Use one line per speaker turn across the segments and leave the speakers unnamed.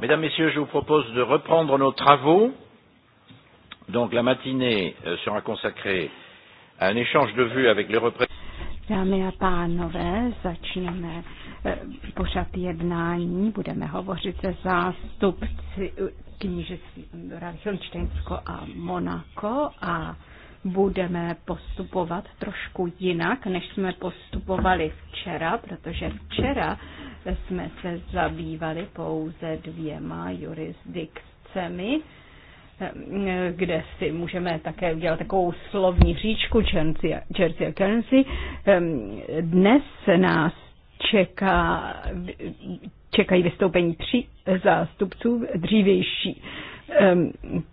Mesdames, Messieurs, je vous propose de reprendre nos travaux. Donc la matinée euh,
sera consacrée à un échange de vues avec les représentants.
Dámy a pánové, začneme eh, pořad jednání. Budeme hovořit se zástupci eh, knížectví Hilčtensko a Monako a budeme postupovat trošku jinak, než jsme postupovali včera, protože včera jsme se zabývali pouze dvěma jurisdikcemi, kde si můžeme také udělat takovou slovní říčku Jersey a Guernsey. Ehm, dnes nás čeká, čekají vystoupení tří zástupců dřívější ehm,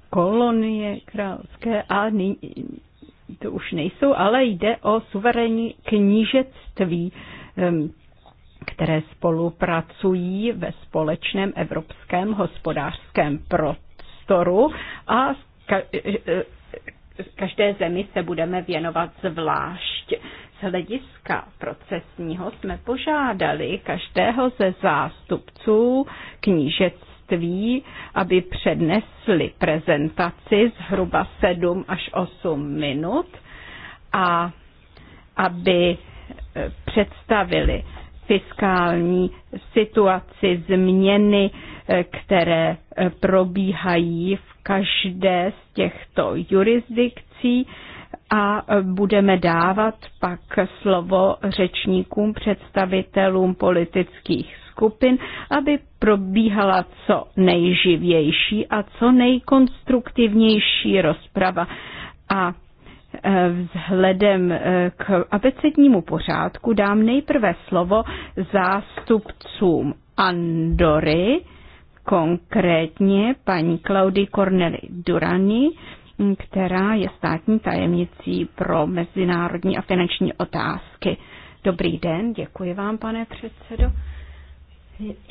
kolonie královské a nyní, to už nejsou, ale jde o suverénní knížectví ehm, které spolupracují ve společném evropském hospodářském prostoru a každé zemi se budeme věnovat zvlášť. Z hlediska procesního jsme požádali každého ze zástupců knížectví, aby přednesli prezentaci zhruba 7 až 8 minut a aby eh, představili fiskální situaci, změny, eh, které eh, probíhají v každé z těchto jurisdikcí a eh, budeme dávat pak slovo řečníkům, představitelům politických skupin, aby probíhala co nejživější a co nejkonstruktivnější rozprava. A Eh, vzhledem eh, k abecednímu pořádku dám nejprve slovo zástupcům Andory, konkrétně paní Klaudy Corneli Durani, která je státní tajemnicí pro mezinárodní a finanční otázky. Dobrý den, děkuji vám, pane předsedo.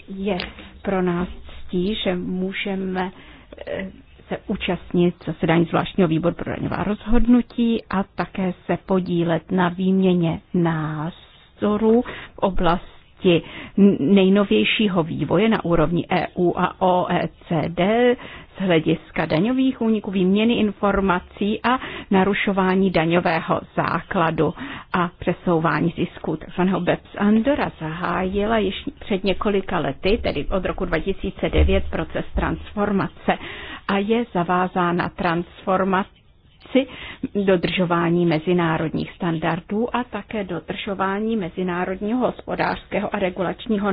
Je pro nás ctí, že můžeme eh, se účastnit zasedání zvláštního výboru pro daňová rozhodnutí a také se podílet na výměně názorů v oblasti nejnovějšího vývoje na úrovni EU a OECD z hlediska daňových úniků, výměny informací a narušování daňového základu a přesouvání zisků. Takzvaného BEPS Andora zahájila již před několika lety, tedy od roku 2009, proces transformace a je zavázána transformace dodržování mezinárodních standardů a také dodržování mezinárodního hospodářského a regulačního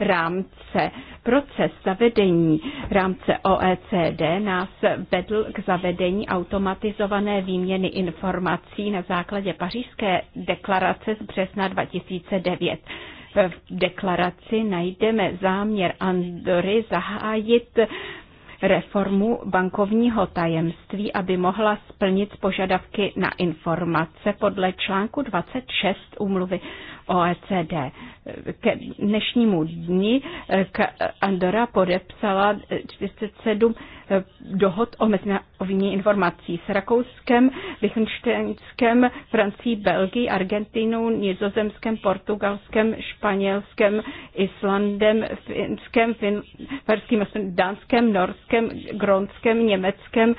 rámce. Proces zavedení rámce OECD nás vedl k zavedení automatizované výměny informací na základě pařížské deklarace z března 2009 v deklaraci najdeme záměr Andory zahájit reformu bankovního tajemství, aby mohla splnit požadavky na informace podle článku 26 úmluvy OECD. K dnešnímu dni eh, Andora podepsala 47 eh, eh, dohod o mezinárodní informací s Rakouskem, Lichtensteinskem, Francií, Belgií, Argentinou, Nizozemskem, Portugalskem, Španělskem, Islandem, Finskem, finským Dánskem, Norskem, Gronskem, Německem,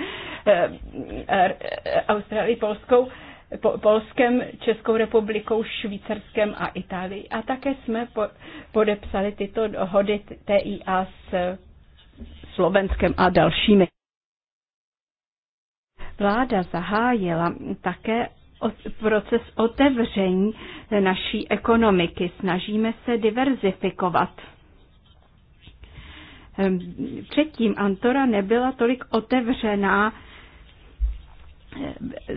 Austrálií, Polskou, po, Polskem, Českou republikou, Švýcarskem a Itálií. A také jsme po, podepsali tyto dohody TIA s Slovenskem a dalšími. Vláda zahájila také proces otevření naší ekonomiky. Snažíme se diverzifikovat. Ehm, předtím Antora nebyla tolik otevřená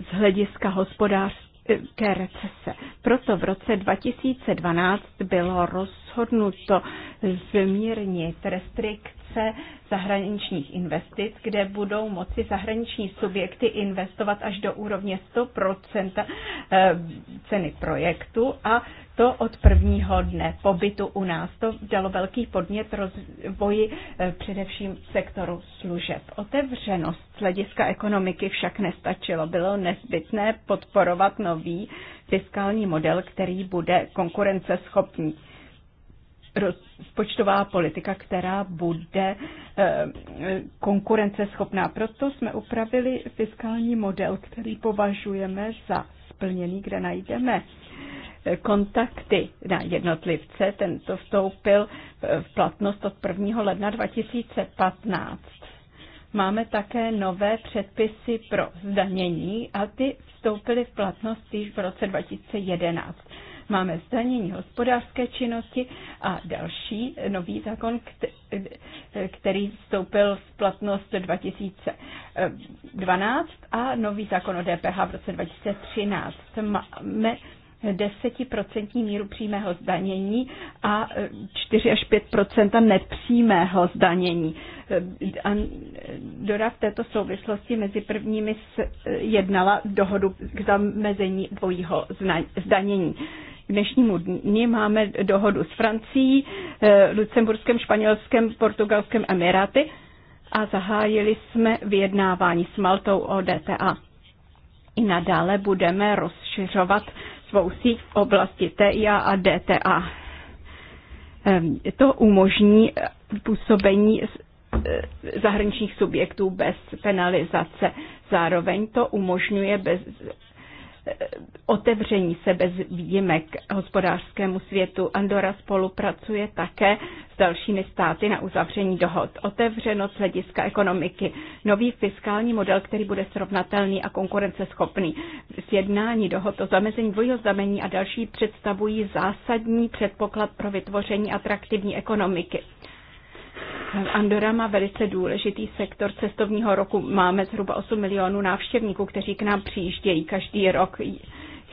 z hlediska hospodářské recese. Proto v roce 2012 bylo rozhodnuto zmírnit restrikce rámce zahraničních investic, kde budou moci zahraniční subjekty investovat až do úrovně 100% eh, ceny projektu a to od prvního dne pobytu u nás. To dalo velký podnět rozvoji eh, především sektoru služeb. Otevřenost z hlediska ekonomiky však nestačilo. Bylo nezbytné podporovat nový fiskální model, který bude konkurenceschopný rozpočtová politika, která bude eh, konkurenceschopná. Proto jsme upravili fiskální model, který považujeme za splněný, kde najdeme eh, kontakty na jednotlivce. Tento vstoupil eh, v platnost od 1. ledna 2015. Máme také nové předpisy pro zdanění a ty vstoupily v platnost již v roce 2011. Máme zdanění hospodářské činnosti a další nový zákon, který vstoupil v platnost 2012 a nový zákon o DPH v roce 2013. Máme desetiprocentní míru přímého zdanění a 4 až 5 nepřímého zdanění. A Dora v této souvislosti mezi prvními jednala dohodu k zamezení dvojího zdanění. K dnešnímu dni máme dohodu s Francií, eh, Lucemburskem, Španělskem, Portugalskem, Emiráty a zahájili jsme vyjednávání s Maltou o DTA. I nadále budeme rozšiřovat svou síť v oblasti TIA a DTA. Ehm, to umožní eh, působení eh, zahraničních subjektů bez penalizace. Zároveň to umožňuje bez Eh, otevření se bez výjimek hospodářskému světu. Andora spolupracuje také s dalšími státy na uzavření dohod. Otevřenost hlediska ekonomiky, nový fiskální model, který bude srovnatelný a konkurenceschopný. Sjednání dohod o zamezení dvojího zamení a další představují zásadní předpoklad pro vytvoření atraktivní ekonomiky. Andora má velice důležitý sektor cestovního roku. Máme zhruba 8 milionů návštěvníků, kteří k nám přijíždějí každý rok.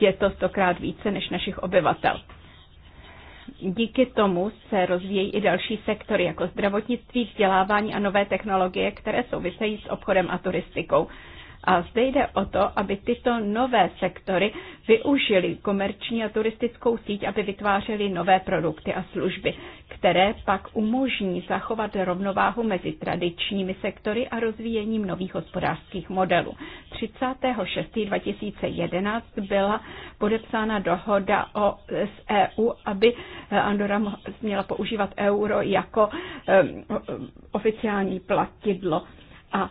Je to stokrát více než našich obyvatel. Díky tomu se rozvíjí i další sektory, jako zdravotnictví, vzdělávání a nové technologie, které souvisejí s obchodem a turistikou. A zde jde o to, aby tyto nové sektory využili komerční a turistickou síť, aby vytvářely nové produkty a služby, které pak umožní zachovat rovnováhu mezi tradičními sektory a rozvíjením nových hospodářských modelů. 30.6.2011 byla podepsána dohoda o, s EU, aby eh, Andorra měla používat euro jako um, oficiální platidlo a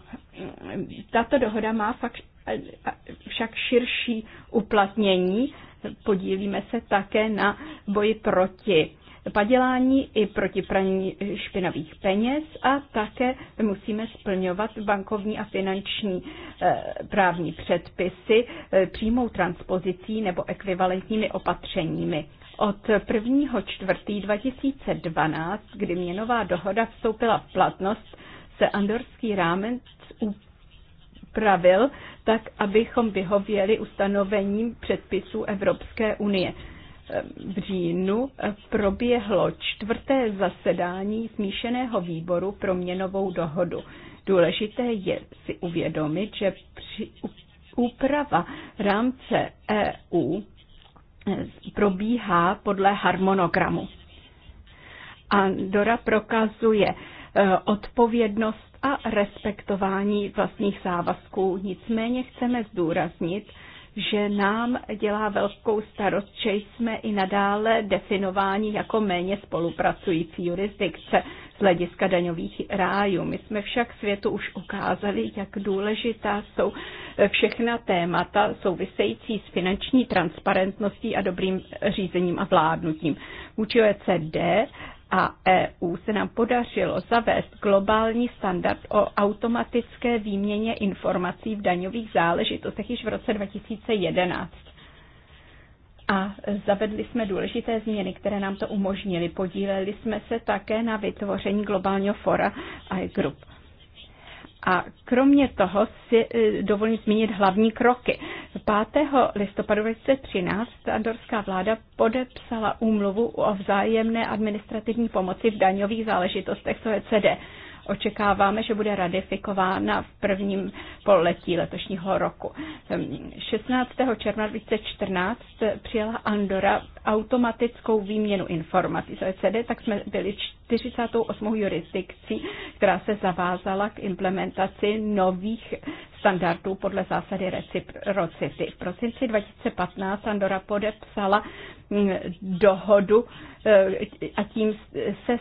tato dohoda má fakt, však širší uplatnění. Podílíme se také na boji proti padělání i proti praní špinavých peněz a také musíme splňovat bankovní a finanční eh, právní předpisy eh, přímou transpozicí nebo ekvivalentními opatřeními. Od 1. čtvrtý 2012, kdy měnová dohoda vstoupila v platnost, se andorský rámec upravil tak, abychom vyhověli ustanovením předpisů Evropské unie. V říjnu proběhlo čtvrté zasedání smíšeného výboru pro měnovou dohodu. Důležité je si uvědomit, že při úprava rámce EU probíhá podle harmonogramu. Andora prokazuje Eh, odpovědnost a respektování vlastních závazků. Nicméně chceme zdůraznit, že nám dělá velkou starost, že jsme i nadále definováni jako méně spolupracující jurisdikce z hlediska daňových rájů. My jsme však světu už ukázali, jak důležitá jsou všechna témata související s finanční transparentností a dobrým řízením a vládnutím. Vůči OECD a EU se nám podařilo zavést globální standard o automatické výměně informací v daňových záležitostech již v roce 2011. A zavedli jsme důležité změny, které nám to umožnily. Podíleli jsme se také na vytvoření globálního fora iGroup. Group. A kromě toho si eh, dovolím zmínit hlavní kroky. 5. listopadu 2013 andorská vláda podepsala úmluvu o vzájemné administrativní pomoci v daňových záležitostech s OECD očekáváme, že bude ratifikována v prvním poletí letošního roku. 16. Ehm, června 2014 přijala Andora automatickou výměnu informací z OECD, tak jsme byli 48. jurisdikcí, která se zavázala k implementaci nových standardů podle zásady reciprocity. V prosinci 2015 Andora podepsala dohodu eh, a tím se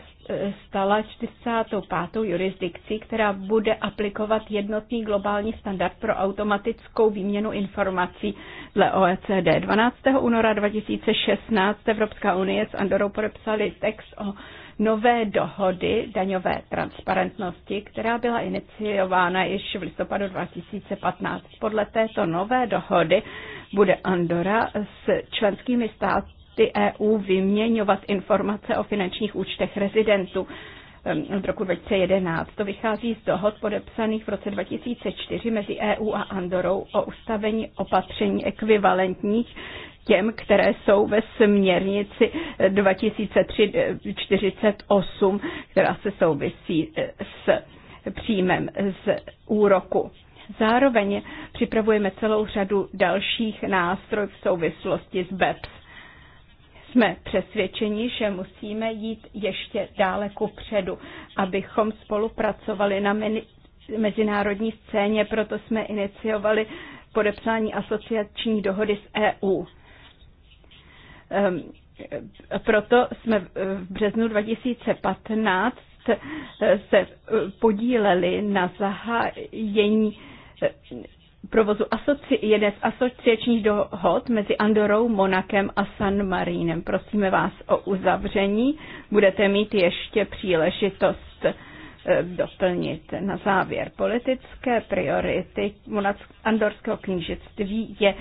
stala 45. jurisdikcí, která bude aplikovat jednotný globální standard pro automatickou výměnu informací dle OECD. 12. února 2016 Evropská unie s Andorou podepsali text o nové dohody daňové transparentnosti, která byla iniciována již v listopadu 2015. Podle této nové dohody bude Andora s členskými státy EU vyměňovat informace o finančních účtech rezidentů v roku 2011. To vychází z dohod podepsaných v roce 2004 mezi EU a Andorou o ustavení opatření ekvivalentních těm, které jsou ve směrnici 2003-48, která se souvisí e, s příjmem z úroku. Zároveň připravujeme celou řadu dalších nástrojů v souvislosti s BEPS. Jsme přesvědčeni, že musíme jít ještě dále ku předu, abychom spolupracovali na mezinárodní scéně, proto jsme iniciovali podepsání asociační dohody s EU. Ehm, proto jsme v březnu 2015 eh, se eh, podíleli na zahájení provozu asoci- jeden z asociačních dohod mezi Andorou, Monakem a San Marínem. Prosíme vás o uzavření. Budete mít ještě příležitost eh, doplnit. Na závěr politické priority Andorského knížectví je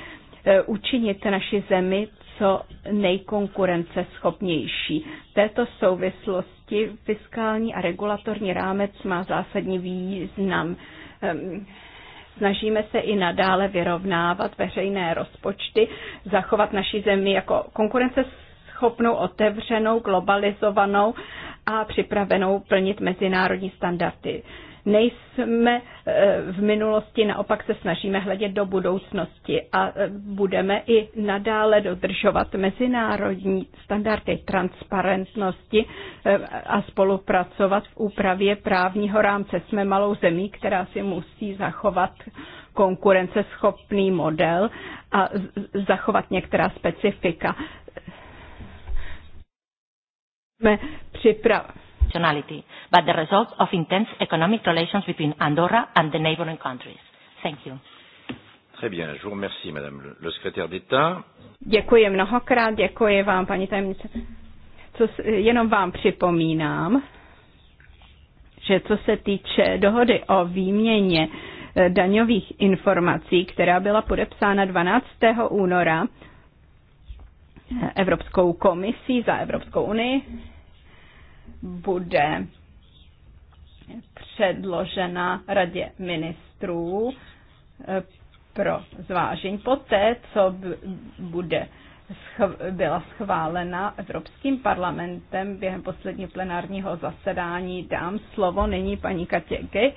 eh, učinit naši zemi co nejkonkurenceschopnější. V této souvislosti fiskální a regulatorní rámec má zásadní význam ehm, Snažíme se i nadále vyrovnávat veřejné rozpočty, zachovat naší zemi jako konkurence schopnou, otevřenou, globalizovanou a připravenou plnit mezinárodní standardy nejsme eh, v minulosti, naopak se snažíme hledět do budoucnosti a eh, budeme i nadále dodržovat mezinárodní standardy transparentnosti eh, a spolupracovat v úpravě právního rámce. Jsme malou zemí, která si musí zachovat konkurenceschopný model a zachovat některá specifika. Jsme připraveni exceptionality, but the result of intense economic relations between Andorra and the neighboring countries. Thank you.
Très bien, je vous remercie, Madame le, le secrétaire d'État. Děkuji
mnohokrát, děkuji vám, paní tajemnice. Co, se, jenom vám připomínám, že co se týče dohody o výměně eh, daňových informací, která byla podepsána 12. února eh, Evropskou komisí za Evropskou unii, bude předložena radě ministrů eh, pro zvážení poté, co bude byla schválena Evropským parlamentem během posledního plenárního zasedání. Dám slovo nyní paní Katě Gaj,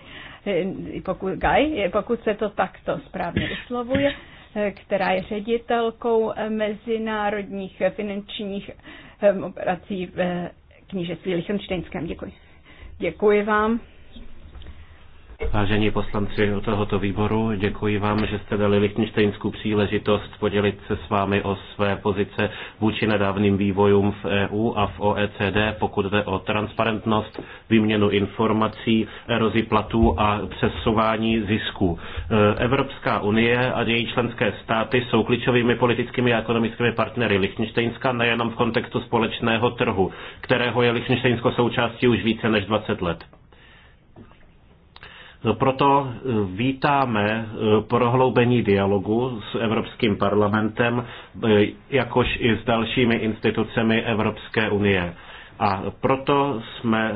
eh, pokud, Gaj, eh, pokud se to takto správně vyslovuje, která je ředitelkou mezinárodních finančních operací v knížectví Lichtensteinském. Děkuji. Děkuji vám.
Vážení poslanci tohoto výboru, děkuji vám, že jste dali lichtenštejnskou příležitost podělit se s vámi o své pozice vůči nedávným vývojům v EU a v OECD, pokud jde o transparentnost, výměnu informací, erozi platů a přesování zisků. Evropská unie a její členské státy jsou klíčovými politickými a ekonomickými partnery Lichtenštejnska nejenom v kontextu společného trhu, kterého je Lichtenštejnsko součástí už více než 20 let. Proto eh, vítáme eh, prohloubení dialogu s Evropským parlamentem, eh, jakož i s dalšími institucemi Evropské unie. A proto jsme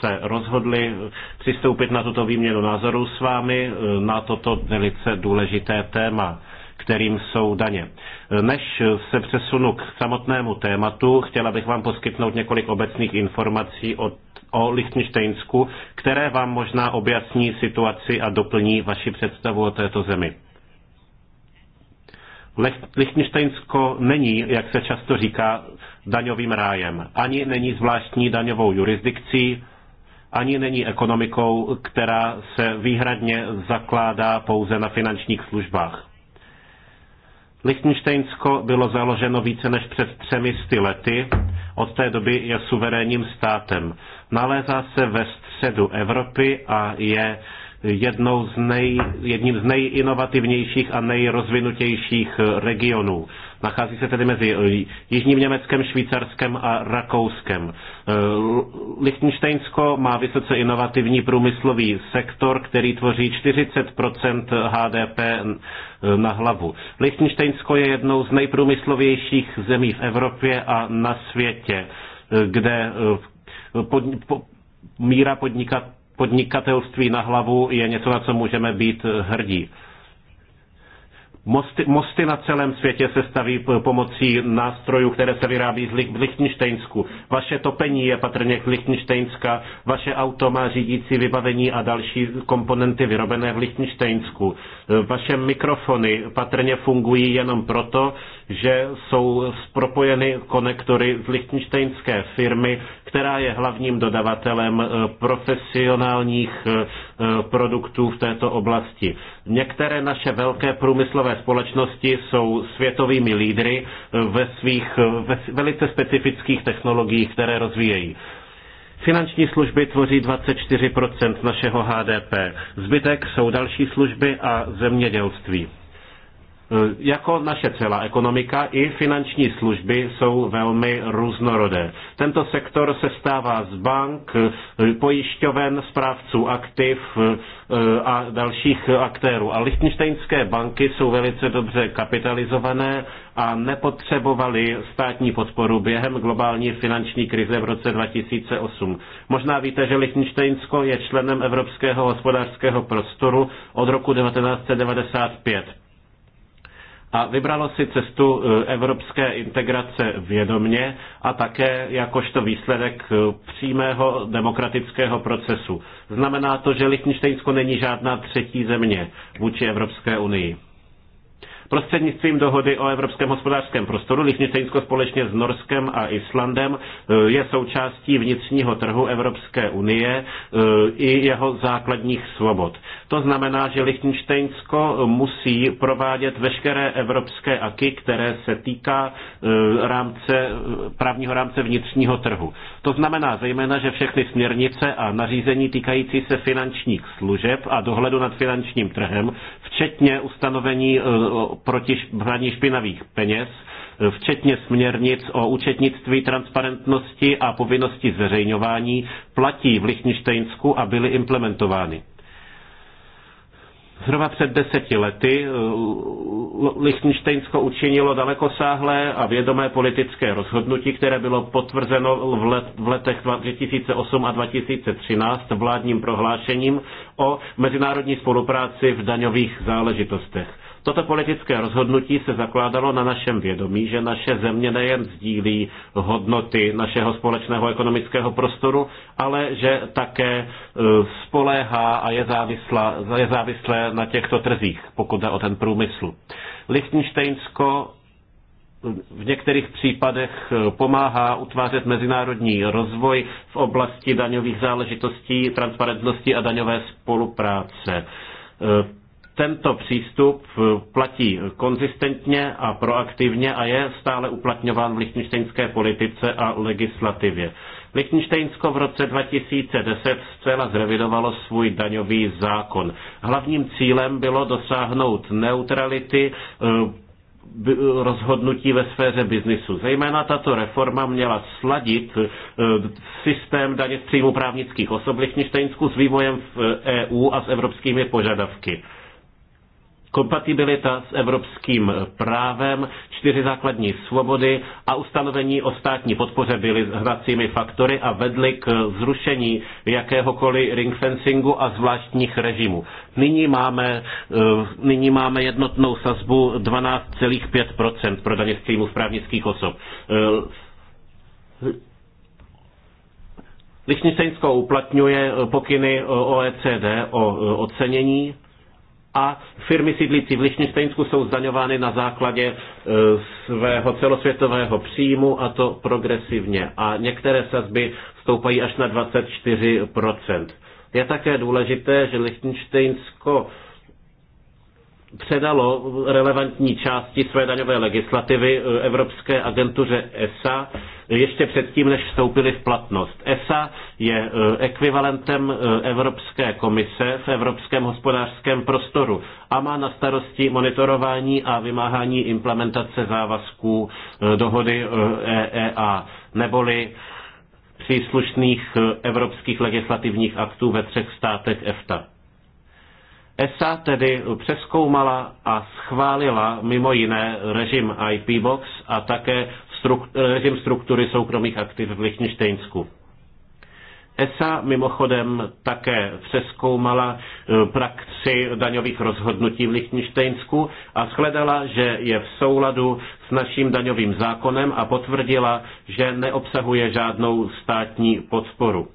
se rozhodli přistoupit na tuto výměnu názorů s vámi na toto velice důležité téma kterým jsou daně. Než se přesunu k samotnému tématu, chtěla bych vám poskytnout několik obecných informací o o Lichtensteinsku, které vám možná objasní situaci a doplní vaši představu o této zemi. Lichtensteinsko není, jak se často říká, daňovým rájem. Ani není zvláštní daňovou jurisdikcí, ani není ekonomikou, která se výhradně zakládá pouze na finančních službách. Lichtensteinsko bylo založeno více než před třemi sty lety, od té doby je suverénním státem. Nalézá se ve středu Evropy a je jednou z nej, jedním z nejinovativnějších a nejrozvinutějších regionů. Nachází se tedy mezi eh, Jižním Německem, Švýcarskem a Rakouskem. Eh, Lichtensteinsko má vysoce inovativní průmyslový sektor, který tvoří 40 HDP eh, na hlavu. Lichtensteinsko je jednou z nejprůmyslovějších zemí v Evropě a na světě, kde pod, po, míra podnikat podnikatelství na hlavu je něco, na co můžeme být hrdí. Mosty, mosty na celém světě se staví pomocí nástrojů, které se vyrábí z Lichtensteinsku. Vaše topení je patrně z Lichtensteinska, vaše auto má řídící vybavení a další komponenty vyrobené v Lichtensteinsku. E, vaše mikrofony patrně fungují jenom proto, že jsou propojeny konektory z Lichtensteinské firmy, která je hlavním dodavatelem e, profesionálních e, Eh, produktů v této oblasti. Některé naše velké průmyslové společnosti jsou světovými lídry eh, ve svých eh, ve velice specifických technologiích, které rozvíjejí. Finanční služby tvoří 24 našeho HDP. Zbytek jsou další služby a zemědělství. Eh, jako naše celá ekonomika i finanční služby jsou velmi různorodé. Tento sektor se stává z bank, eh, pojišťoven, správců aktiv eh, a dalších aktérů. A lichtenštejnské banky jsou velice dobře kapitalizované a nepotřebovali státní podporu během globální finanční krize v roce 2008. Možná víte, že Lichtensteinsko je členem Evropského hospodářského prostoru od roku 1995 a vybralo si cestu e, evropské integrace vědomně a také jakožto výsledek e, přímého demokratického procesu. Znamená to, že Lichtensteinsko není žádná třetí země vůči Evropské unii. Prostřednictvím dohody o Evropském hospodářském prostoru Lichtensteinsko společně s Norskem a Islandem eh, je součástí vnitřního trhu Evropské unie eh, i jeho základních svobod. To znamená, že Lichtensteinsko musí provádět veškeré evropské aky, které se týká eh, rámce, právního rámce vnitřního trhu. To znamená zejména, že všechny směrnice a nařízení týkající se finančních služeb a dohledu nad finančním trhem včetně ustanovení eh, proti hraní špinavých peněz, eh, včetně směrnic o účetnictví, transparentnosti a povinnosti zveřejňování, platí v Lichtenštejnsku a byly implementovány. Zhruba před deseti lety eh, Lichtensteinsko učinilo dalekosáhlé a vědomé politické rozhodnutí, které bylo potvrzeno v, let, v letech 2008 a 2013 vládním prohlášením o mezinárodní spolupráci v daňových záležitostech. Toto politické rozhodnutí se zakládalo na našem vědomí, že naše země nejen sdílí hodnoty našeho společného ekonomického prostoru, ale že také e, spoléhá a je, závislá, je závislé na těchto trzích, pokud jde o ten průmysl. Lichtensteinsko e, v některých případech e, pomáhá utvářet mezinárodní rozvoj v oblasti daňových záležitostí, transparentnosti a daňové spolupráce. Tento přístup eh, platí konzistentně a proaktivně a je stále uplatňován v lichtenštejnské politice a legislativě. Lichtenštejnsko v roce 2010 zcela zrevidovalo svůj daňový zákon. Hlavním cílem bylo dosáhnout neutrality eh, rozhodnutí ve sféře biznisu. Zejména tato reforma měla sladit eh, systém daně z příjmu právnických osob Lichtensteinsku s vývojem v EU e a s evropskými požadavky kompatibilita s evropským právem, čtyři základní svobody a ustanovení o státní podpoře byly hracími faktory a vedly k zrušení jakéhokoliv ringfencingu a zvláštních režimů. Nyní máme, eh, nyní máme jednotnou sazbu 12,5% pro daně z příjmu právnických osob. Eh, Lichtensteinsko uplatňuje pokyny OECD o ocenění a firmy sídlící v Lichtensteinsku jsou zdaňovány na základě e, svého celosvětového příjmu a to progresivně. A některé sazby stoupají až na 24%. Je také důležité, že Lichtensteinsko předalo relevantní části své daňové legislativy e, Evropské agentuře ESA, ještě předtím, než vstoupili v platnost. ESA je e, ekvivalentem e, Evropské komise v Evropském hospodářském prostoru a má na starosti monitorování a vymáhání implementace závazků e, dohody EEA, neboli příslušných evropských legislativních aktů ve třech státech EFTA. ESA tedy přeskoumala a schválila mimo jiné režim IP Box a také Eh, režim struktury soukromých aktiv v Lichtensteinsku. ESA mimochodem také přeskoumala eh, praxi daňových rozhodnutí v Lichtensteinsku a shledala, že je v souladu s naším daňovým zákonem a potvrdila, že neobsahuje žádnou státní podporu.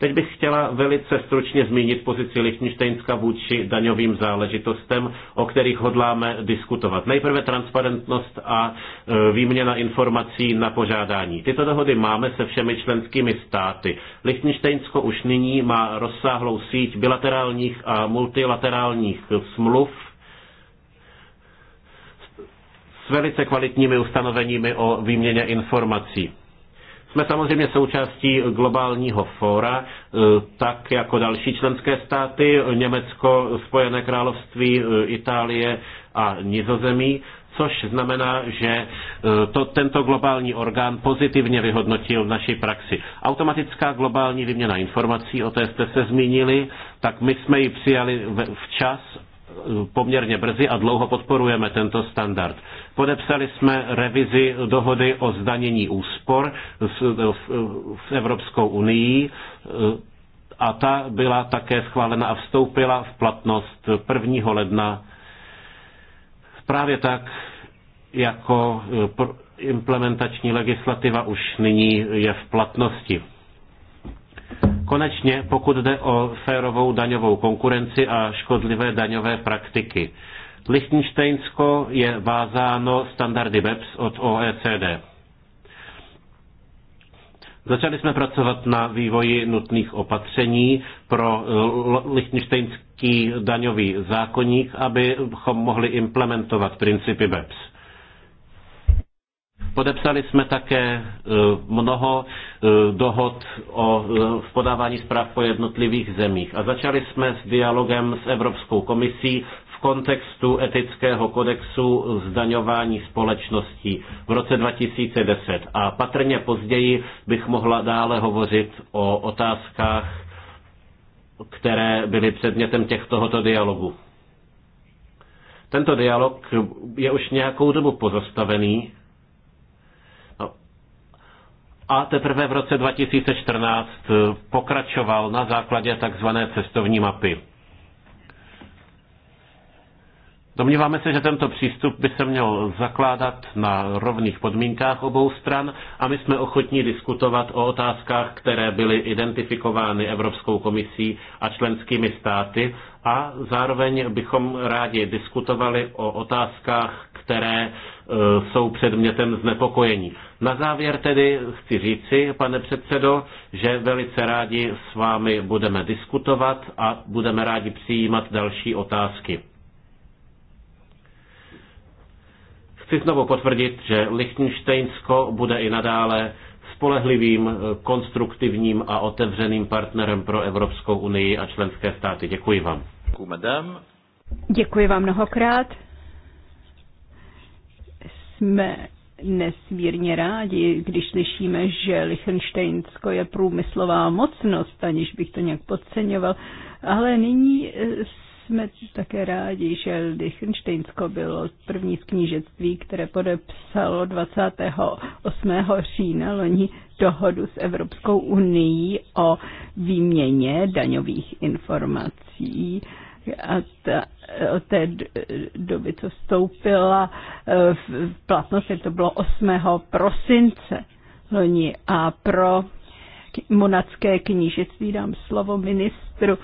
Teď bych chtěla velice stručně zmínit pozici Lichtensteinska vůči daňovým záležitostem, o kterých hodláme diskutovat. Nejprve transparentnost a e, výměna informací na požádání. Tyto dohody máme se všemi členskými státy. Lichtensteinsko už nyní má rozsáhlou síť bilaterálních a multilaterálních smluv s velice kvalitními ustanoveními o výměně informací. Jsme samozřejmě součástí globálního fóra, e, tak jako další členské státy, Německo, Spojené království, e, Itálie a Nizozemí což znamená, že e, to, tento globální orgán pozitivně vyhodnotil naši praxi. Automatická globální výměna informací, o té jste se zmínili, tak my jsme ji přijali včas poměrně brzy a dlouho podporujeme tento standard. Podepsali jsme revizi dohody o zdanění úspor s Evropskou unii a ta byla také schválena a vstoupila v platnost 1. ledna právě tak, jako implementační legislativa už nyní je v platnosti. Konečně, pokud jde o férovou daňovou konkurenci a škodlivé daňové praktiky. Lichtensteinsko je vázáno standardy BEPS od OECD. Začali jsme pracovat na vývoji nutných opatření pro lichtensteinský daňový zákoník, abychom mohli implementovat principy BEPS. Podepsali jsme také e, mnoho e, dohod o e, podávání zpráv po jednotlivých zemích a začali jsme s dialogem s Evropskou komisí v kontextu etického kodexu zdaňování společností v roce 2010. A patrně později bych mohla dále hovořit o otázkách, které byly předmětem těch tohoto dialogu. Tento dialog je už nějakou dobu pozastavený, a teprve v roce 2014 eh, pokračoval na základě takzvané cestovní mapy. Domníváme se, že tento přístup by se měl zakládat na rovných podmínkách obou stran a my jsme ochotní diskutovat o otázkách, které byly identifikovány Evropskou komisí a členskými státy a zároveň bychom rádi diskutovali o otázkách, které eh, jsou předmětem znepokojení. Na závěr tedy chci říci, pane předsedo, že velice rádi s vámi budeme diskutovat a budeme rádi přijímat další otázky. Chci znovu potvrdit, že Lichtensteinsko bude i nadále spolehlivým, konstruktivním a otevřeným partnerem pro Evropskou unii a členské státy. Děkuji vám.
Děkuji vám mnohokrát. Jsme nesmírně rádi, když slyšíme, že Lichtensteinsko je průmyslová mocnost, aniž bych to nějak podceňoval. Ale nyní eh, jsme také rádi, že Lichtensteinsko bylo první z knížectví, které podepsalo 28. října loni dohodu s Evropskou unii o výměně daňových informací a ta, od té doby, co vstoupila eh, v platnosti, to bylo 8. prosince loni a pro monacké knížectví dám slovo ministru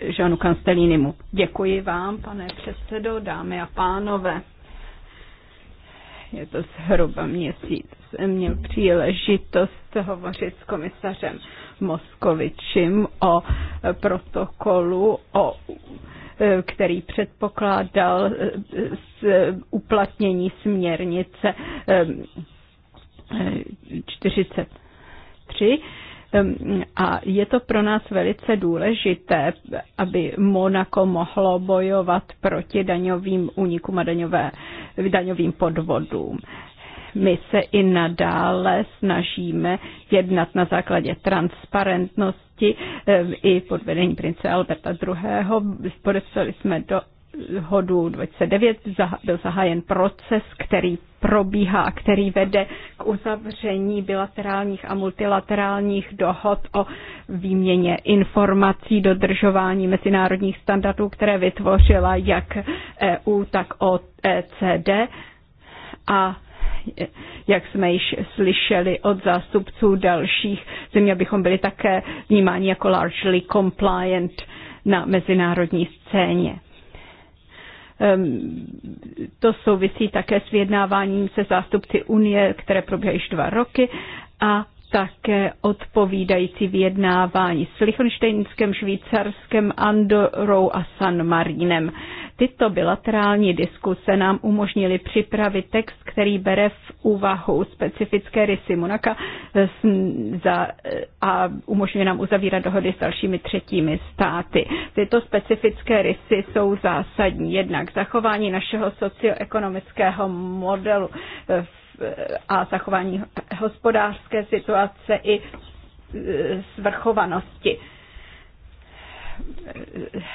eh, Žanu Kanstelínimu. Děkuji vám, pane předsedo, dámy a pánové je to zhruba měsíc, měl příležitost hovořit s komisařem Moskovičem o protokolu, o, který předpokládal e, uplatnění směrnice 43 e, a je to pro nás velice důležité, aby Monako mohlo bojovat proti daňovým únikům a daňové, daňovým podvodům my se i nadále snažíme jednat na základě transparentnosti i pod vedením prince Alberta II. Podepsali jsme do hodu 29 byl zahájen proces, který probíhá a který vede k uzavření bilaterálních a multilaterálních dohod o výměně informací, dodržování mezinárodních standardů, které vytvořila jak EU, tak OECD. A jak jsme již slyšeli od zástupců dalších zemí, abychom byli také vnímáni jako largely compliant na mezinárodní scéně. Ehm, to souvisí také s vyjednáváním se zástupci Unie, které probíhají již dva roky a také odpovídající vyjednávání s Lichtensteinskem, Švýcarskem, Andorou a San Marinem. Tyto bilaterální diskuse nám umožnily připravit text, který bere v úvahu specifické rysy Monaka eh, eh, a umožňuje nám uzavírat dohody s dalšími třetími státy. Tyto specifické rysy jsou zásadní. Jednak zachování našeho socioekonomického modelu eh, a zachování hospodářské situace i svrchovanosti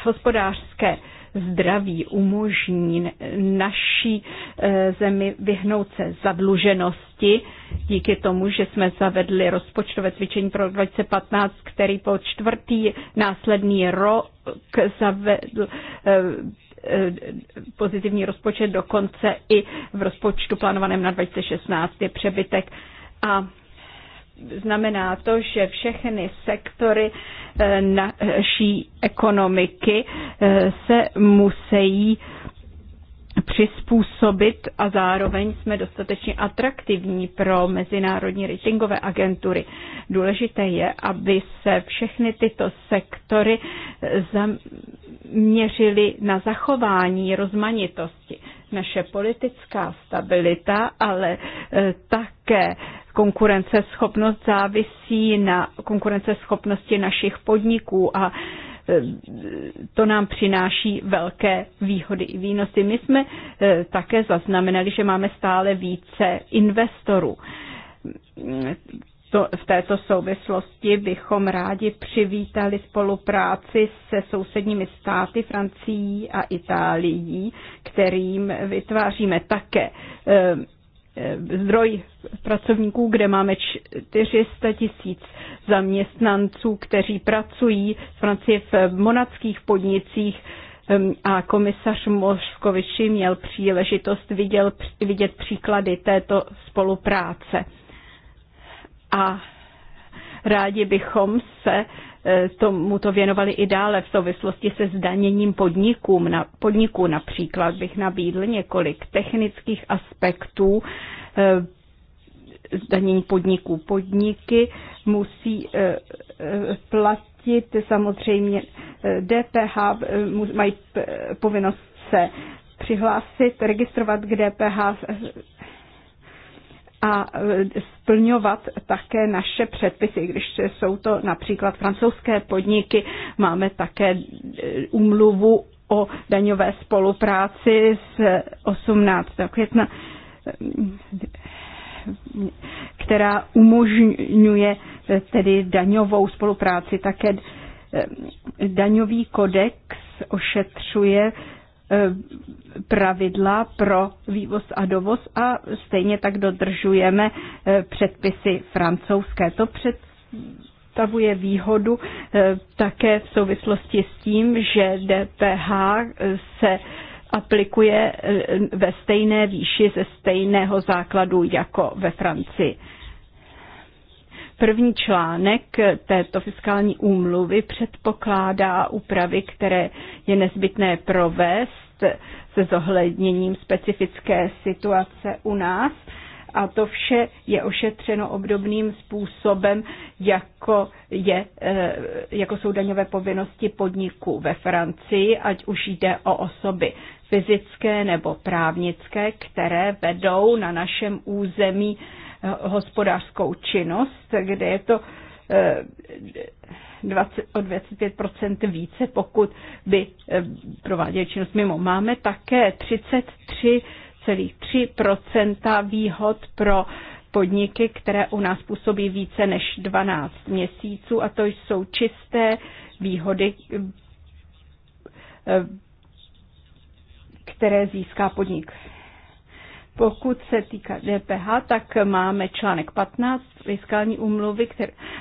hospodářské zdraví umožní naší e, zemi vyhnout se zadluženosti díky tomu, že jsme zavedli rozpočtové cvičení pro 2015, který po čtvrtý následný rok zavedl e, e, pozitivní rozpočet, dokonce i v rozpočtu plánovaném na 2016 je přebytek. A znamená to, že všechny sektory eh, naší ekonomiky eh, se musí přizpůsobit a zároveň jsme dostatečně atraktivní pro mezinárodní ratingové agentury. Důležité je, aby se všechny tyto sektory eh, zaměřily na zachování rozmanitosti. Naše politická stabilita, ale také konkurenceschopnost závisí na konkurenceschopnosti našich podniků a e, to nám přináší velké výhody i výnosy. My jsme e, také zaznamenali, že máme stále více investorů. To, v této souvislosti bychom rádi přivítali spolupráci se sousedními státy Francií a Itálií, kterým vytváříme také Eh, zdroj pracovníků, kde máme 400 tisíc zaměstnanců, kteří pracují v Francii v monackých podnicích a komisař Moskoviči měl příležitost viděl, vidět příklady této spolupráce. A rádi bychom se Eh, to věnovali i dále v souvislosti se zdaněním podnikům. Na, podniků například bych nabídl několik technických aspektů eh, zdanění podniků. Podniky musí eh, platit samozřejmě DPH, mají povinnost se přihlásit, registrovat k DPH a e, splňovat také naše předpisy, když jsou to například francouzské podniky. Máme také umluvu e, o daňové spolupráci z 18. května, e, která umožňuje tedy daňovou spolupráci. Také daňový kodex ošetřuje Eh, pravidla pro vývoz a dovoz a stejně tak dodržujeme eh, předpisy francouzské. To před představuje výhodu eh, také v souvislosti s tím, že DPH se aplikuje ve stejné výši ze stejného základu jako ve Francii. První článek této fiskální úmluvy předpokládá úpravy, které je nezbytné provést se zohledněním specifické situace u nás. A to vše je ošetřeno obdobným způsobem, jako, je, eh, jako jsou daňové povinnosti podniků ve Francii, ať už jde o osoby fyzické nebo právnické, které vedou na našem území hospodářskou činnost, kde je to 20, eh, o 25 více, pokud by eh, prováděli činnost mimo. Máme také 33,3 výhod pro podniky, které u nás působí více než 12 měsíců a to jsou čisté výhody, eh, které získá podnik pokud se týká DPH, tak máme článek 15 fiskální úmluvy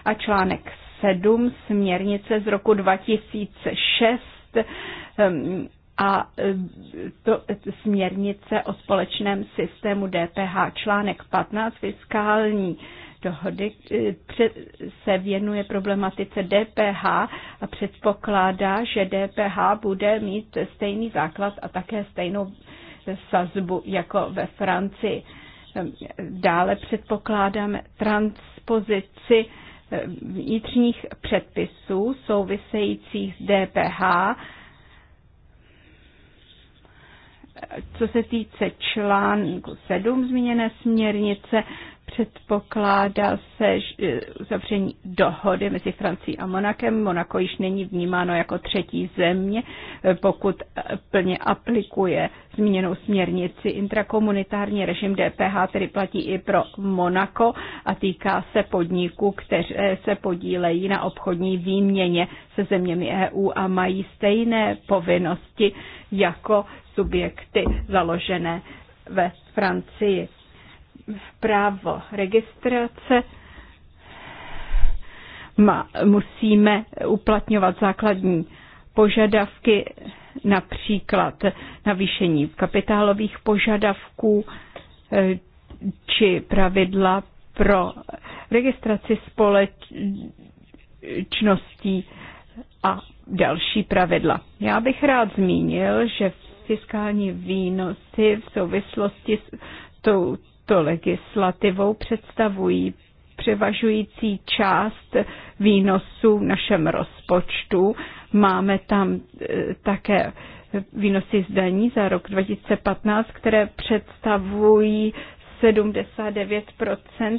a článek 7 směrnice z roku 2006 ehm, a e, to, e, směrnice o společném systému DPH. Článek 15 fiskální dohody e, se věnuje problematice DPH a předpokládá, že DPH bude mít stejný základ a také stejnou sazbu jako ve Francii. Dále předpokládáme transpozici vnitřních předpisů souvisejících s DPH, co se týče článku 7 zmíněné směrnice, Předpokládá se uzavření dohody mezi Francií a Monakem. Monako již není vnímáno jako třetí země, pokud plně aplikuje zmíněnou směrnici. Intrakomunitární režim DPH tedy platí i pro Monako a týká se podniků, které se podílejí na obchodní výměně se zeměmi EU a mají stejné povinnosti jako subjekty založené ve Francii právo registrace, ma, musíme uplatňovat základní požadavky, například navýšení kapitálových požadavků eh, či pravidla pro registraci společností a další pravidla. Já bych rád zmínil, že fiskální výnosy v souvislosti s tou legislativou představují převažující část výnosů v našem rozpočtu. Máme tam e, také výnosy z daní za rok 2015, které představují 79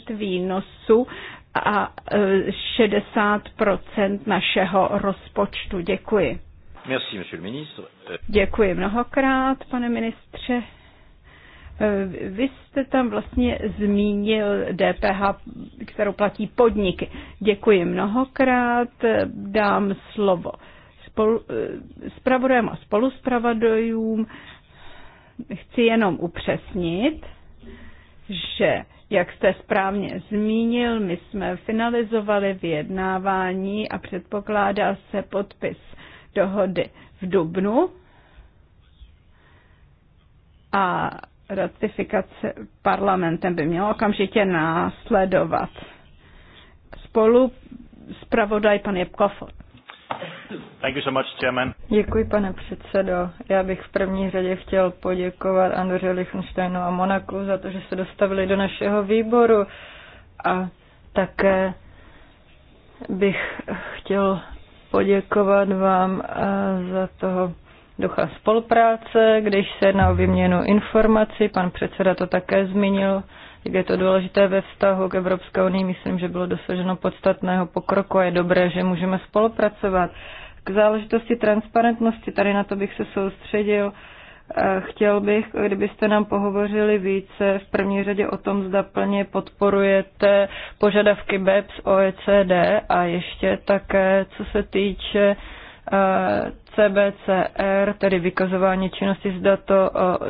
výnosu a 60 e, našeho rozpočtu. Děkuji. Děkuji mnohokrát, pane ministře. Eh, vy jste tam vlastně zmínil DPH, kterou platí podniky. Děkuji mnohokrát, dám slovo spravodajům eh, a spoluspravodajům. Chci jenom upřesnit, že jak jste správně zmínil, my jsme finalizovali vyjednávání a předpokládá se podpis dohody v Dubnu. A ratifikace parlamentem by měla okamžitě následovat.
Spolu zpravodaj pan Jepkofot.
Thank you so much, chairman.
Děkuji, pane předsedo. Já bych v první řadě chtěl poděkovat Andře Lichtensteinu a Monaku za to, že se dostavili do našeho výboru a také bych chtěl poděkovat vám eh, za toho ducha spolupráce, když se jedná o výměnu informací, pan předseda to také zmínil, jak je to důležité ve vztahu k Evropské unii, myslím, že bylo dosaženo podstatného pokroku a je dobré, že můžeme spolupracovat. K záležitosti transparentnosti, tady na to bych se soustředil, Chtěl bych, kdybyste nám pohovořili více v první řadě o tom, zda plně podporujete požadavky BEPS OECD a ještě také, co se týče CBCR, tedy vykazování činnosti, zda, to,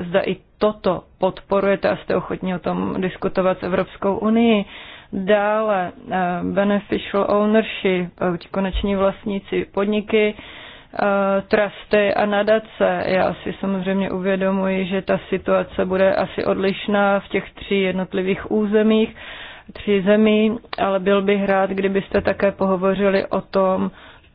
zda i toto podporujete a jste ochotní o tom diskutovat s Evropskou unii. Dále eh, beneficial ownership, eh, koneční vlastníci podniky, eh, trusty a nadace. Já si samozřejmě uvědomuji, že ta situace bude asi odlišná v těch tří jednotlivých územích, tří zemí, ale byl bych rád, kdybyste také pohovořili o tom,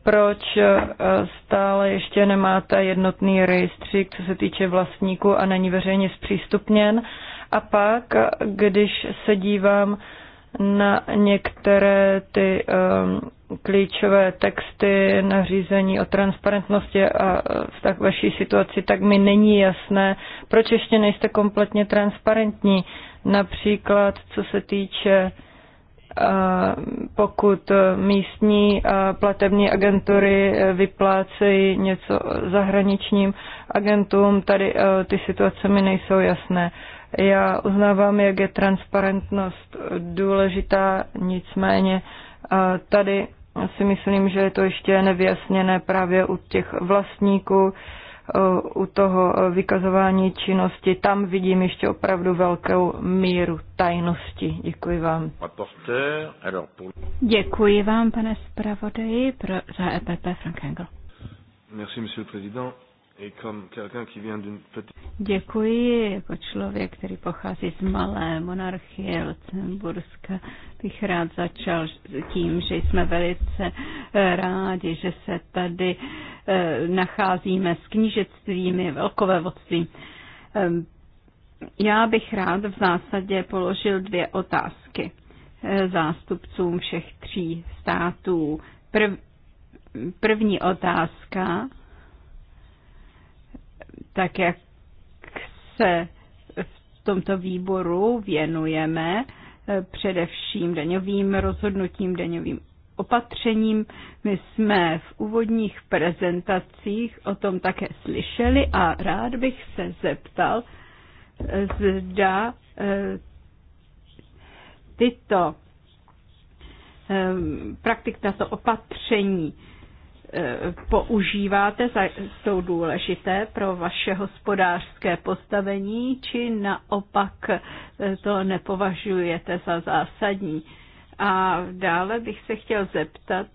proč eh, stále ještě nemáte jednotný rejstřík, co se týče vlastníků a není veřejně zpřístupněn. A pak, když se dívám na některé ty um, klíčové texty, nařízení o transparentnosti a eh, tak vaší situaci, tak mi není jasné, proč ještě nejste kompletně transparentní. Například, co se týče uh, pokud místní eh, platební agentury eh, vyplácejí něco zahraničním agentům, tady eh, ty situace mi nejsou jasné. Já uznávám, jak je transparentnost důležitá, nicméně tady si myslím, že je to ještě nevyjasněné právě u těch vlastníků u toho vykazování činnosti. Tam vidím ještě opravdu velkou míru tajnosti. Děkuji vám. Děkuji vám, pane zpravodaji, pro, za EPP Frank Engel.
Merci, monsieur le président. Děkuji jako člověk, který pochází z malé monarchie Lucemburska. Bych rád začal tím, že jsme velice eh, rádi, že se tady eh, nacházíme s knížectvími, vodství. Ehm, já bych rád v zásadě položil dvě otázky eh, zástupcům všech tří států. Prv, první otázka tak jak se v tomto výboru věnujeme eh, především daňovým rozhodnutím, daňovým opatřením. My jsme v úvodních prezentacích o tom také slyšeli a rád bych se zeptal, eh, zda eh, tyto praktik, tato opatření používáte, jsou důležité pro vaše hospodářské postavení, či naopak eh, to nepovažujete za zásadní. A dále bych se chtěl zeptat,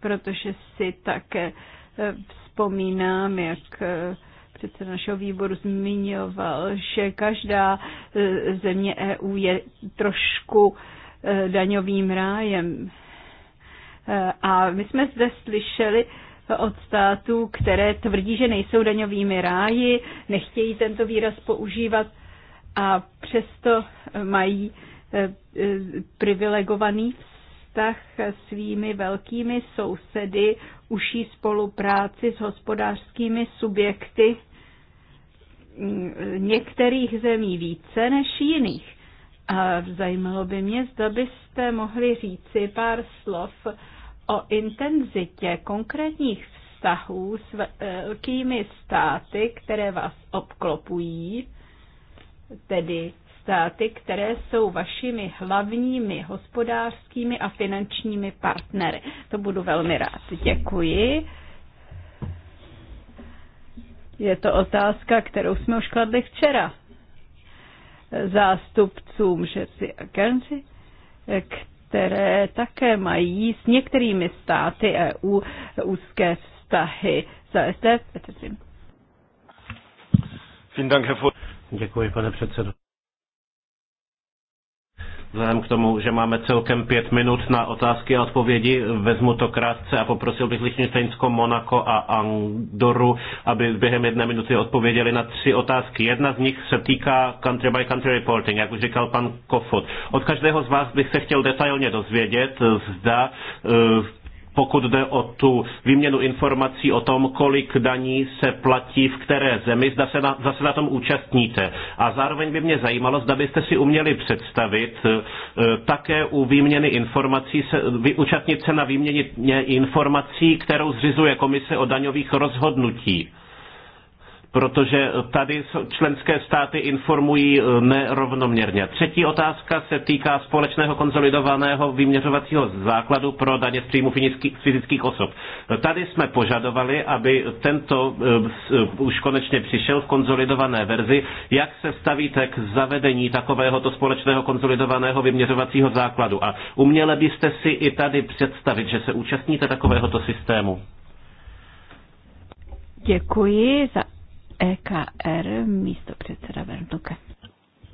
protože si také eh, vzpomínám, jak eh, přece našeho výboru zmiňoval, že každá země EU je trošku daňovým rájem. A my jsme zde slyšeli od států, které tvrdí, že nejsou daňovými ráji, nechtějí tento výraz používat a přesto mají eh, eh, privilegovaný vztah svými velkými sousedy, uší spolupráci s hospodářskými subjekty mm, některých zemí více než jiných. A zajímalo by mě, zda byste mohli říci pár slov o intenzitě konkrétních vztahů s eh, velkými státy, které vás obklopují, tedy státy, které jsou vašimi hlavními hospodářskými a finančními partnery. To budu velmi rád. Děkuji. Je to otázka, kterou jsme už kladli včera zástupcům si, a Guernsey, které také mají s některými státy EU úzké vztahy. Za SD, Petr
Děkuji, pane předsedo. Vzhledem k tomu, že máme celkem pět minut na otázky a odpovědi, vezmu to krátce a poprosil bych Lichtensteinsko, Monako a Andoru, aby během jedné minuty odpověděli na tři otázky. Jedna z nich se týká country by country reporting, jak už říkal pan Kofod. Od každého z vás bych se chtěl detailně dozvědět, zda eh, pokud jde o tu výměnu informací o tom, kolik daní se platí v které zemi, zda se na, zase na tom účastníte. A zároveň by mě zajímalo, zda byste si uměli představit eh, také u výměny informací, se, účastnit se na výměně informací, kterou zřizuje komise o daňových rozhodnutí protože tady členské státy informují eh, nerovnoměrně. Třetí otázka se týká společného konzolidovaného vyměřovacího základu pro daně z příjmu fyzických osob. Tady jsme požadovali, aby tento eh, eh, už konečně přišel v konzolidované verzi. Jak se stavíte k zavedení takovéhoto společného konzolidovaného vyměřovacího základu? A uměle byste si i tady představit, že se účastníte takovéhoto systému?
Děkuji za EKR, místo předseda Vernuka.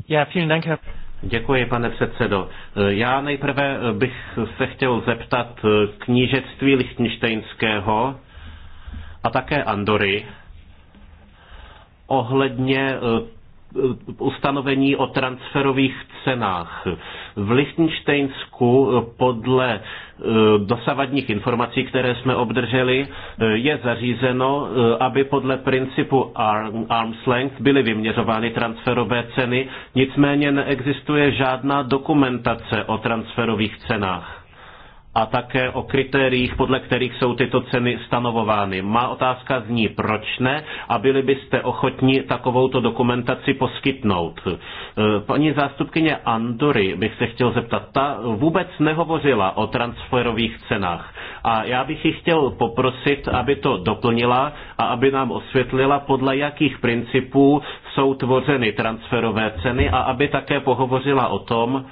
Já vielen Dank, Herr Děkuji, pane předsedo. Já nejprve bych se chtěl zeptat knížectví Lichtenštejnského a také Andory ohledně ustanovení o transferových cenách. V Lichtensteinsku eh, podle eh, dosavadních informací, které jsme obdrželi, eh, je zařízeno, aby podle principu arm's length byly vyměřovány transferové ceny, nicméně neexistuje žádná dokumentace o transferových cenách a také o kritériích, podle kterých jsou tyto ceny stanovovány. Má otázka zní, proč ne a byli byste ochotni takovouto dokumentaci poskytnout. E, paní zástupkyně Andory bych se chtěl zeptat, ta vůbec nehovořila o transferových cenách a já bych ji chtěl poprosit, aby to doplnila a aby nám osvětlila, podle jakých principů jsou tvořeny transferové ceny a aby také pohovořila o tom,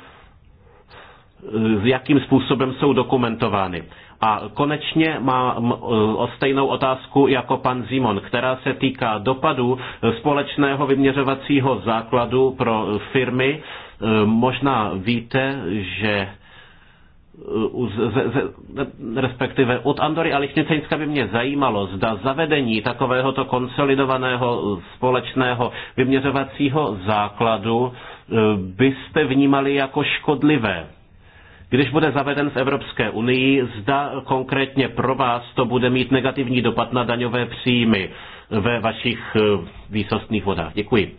jakým způsobem jsou dokumentovány. A konečně mám o stejnou otázku jako pan Zimon, která se týká dopadu společného vyměřovacího základu pro firmy. E, možná víte, že e, respektive od Andory a Lichtensteinska by mě zajímalo, zda zavedení takovéhoto konsolidovaného společného vyměřovacího základu e, byste vnímali jako škodlivé když bude zaveden v Evropské unii, zda konkrétně pro vás to bude mít negativní dopad na daňové příjmy ve vašich eh, výsostných vodách. Děkuji.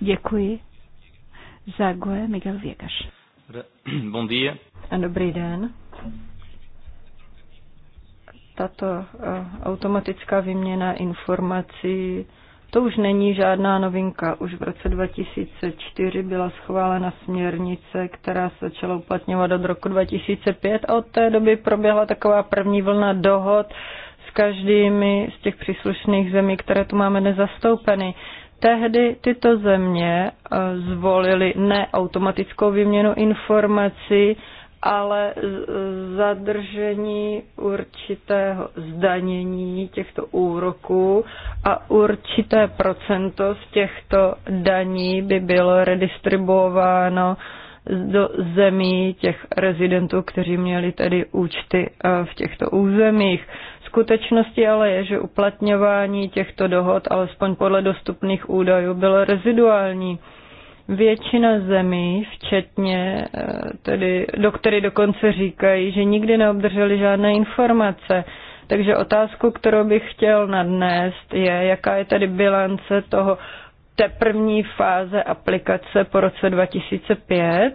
Děkuji.
Zagoje Miguel Věgaš.
Bon dia.
A Dobrý den. Tato eh, automatická výměna informací to už není žádná novinka. Už v roce 2004 byla schválena směrnice, která se začala uplatňovat od roku 2005 a od té doby proběhla taková první vlna dohod s každými z těch příslušných zemí, které tu máme nezastoupeny. Tehdy tyto země eh, zvolily neautomatickou výměnu informací, ale zadržení určitého zdanění těchto úroků a určité procento z těchto daní by bylo redistribuováno do zemí těch rezidentů, kteří měli tedy účty eh, v těchto územích. Skutečností ale je, že uplatňování těchto dohod, alespoň podle dostupných údajů, bylo reziduální. Většina zemí, včetně eh, tedy doktory dokonce říkají, že nikdy neobdrželi žádné informace. Takže otázku, kterou bych chtěl nadnést, je, jaká je tady bilance toho té první fáze aplikace po roce 2005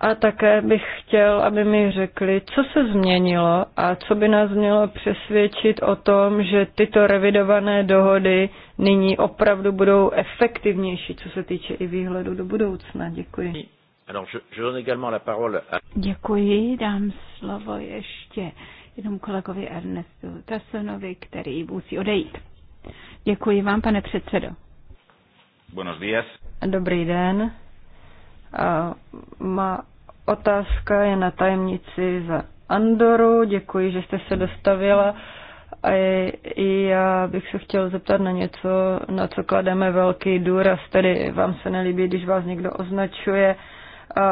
a také bych chtěl, aby mi řekli, co se změnilo a co by nás mělo přesvědčit o tom, že tyto revidované dohody nyní opravdu budou efektivnější, co se týče i výhledu do budoucna. Děkuji. Děkuji, dám
slovo ještě jenom kolegovi Ernestu Tasonovi, který musí odejít.
Děkuji vám, pane předsedo. Buenos días. Dobrý den. Má otázka je na tajemnici za Andoru. Děkuji, že jste se dostavila. A já bych se chtěl zeptat na něco, na co klademe velký důraz. Tedy vám se nelíbí, když vás někdo označuje uh,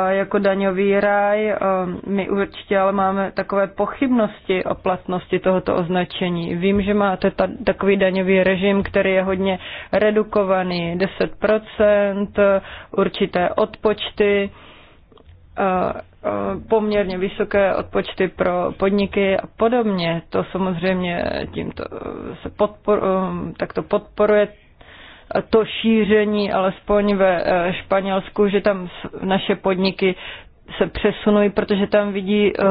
jako daňový ráj. My určitě ale máme takové pochybnosti o platnosti tohoto označení. Vím, že máte ta, takový daňový režim, který je hodně redukovaný, 10%, určité odpočty, poměrně vysoké odpočty pro podniky a podobně. To samozřejmě tímto se podpor, um, to podporuje to šíření, alespoň ve eh, Španělsku, že tam naše podniky se přesunují, protože tam vidí eh,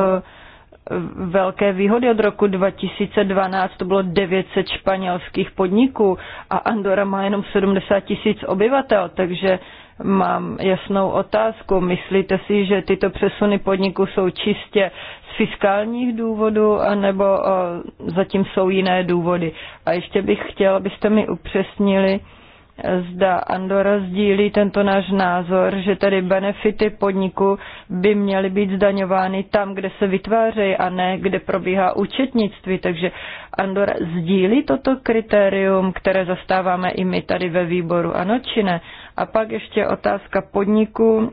velké výhody od roku 2012, to bylo 900 španělských podniků a Andora má jenom 70 tisíc obyvatel, takže mám jasnou otázku. Myslíte si, že tyto přesuny podniků jsou čistě z fiskálních důvodů, anebo eh, zatím jsou jiné důvody? A ještě bych chtěl, abyste mi upřesnili, zda Andora sdílí tento náš názor, že tedy benefity podniku by měly být zdaňovány tam, kde se vytvářejí a ne kde probíhá účetnictví. Takže Andora sdílí toto kritérium, které zastáváme i my tady ve výboru, ano či ne? A pak ještě otázka podniku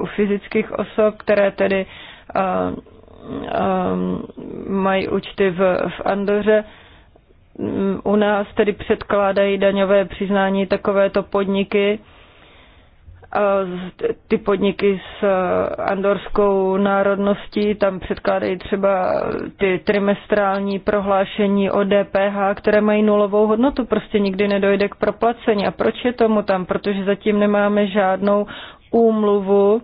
u fyzických osob, které tedy a, a, mají účty v, v Andoře Mm, u nás tedy předkládají daňové přiznání takovéto podniky, ty podniky s eh, andorskou národností, tam předkládají třeba ty trimestrální prohlášení o DPH, které mají nulovou hodnotu, prostě nikdy nedojde k proplacení. A proč je tomu tam? Protože zatím nemáme žádnou úmluvu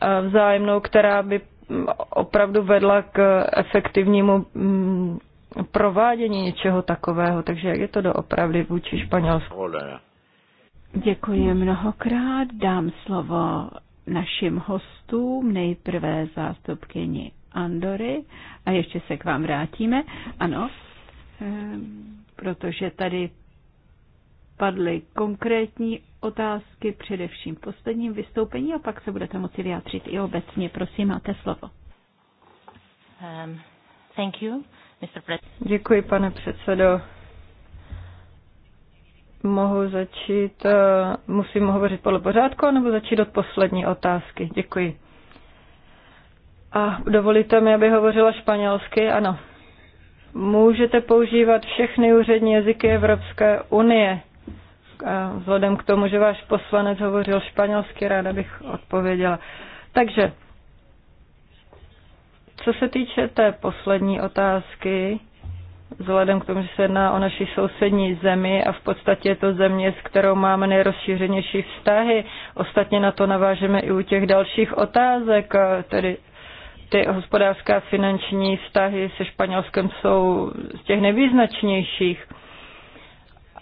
eh, vzájemnou, která by mm, opravdu vedla k eh, efektivnímu mm, provádění něčeho takového. Takže jak je to doopravdy vůči Španělsku? Děkuji mnohokrát. Dám
slovo našim hostům, nejprve zástupkyni Andory a ještě se k vám vrátíme. Ano, ehm, protože tady padly konkrétní otázky, především v posledním vystoupení a pak se budete moci vyjádřit i obecně. Prosím, máte slovo.
Um, thank you. Děkuji, pane předsedo. Mohu začít, eh, musím hovořit podle pořádku, nebo začít od poslední otázky. Děkuji. A dovolíte mi, aby hovořila španělsky? Ano. Můžete používat všechny úřední jazyky Evropské unie. A vzhledem k tomu, že váš poslanec hovořil španělsky, ráda bych odpověděla. Takže co se týče té poslední otázky, vzhledem k tomu, že se jedná o naší sousední zemi a v podstatě je to země, s kterou máme nejrozšířenější vztahy. Ostatně na to navážeme i u těch dalších otázek, tedy ty hospodářská finanční vztahy se Španělskem jsou z těch nejvýznačnějších.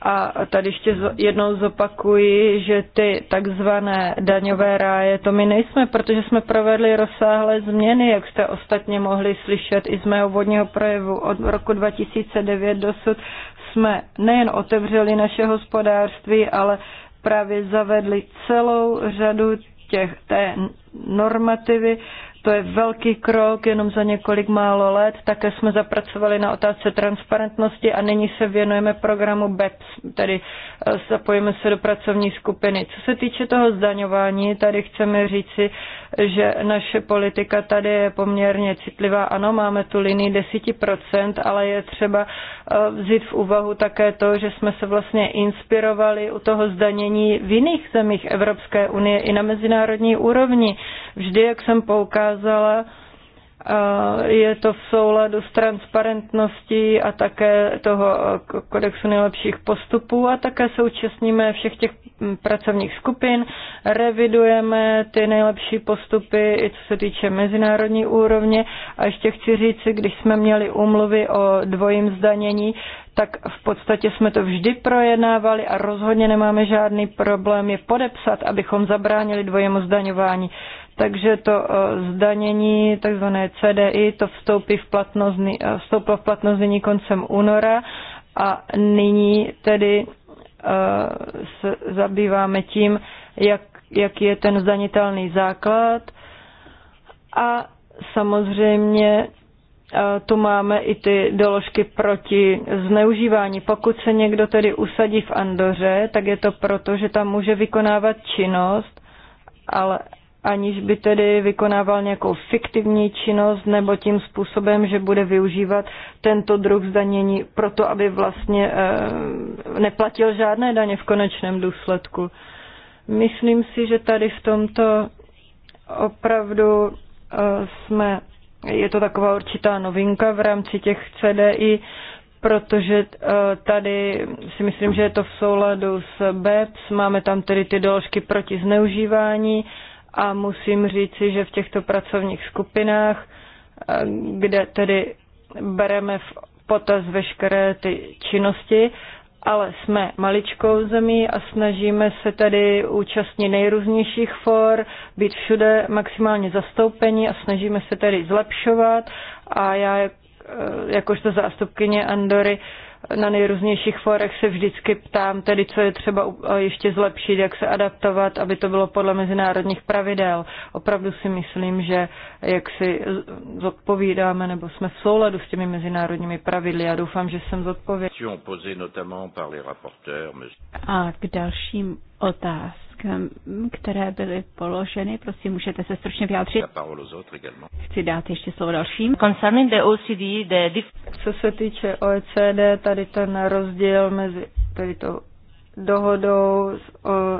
A tady ještě jednou zopakuji, že ty takzvané daňové ráje, to my nejsme, protože jsme provedli rozsáhlé změny, jak jste ostatně mohli slyšet i z mého vodního projevu. Od roku 2009 dosud jsme nejen otevřeli naše hospodářství, ale právě zavedli celou řadu těch té normativy, to je velký krok, jenom za několik málo let. Také jsme zapracovali na otázce transparentnosti a nyní se věnujeme programu BEPS, tedy eh, zapojíme se do pracovní skupiny. Co se týče toho zdaňování, tady chceme říci, že naše politika tady je poměrně citlivá. Ano, máme tu linii 10%, ale je třeba eh, vzít v úvahu také to, že jsme se vlastně inspirovali u toho zdanění v jiných zemích Evropské unie i na mezinárodní úrovni. Vždy, jak jsem poukázala, Eh, je to v souladu s transparentností a také toho eh, kodexu nejlepších postupů a také se všech těch hm, pracovních skupin, revidujeme ty nejlepší postupy i co se týče mezinárodní úrovně a ještě chci říct, když jsme měli úmluvy o dvojím zdanění, tak v podstatě jsme to vždy projednávali a rozhodně nemáme žádný problém je podepsat, abychom zabránili dvojemu zdaňování. Takže to eh, zdanění tzv. CDI to vstoupí v platnost, eh, vstoupilo v platnost nyní koncem února a nyní tedy eh, se zabýváme tím, jak, jaký je ten zdanitelný základ a samozřejmě tu máme i ty doložky proti zneužívání. Pokud se někdo tedy usadí v Andoře, tak je to proto, že tam může vykonávat činnost, ale aniž by tedy vykonával nějakou fiktivní činnost nebo tím způsobem, že bude využívat tento druh zdanění proto, aby vlastně eh, neplatil žádné daně v konečném důsledku. Myslím si, že tady v tomto opravdu eh, jsme, je to taková určitá novinka v rámci těch CDI, protože eh, tady si myslím, že je to v souladu s BEPS, máme tam tedy ty doložky proti zneužívání, a musím říci, že v těchto pracovních skupinách, eh, kde tedy bereme v potaz veškeré ty činnosti, ale jsme maličkou zemí a snažíme se tedy účastnit nejrůznějších for, být všude maximálně zastoupení a snažíme se tedy zlepšovat a já eh, jakožto zástupkyně Andory na nejrůznějších forech se vždycky ptám, tedy co je třeba ještě zlepšit, jak se adaptovat, aby to bylo podle mezinárodních pravidel. Opravdu si myslím, že jak si zodpovídáme nebo jsme v souladu s těmi mezinárodními pravidly. Já doufám, že jsem zodpověděl. A k dalším otázkám které byly položeny. Prosím, můžete se stručně vyjádřit. Chci dát ještě slovo dalším. Co se týče OECD, tady ten rozdíl mezi tady to dohodou s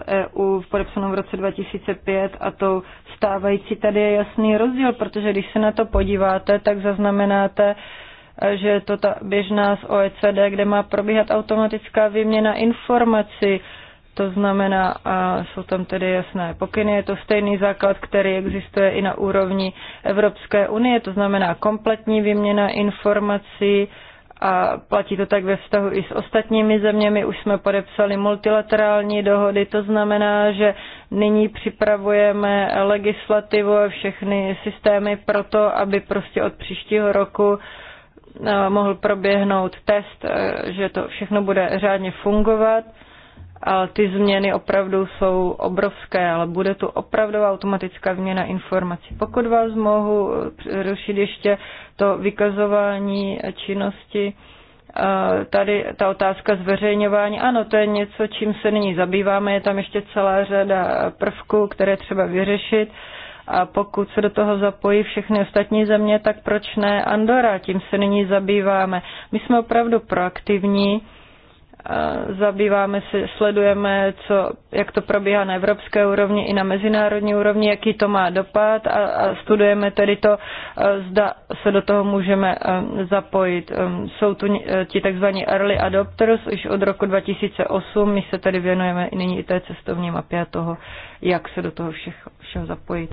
EU podepsanou v roce 2005 a tou stávající, tady je jasný rozdíl, protože když se na to podíváte, tak zaznamenáte, že je to ta běžná z OECD, kde má probíhat automatická výměna informací to znamená, a jsou tam tedy jasné pokyny, je to stejný základ, který existuje i na úrovni Evropské unie, to znamená kompletní výměna informací, a platí to tak ve vztahu i s ostatními zeměmi. Už jsme podepsali multilaterální dohody, to znamená, že nyní připravujeme legislativu a všechny systémy pro to, aby prostě od příštího roku e, mohl proběhnout test, e, že to všechno bude řádně fungovat ty změny opravdu jsou obrovské, ale bude tu opravdu automatická změna informací. Pokud vás mohu rušit ještě to vykazování činnosti, tady ta otázka zveřejňování, ano, to je něco, čím se nyní zabýváme, je tam ještě celá řada prvků, které třeba vyřešit a pokud se do toho zapojí všechny ostatní země, tak proč ne Andora, tím se nyní zabýváme. My jsme opravdu proaktivní, zabýváme se, sledujeme, co, jak to probíhá na evropské úrovni i na mezinárodní úrovni, jaký to má dopad a, a studujeme tedy to, e, zda se do toho můžeme e, zapojit. E, jsou tu ti tzv. early adopters už od roku 2008, my se tedy věnujeme nyní i té cestovní mapě a toho, jak se do toho všech, všeho zapojit.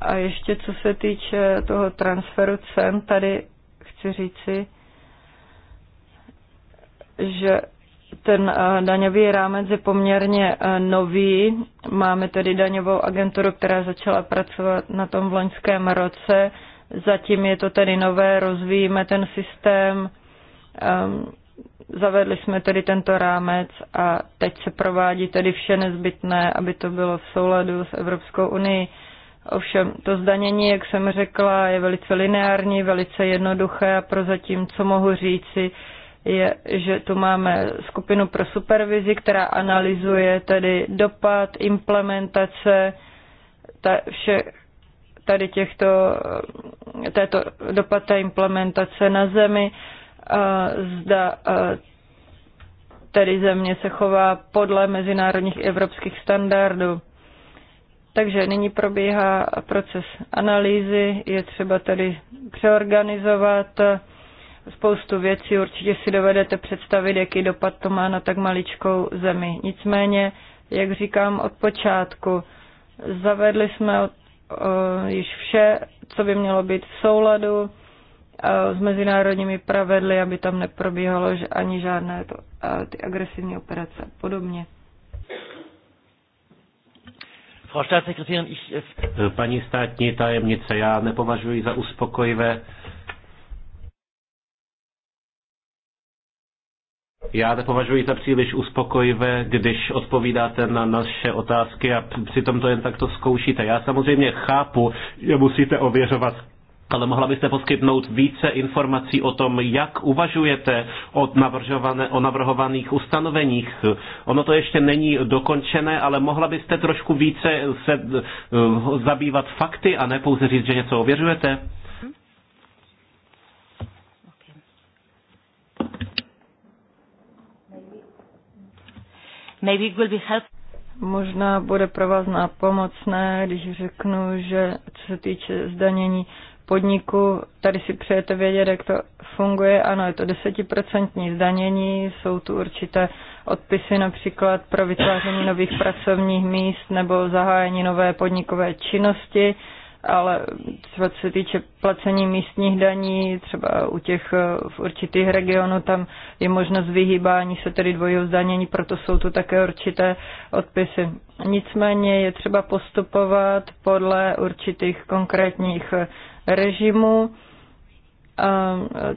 A ještě co se týče toho transferu cen, tady chci říci, že ten eh, daňový rámec je poměrně eh, nový. Máme tedy daňovou agenturu, která začala pracovat na tom v loňském roce. Zatím je to tedy nové, rozvíjíme ten systém. Ehm, Zavedli jsme tedy tento rámec a teď se provádí tedy vše nezbytné, aby to bylo v souladu s Evropskou unii. Ovšem, to zdanění, jak jsem řekla, je velice lineární, velice jednoduché a prozatím, co mohu říci, je, že tu máme skupinu pro supervizi, která analyzuje tedy dopad, implementace ta, vše, tady těchto, této dopad té implementace na zemi. Eh, zda eh, tedy země se chová podle mezinárodních evropských standardů. Takže nyní probíhá proces analýzy, je třeba tedy přeorganizovat eh, spoustu věcí, určitě si dovedete představit, jaký dopad to má na tak maličkou zemi. Nicméně, jak říkám od počátku, zavedli jsme od, o, již vše, co by mělo být v souladu, s mezinárodními pravedly, aby tam neprobíhalo ani žádné to, ty agresivní operace podobně. Äh,
eh, paní státní tajemnice, já nepovažuji za uspokojivé Já nepovažuji za příliš uspokojivé, když odpovídáte na naše otázky a přitom to jen takto zkoušíte. Já samozřejmě chápu, že musíte ověřovat ale mohla byste poskytnout více informací o tom, jak uvažujete o, o navrhovaných ustanoveních. Ono to ještě není dokončené, ale mohla byste trošku více se eh, zabývat fakty a ne pouze říct, že něco ověřujete?
Maybe it will be help, možná bude pro vás nápomocné, když řeknu, že co se týče zdanění podniku, tady si přejete vědět, jak to funguje. Ano, je to desetiprocentní zdanění, jsou tu určité odpisy například pro vytváření nových pracovních míst nebo zahájení nové podnikové činnosti, ale třeba co se týče placení místních daní, třeba u těch eh, v určitých regionů, tam je možnost vyhýbání se tedy dvojího zdanění, proto jsou tu také určité odpisy. Nicméně je třeba postupovat podle určitých konkrétních eh, režimu.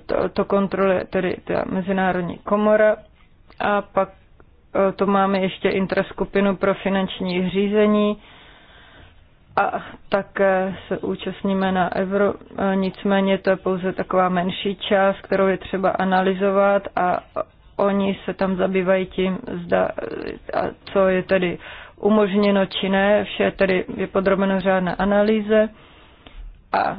To, to kontroluje tedy ta Mezinárodní komora a pak e, to máme ještě intraskupinu pro finanční řízení a také se účastníme na euro, e, nicméně to je pouze taková menší část, kterou je třeba analyzovat a oni se tam zabývají tím, zda, a co je tedy umožněno či ne, vše tedy je podrobeno řádné analýze a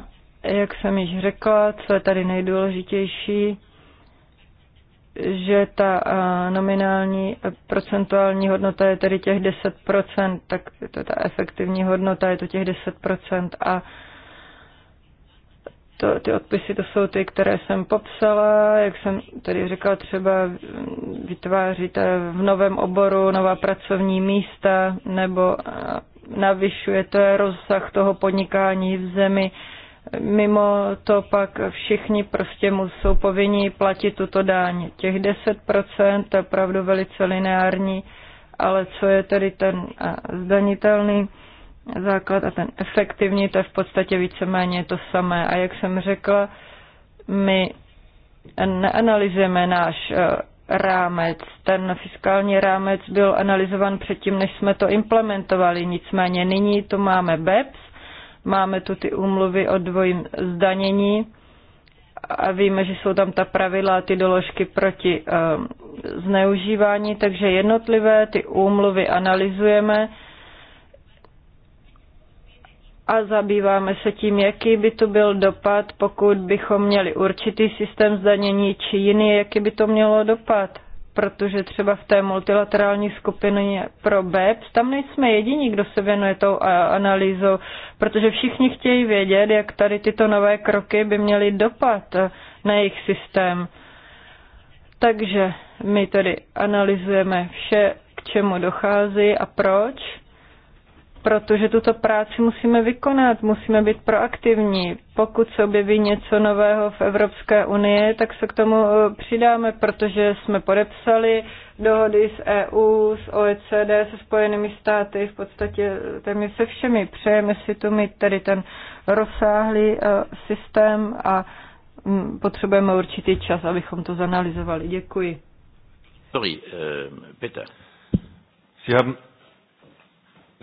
jak jsem již řekla, co je tady nejdůležitější, že ta nominální procentuální hodnota je tedy těch 10%, tak to ta efektivní hodnota, je to těch 10% a to, ty odpisy to jsou ty, které jsem popsala, jak jsem tady řekla, třeba vytváříte v novém oboru nová pracovní místa nebo navyšujete rozsah toho podnikání v zemi, Mimo to pak všichni prostě jsou povinni platit tuto dáň. Těch 10% to je opravdu velice lineární, ale co je tedy ten zdanitelný základ a ten efektivní, to je v podstatě víceméně to samé. A jak jsem řekla, my neanalyzujeme náš e, rámec. Ten fiskální rámec byl analyzovan předtím, než jsme to implementovali. Nicméně nyní to máme BEPS, Máme tu ty úmluvy o dvojím zdanění a víme, že jsou tam ta pravidla a ty doložky proti ehm, zneužívání, takže jednotlivé ty úmluvy analyzujeme a zabýváme se tím, jaký by to byl dopad, pokud bychom měli určitý systém zdanění či jiný, jaký by to mělo dopad protože třeba v té multilaterální skupině pro BEPS, tam nejsme jediní, kdo se věnuje tou eh, analýzou, protože všichni chtějí vědět, jak tady tyto nové kroky by měly dopad eh, na jejich systém. Takže my tedy analyzujeme vše, k čemu dochází a proč protože tuto práci musíme vykonat, musíme být proaktivní. Pokud se objeví něco nového v Evropské unii, tak se k tomu eh, přidáme, protože jsme podepsali dohody s EU, s OECD, se Spojenými státy, v podstatě eh, téměř se všemi. Přejeme si tu mít tedy ten rozsáhlý eh, systém a mm, potřebujeme určitý čas, abychom to zanalizovali. Děkuji.
Sorry, uh, Peter. Sie haben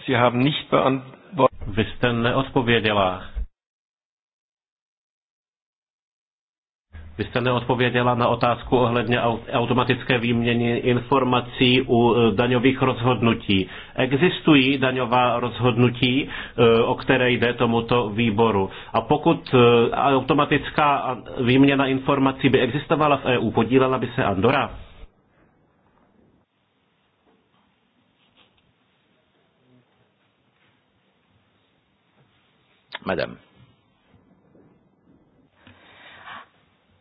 Sie haben nicht beantwortet. Vy jste neodpověděla. Vy jste neodpověděla na otázku ohledně automatické výměny informací u e, daňových rozhodnutí. Existují daňová rozhodnutí, e, o které jde tomuto výboru. A pokud e, automatická výměna informací by existovala v EU, podílela by se Andora? madam.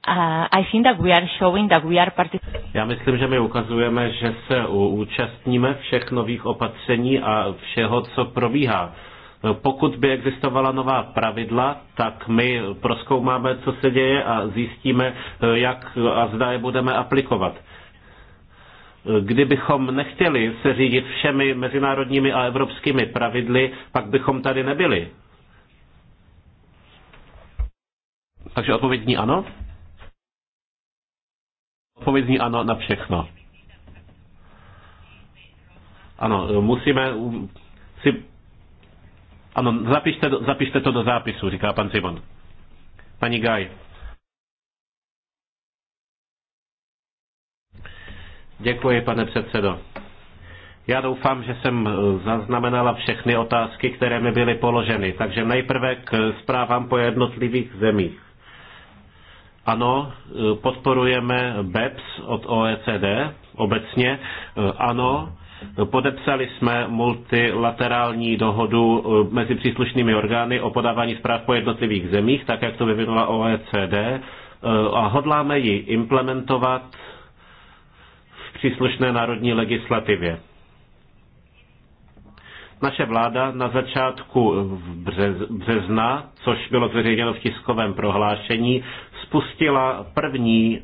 Uh, I think that we are showing that we are
Já myslím, že my ukazujeme, že se účastníme všech nových opatření a všeho, co probíhá. Pokud by existovala nová pravidla, tak my proskoumáme, co se děje a zjistíme, jak a zda je budeme aplikovat. Kdybychom nechtěli se řídit všemi mezinárodními a evropskými pravidly, pak bychom tady nebyli. Takže odpovědní ano? odpovědní ano na všechno. Ano, musíme si... Ano, zapište, zapište to do zápisu, říká pan Simon. Paní Gaj. Děkuji, pane předsedo. Já doufám, že jsem e, zaznamenala všechny otázky, které mi byly položeny. Takže nejprve k zprávám po jednotlivých zemích. Ano, e, podporujeme BEPS od OECD obecně. E, ano, Podepsali jsme multilaterální dohodu e, mezi příslušnými orgány o podávání zpráv po jednotlivých zemích, tak jak to vyvinula OECD, a hodláme ji implementovat v příslušné národní legislativě. Naše vláda na začátku břez, března, což bylo zveřejněno v tiskovém prohlášení, spustila první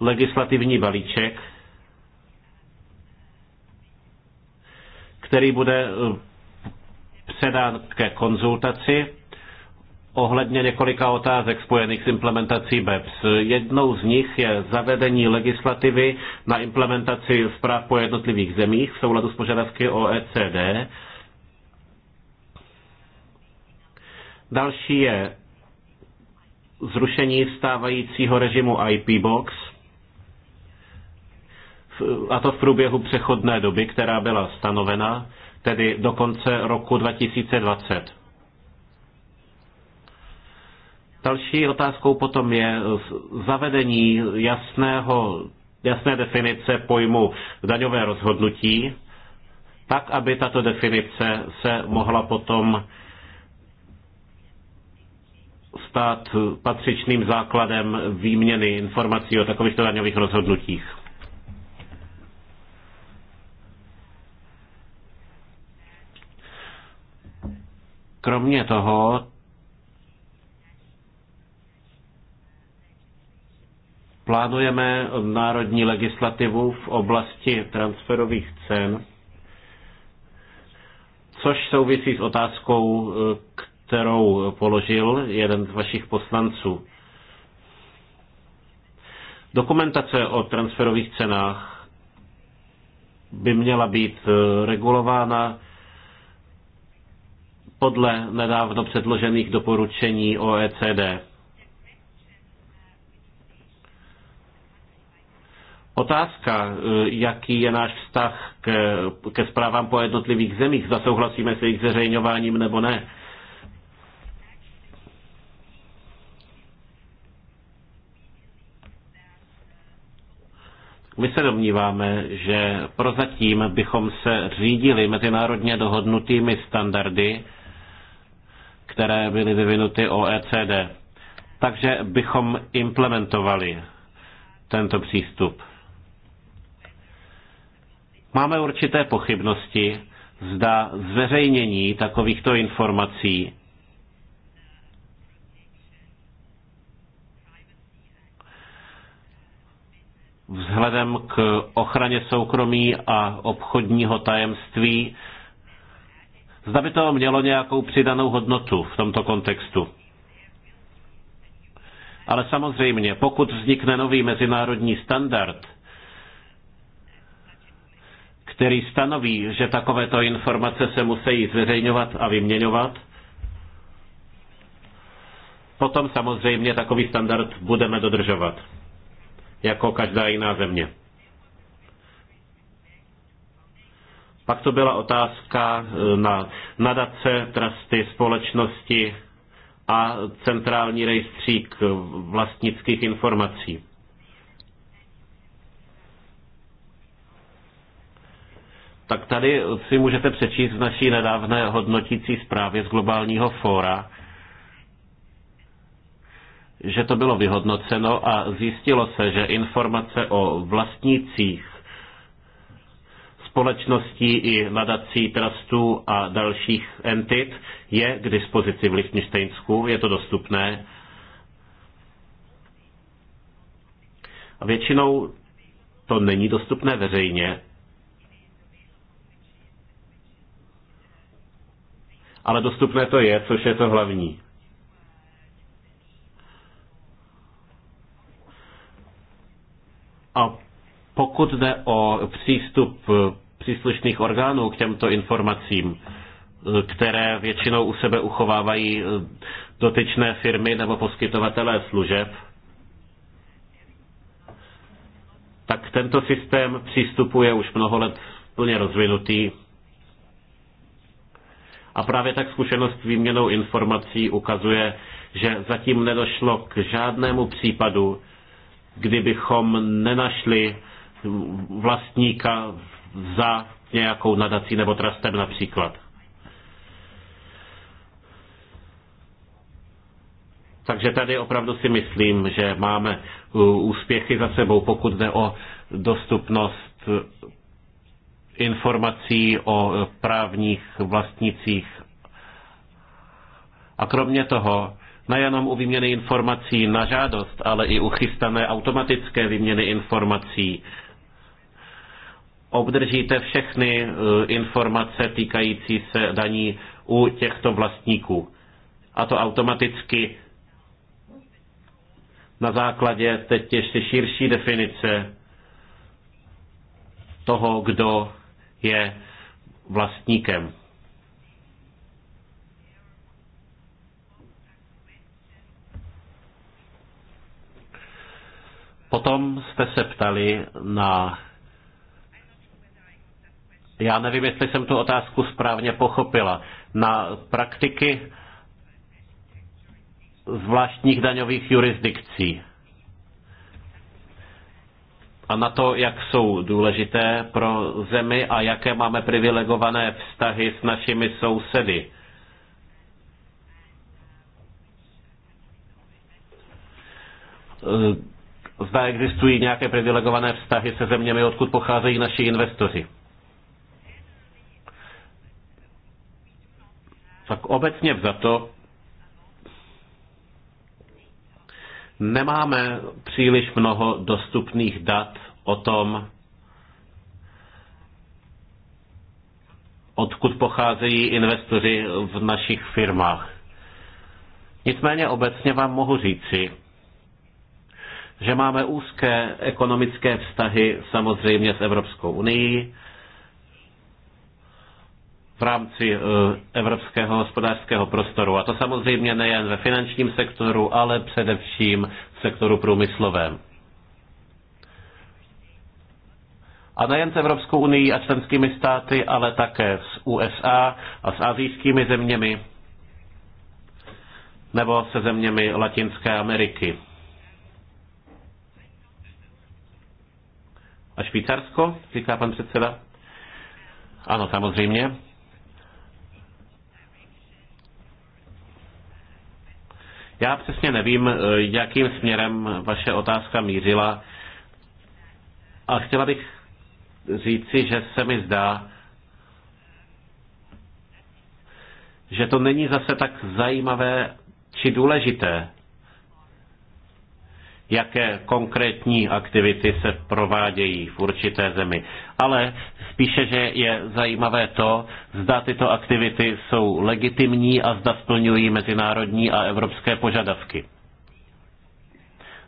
legislativní balíček, který bude eh, předán ke konzultaci ohledně několika otázek spojených s implementací BEPS. Jednou z nich je zavedení legislativy na implementaci zpráv po jednotlivých zemích v souladu s požadavky OECD. Další je zrušení stávajícího režimu IP Box, a to v průběhu přechodné doby, která byla stanovena, tedy do konce roku 2020. Další otázkou potom je zavedení jasného, jasné definice pojmu daňové rozhodnutí, tak, aby tato definice se mohla potom stát patřičným základem výměny informací o takovýchto daňových rozhodnutích. Kromě toho plánujeme národní legislativu v oblasti transferových cen, což souvisí s otázkou, k eh, kterou položil jeden z vašich poslanců. Dokumentace o transferových cenách by měla být eh, regulována podle nedávno předložených doporučení OECD. Otázka, eh, jaký je náš vztah ke, ke zprávám po jednotlivých zemích, zda souhlasíme s jejich zveřejňováním nebo ne, My se domníváme, že prozatím bychom se řídili mezinárodně dohodnutými standardy, které byly vyvinuty OECD. Takže bychom implementovali tento přístup. Máme určité pochybnosti, zda zveřejnění takovýchto informací vzhledem k ochraně soukromí a obchodního tajemství. Zda by to mělo nějakou přidanou hodnotu v tomto kontextu. Ale samozřejmě, pokud vznikne nový mezinárodní standard, který stanoví, že takovéto informace se musí zveřejňovat a vyměňovat, potom samozřejmě takový standard budeme dodržovat jako každá jiná země. Pak to byla otázka e, na nadace, trusty, společnosti a centrální rejstřík vlastnických informací. Tak tady si můžete přečíst v naší nedávné hodnotící zprávě z globálního fóra, že to bylo vyhodnoceno a zjistilo se, že informace o vlastnících společností i nadací trustů a dalších entit je k dispozici v Lichtensteinsku, je to dostupné. A většinou to není dostupné veřejně, ale dostupné to je, což je to hlavní. A pokud jde o přístup eh, příslušných orgánů k těmto informacím, eh, které většinou u sebe uchovávají eh, dotyčné firmy nebo poskytovatelé služeb, tak tento systém přístupu je už mnoho let plně rozvinutý. A právě tak zkušenost s výměnou informací ukazuje, že zatím nedošlo k žádnému případu, kdybychom nenašli vlastníka za nějakou nadací nebo trastem například. Takže tady opravdu si myslím, že máme uh, úspěchy za sebou, pokud jde o dostupnost uh, informací o uh, právních vlastnicích. A kromě toho nejenom u výměny informací na žádost, ale i u chystané automatické výměny informací. Obdržíte všechny e, informace týkající se daní u těchto vlastníků. A to automaticky na základě teď ještě širší definice toho, kdo je vlastníkem. Potom jste se ptali na já nevím, jestli jsem tu otázku správně pochopila. Na praktiky zvláštních daňových jurisdikcí a na to, jak jsou důležité pro zemi a jaké máme privilegované vztahy s našimi sousedy. Uh, Zda existují nějaké privilegované vztahy se zeměmi, odkud pocházejí naši investoři. Tak obecně za to nemáme příliš mnoho dostupných dat o tom, odkud pocházejí investoři v našich firmách. Nicméně obecně vám mohu říci, že máme úzké ekonomické vztahy samozřejmě s Evropskou unii v rámci eh, evropského hospodářského prostoru. A to samozřejmě nejen ve finančním sektoru, ale především v sektoru průmyslovém. a nejen s Evropskou unii a členskými státy, ale také s USA a s azijskými zeměmi nebo se zeměmi Latinské Ameriky. A Švýcarsko, říká pan předseda? Ano, samozřejmě. Já přesně nevím, eh, jakým směrem vaše otázka mířila, a chtěla bych říci, že se mi zdá, že to není zase tak zajímavé či důležité jaké konkrétní aktivity se provádějí v určité zemi. Ale spíše, že je zajímavé to, zda tyto aktivity jsou legitimní a zda splňují mezinárodní a evropské požadavky.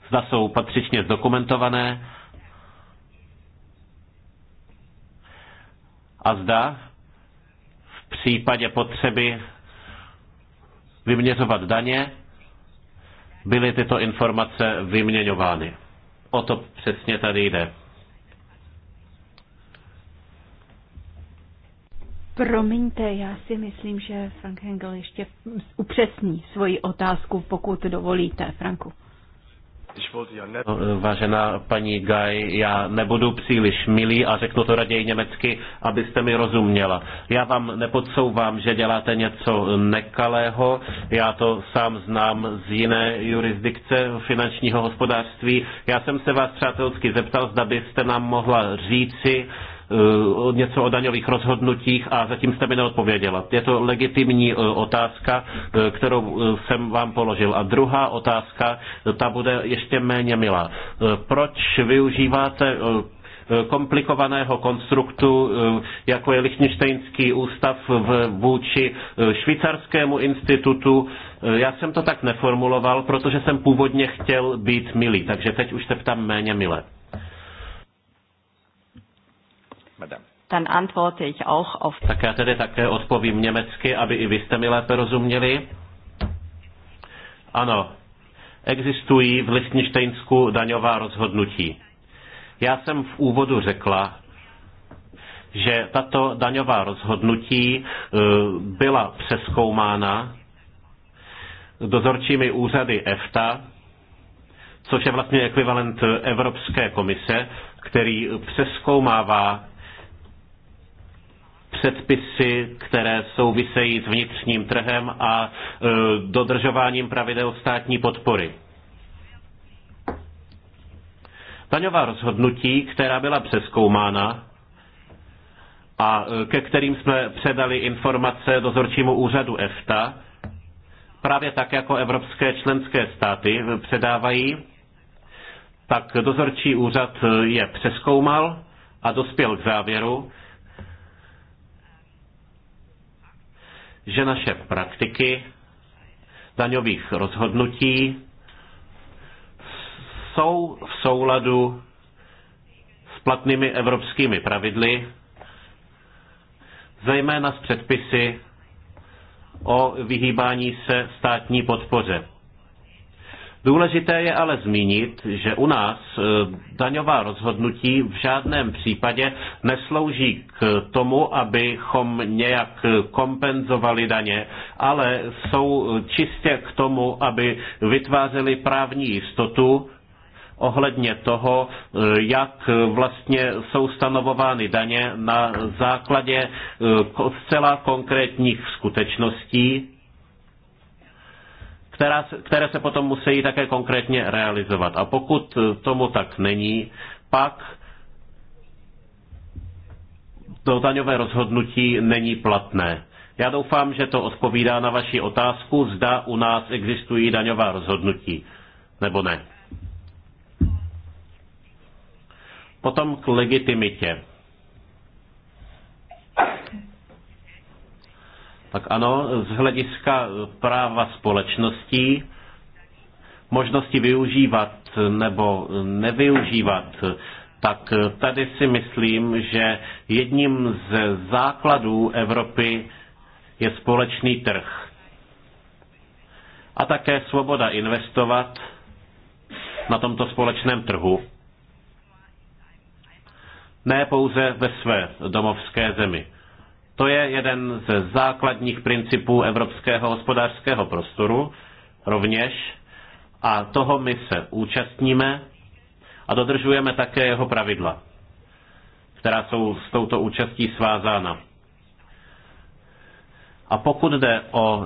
Zda jsou patřičně zdokumentované a zda v případě potřeby vyměřovat daně byly tyto informace vyměňovány. O to přesně tady jde.
Promiňte, já si myslím, že Frank Engel ještě upřesní svoji otázku, pokud dovolíte, Franku.
No, vážená paní Gaj, já nebudu příliš milý a řeknu to raději německy, abyste mi rozuměla. Já vám nepodsouvám, že děláte něco nekalého, já to sám znám z jiné jurisdikce finančního hospodářství. Já jsem se vás přátelsky zeptal, zda byste nám mohla říci, Eh, něco o daňových rozhodnutích a zatím jste mi neodpověděla. Je to legitimní eh, otázka, eh, kterou jsem vám položil. A druhá otázka, ta bude ještě méně milá. Proč využíváte komplikovaného konstruktu, jako je Lichtensteinský ústav vůči švýcarskému institutu. Já jsem to tak neformuloval, protože jsem původně chtěl být milý, takže teď už se ptám méně milé madame.
Dann antworte ich auch auf...
Tak já tedy také odpovím německy, aby i vy jste mi lépe rozuměli. Ano, existují v Lichtensteinsku daňová rozhodnutí. Já jsem v úvodu řekla, že tato daňová rozhodnutí e, byla přeskoumána dozorčími úřady EFTA, což je vlastně ekvivalent Evropské komise, který přeskoumává předpisy, které souvisejí s vnitřním trhem a e, dodržováním pravidel státní podpory. Daňová rozhodnutí, která byla přeskoumána, a e, ke kterým jsme předali informace dozorčímu úřadu EFTA, právě tak jako evropské členské státy předávají, tak dozorčí úřad e, je přeskoumal a dospěl k závěru, že naše praktiky daňových rozhodnutí jsou v souladu s platnými evropskými pravidly, zejména s předpisy o vyhýbání se státní podpoře. Důležité je ale zmínit, že u nás e, daňová rozhodnutí v žádném případě neslouží k tomu, abychom nějak kompenzovali daně, ale jsou čistě k tomu, aby vytvářeli právní jistotu ohledně toho, e, jak vlastně jsou stanovovány daně na základě e, zcela konkrétních skutečností, která, které se potom musí také konkrétně realizovat. A pokud tomu tak není, pak to daňové rozhodnutí není platné. Já doufám, že to odpovídá na vaši otázku, zda u nás existují daňová rozhodnutí, nebo ne. Potom k legitimitě. Tak ano, z hlediska eh, práva společností, možnosti využívat nebo eh, nevyužívat, tak eh, tady si myslím, že jedním z základů Evropy je společný trh. A také svoboda investovat na tomto společném trhu. Ne pouze ve své domovské zemi. To je jeden ze základních principů evropského hospodářského prostoru rovněž a toho my se účastníme a dodržujeme také jeho pravidla, která jsou s touto účastí svázána. A pokud jde o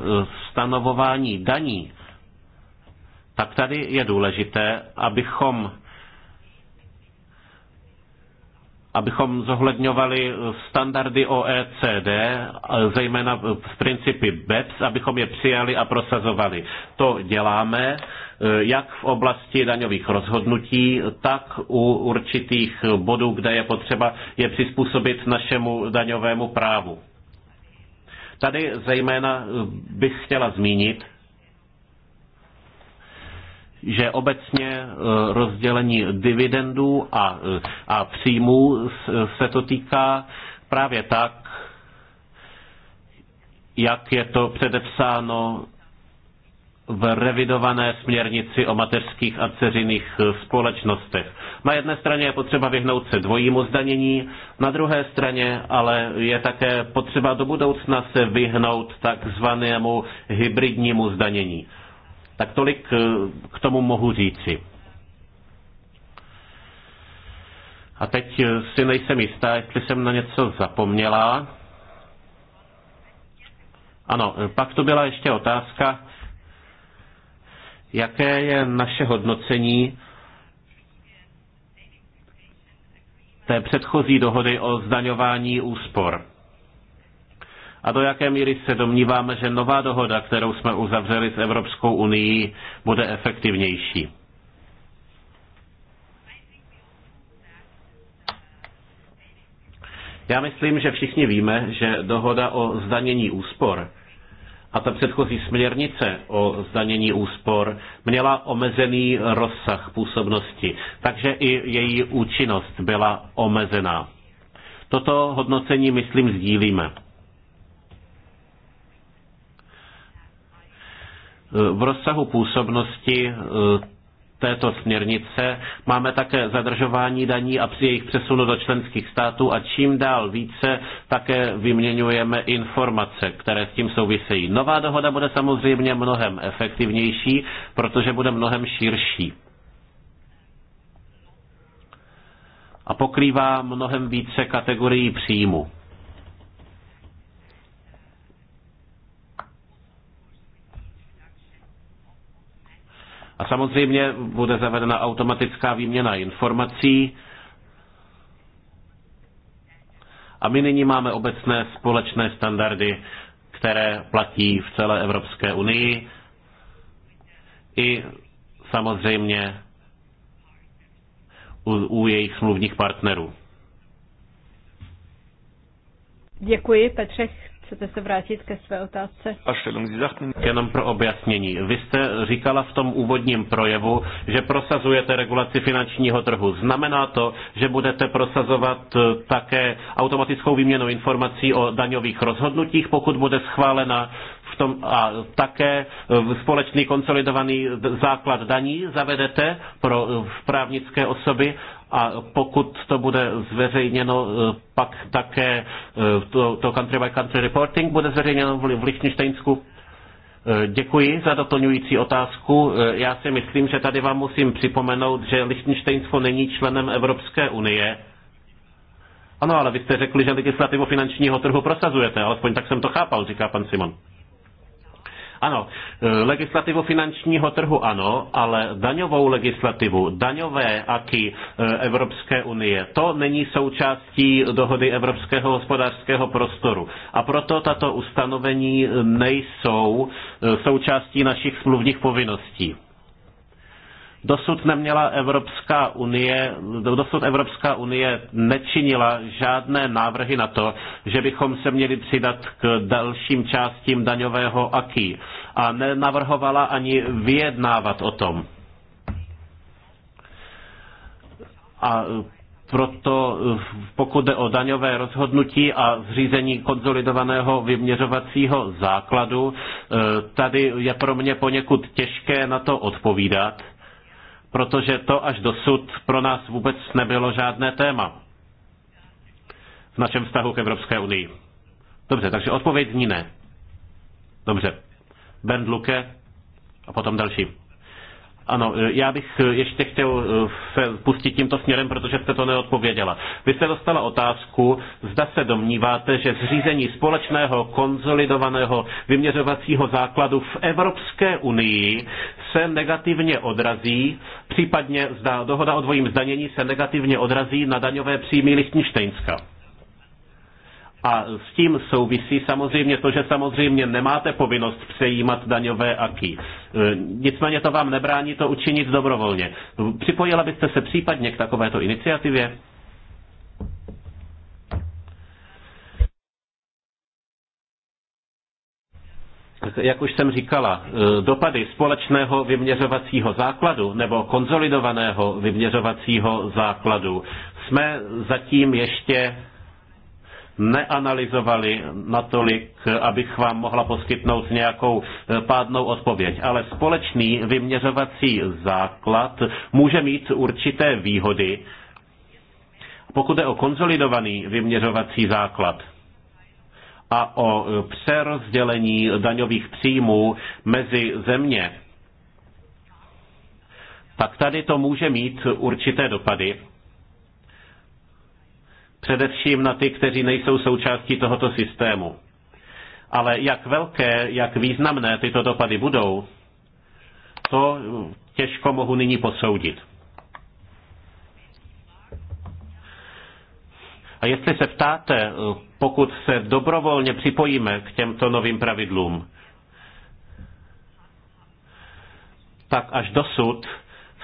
stanovování daní, tak tady je důležité, abychom abychom zohledňovali standardy OECD, zejména v principy BEPS, abychom je přijali a prosazovali. To děláme eh, jak v oblasti daňových rozhodnutí, tak u určitých bodů, kde je potřeba je přizpůsobit našemu daňovému právu. Tady zejména bych chtěla zmínit, že obecně e, rozdělení dividendů a, e, a příjmů se to týká právě tak, jak je to předepsáno v revidované směrnici o mateřských a dceřiných e, společnostech. Na jedné straně je potřeba vyhnout se dvojímu zdanění, na druhé straně ale je také potřeba do budoucna se vyhnout takzvanému hybridnímu zdanění. Tak tolik eh, k tomu mohu říci. A teď eh, si nejsem jistá, jestli jsem na něco zapomněla. Ano, eh, pak tu byla ještě otázka, jaké je naše hodnocení té předchozí dohody o zdaňování úspor a do jaké míry se domníváme, že nová dohoda, kterou jsme uzavřeli s Evropskou unii, bude efektivnější. Já myslím, že všichni víme, že dohoda o zdanění úspor a ta předchozí směrnice o zdanění úspor měla omezený rozsah působnosti, takže i její účinnost byla omezená. Toto hodnocení, myslím, sdílíme. V rozsahu působnosti e, této směrnice máme také zadržování daní a při jejich přesunu do členských států a čím dál více také vyměňujeme informace, které s tím souvisejí. Nová dohoda bude samozřejmě mnohem efektivnější, protože bude mnohem širší. A pokrývá mnohem více kategorií příjmu. A samozřejmě bude zavedena automatická výměna informací. A my nyní máme obecné společné standardy, které platí v celé Evropské unii i samozřejmě u, u jejich smluvních partnerů.
Děkuji, Petře. Chcete se vrátit ke své otázce?
Jenom pro objasnění. Vy jste říkala v tom úvodním projevu, že prosazujete regulaci finančního trhu. Znamená to, že budete prosazovat e, také automatickou výměnu informací o daňových rozhodnutích, pokud bude schválena v tom, a také e, společný konsolidovaný základ daní zavedete pro e, právnické osoby a pokud to bude zveřejněno eh, pak také eh, to, to country by country reporting bude zveřejněno v, Lichtensteinsku. Eh, děkuji za doplňující otázku. Já si myslím, že tady vám musím připomenout, že Lichtensteinsko není členem Evropské unie. Ano, ale vy jste řekli, že legislativu finančního trhu prosazujete, alespoň tak jsem to chápal, říká pan Simon. Ano, e, legislativu finančního trhu ano, ale daňovou legislativu, daňové aky e, Evropské unie, to není součástí dohody Evropského hospodářského prostoru. A proto tato ustanovení nejsou e, součástí našich smluvních povinností. Dosud neměla Evropská unie, dosud Evropská unie nečinila žádné návrhy na to, že bychom se měli přidat k dalším částím daňového aký a nenavrhovala ani vyjednávat o tom. A proto pokud jde o daňové rozhodnutí a zřízení konzolidovaného vyměřovacího základu, eh, tady je pro mě poněkud těžké na to odpovídat protože to až dosud pro nás vůbec nebylo žádné téma v našem vztahu k Evropské unii. Dobře, takže odpověď zní ne. Dobře. Bernd Luke a potom další. Ano, já bych eh, ještě chtěl eh, se pustit tímto směrem, protože jste to neodpověděla. Vy jste dostala otázku, zda se domníváte, že zřízení společného konzolidovaného vyměřovacího základu v Evropské unii se negativně odrazí, případně zda dohoda o dvojím zdanění se negativně odrazí na daňové příjmy Lichtensteinska. A s tím souvisí samozřejmě to, že samozřejmě nemáte povinnost přejímat daňové aky. E, nicméně to vám nebrání to učinit dobrovolně. Připojila byste se případně k takovéto iniciativě? jak už jsem říkala, e, dopady společného vyměřovacího základu nebo konzolidovaného vyměřovacího základu jsme zatím ještě neanalyzovali natolik, abych vám mohla poskytnout nějakou eh, pádnou odpověď. Ale společný vyměřovací základ může mít určité výhody, pokud je o konzolidovaný vyměřovací základ a o eh, přerozdělení daňových příjmů mezi země, tak tady to může mít určité dopady Především na ty, kteří nejsou součástí tohoto systému. Ale jak velké, jak významné tyto dopady budou, to těžko mohu nyní posoudit. A jestli se ptáte, pokud se dobrovolně připojíme k těmto novým pravidlům, tak až dosud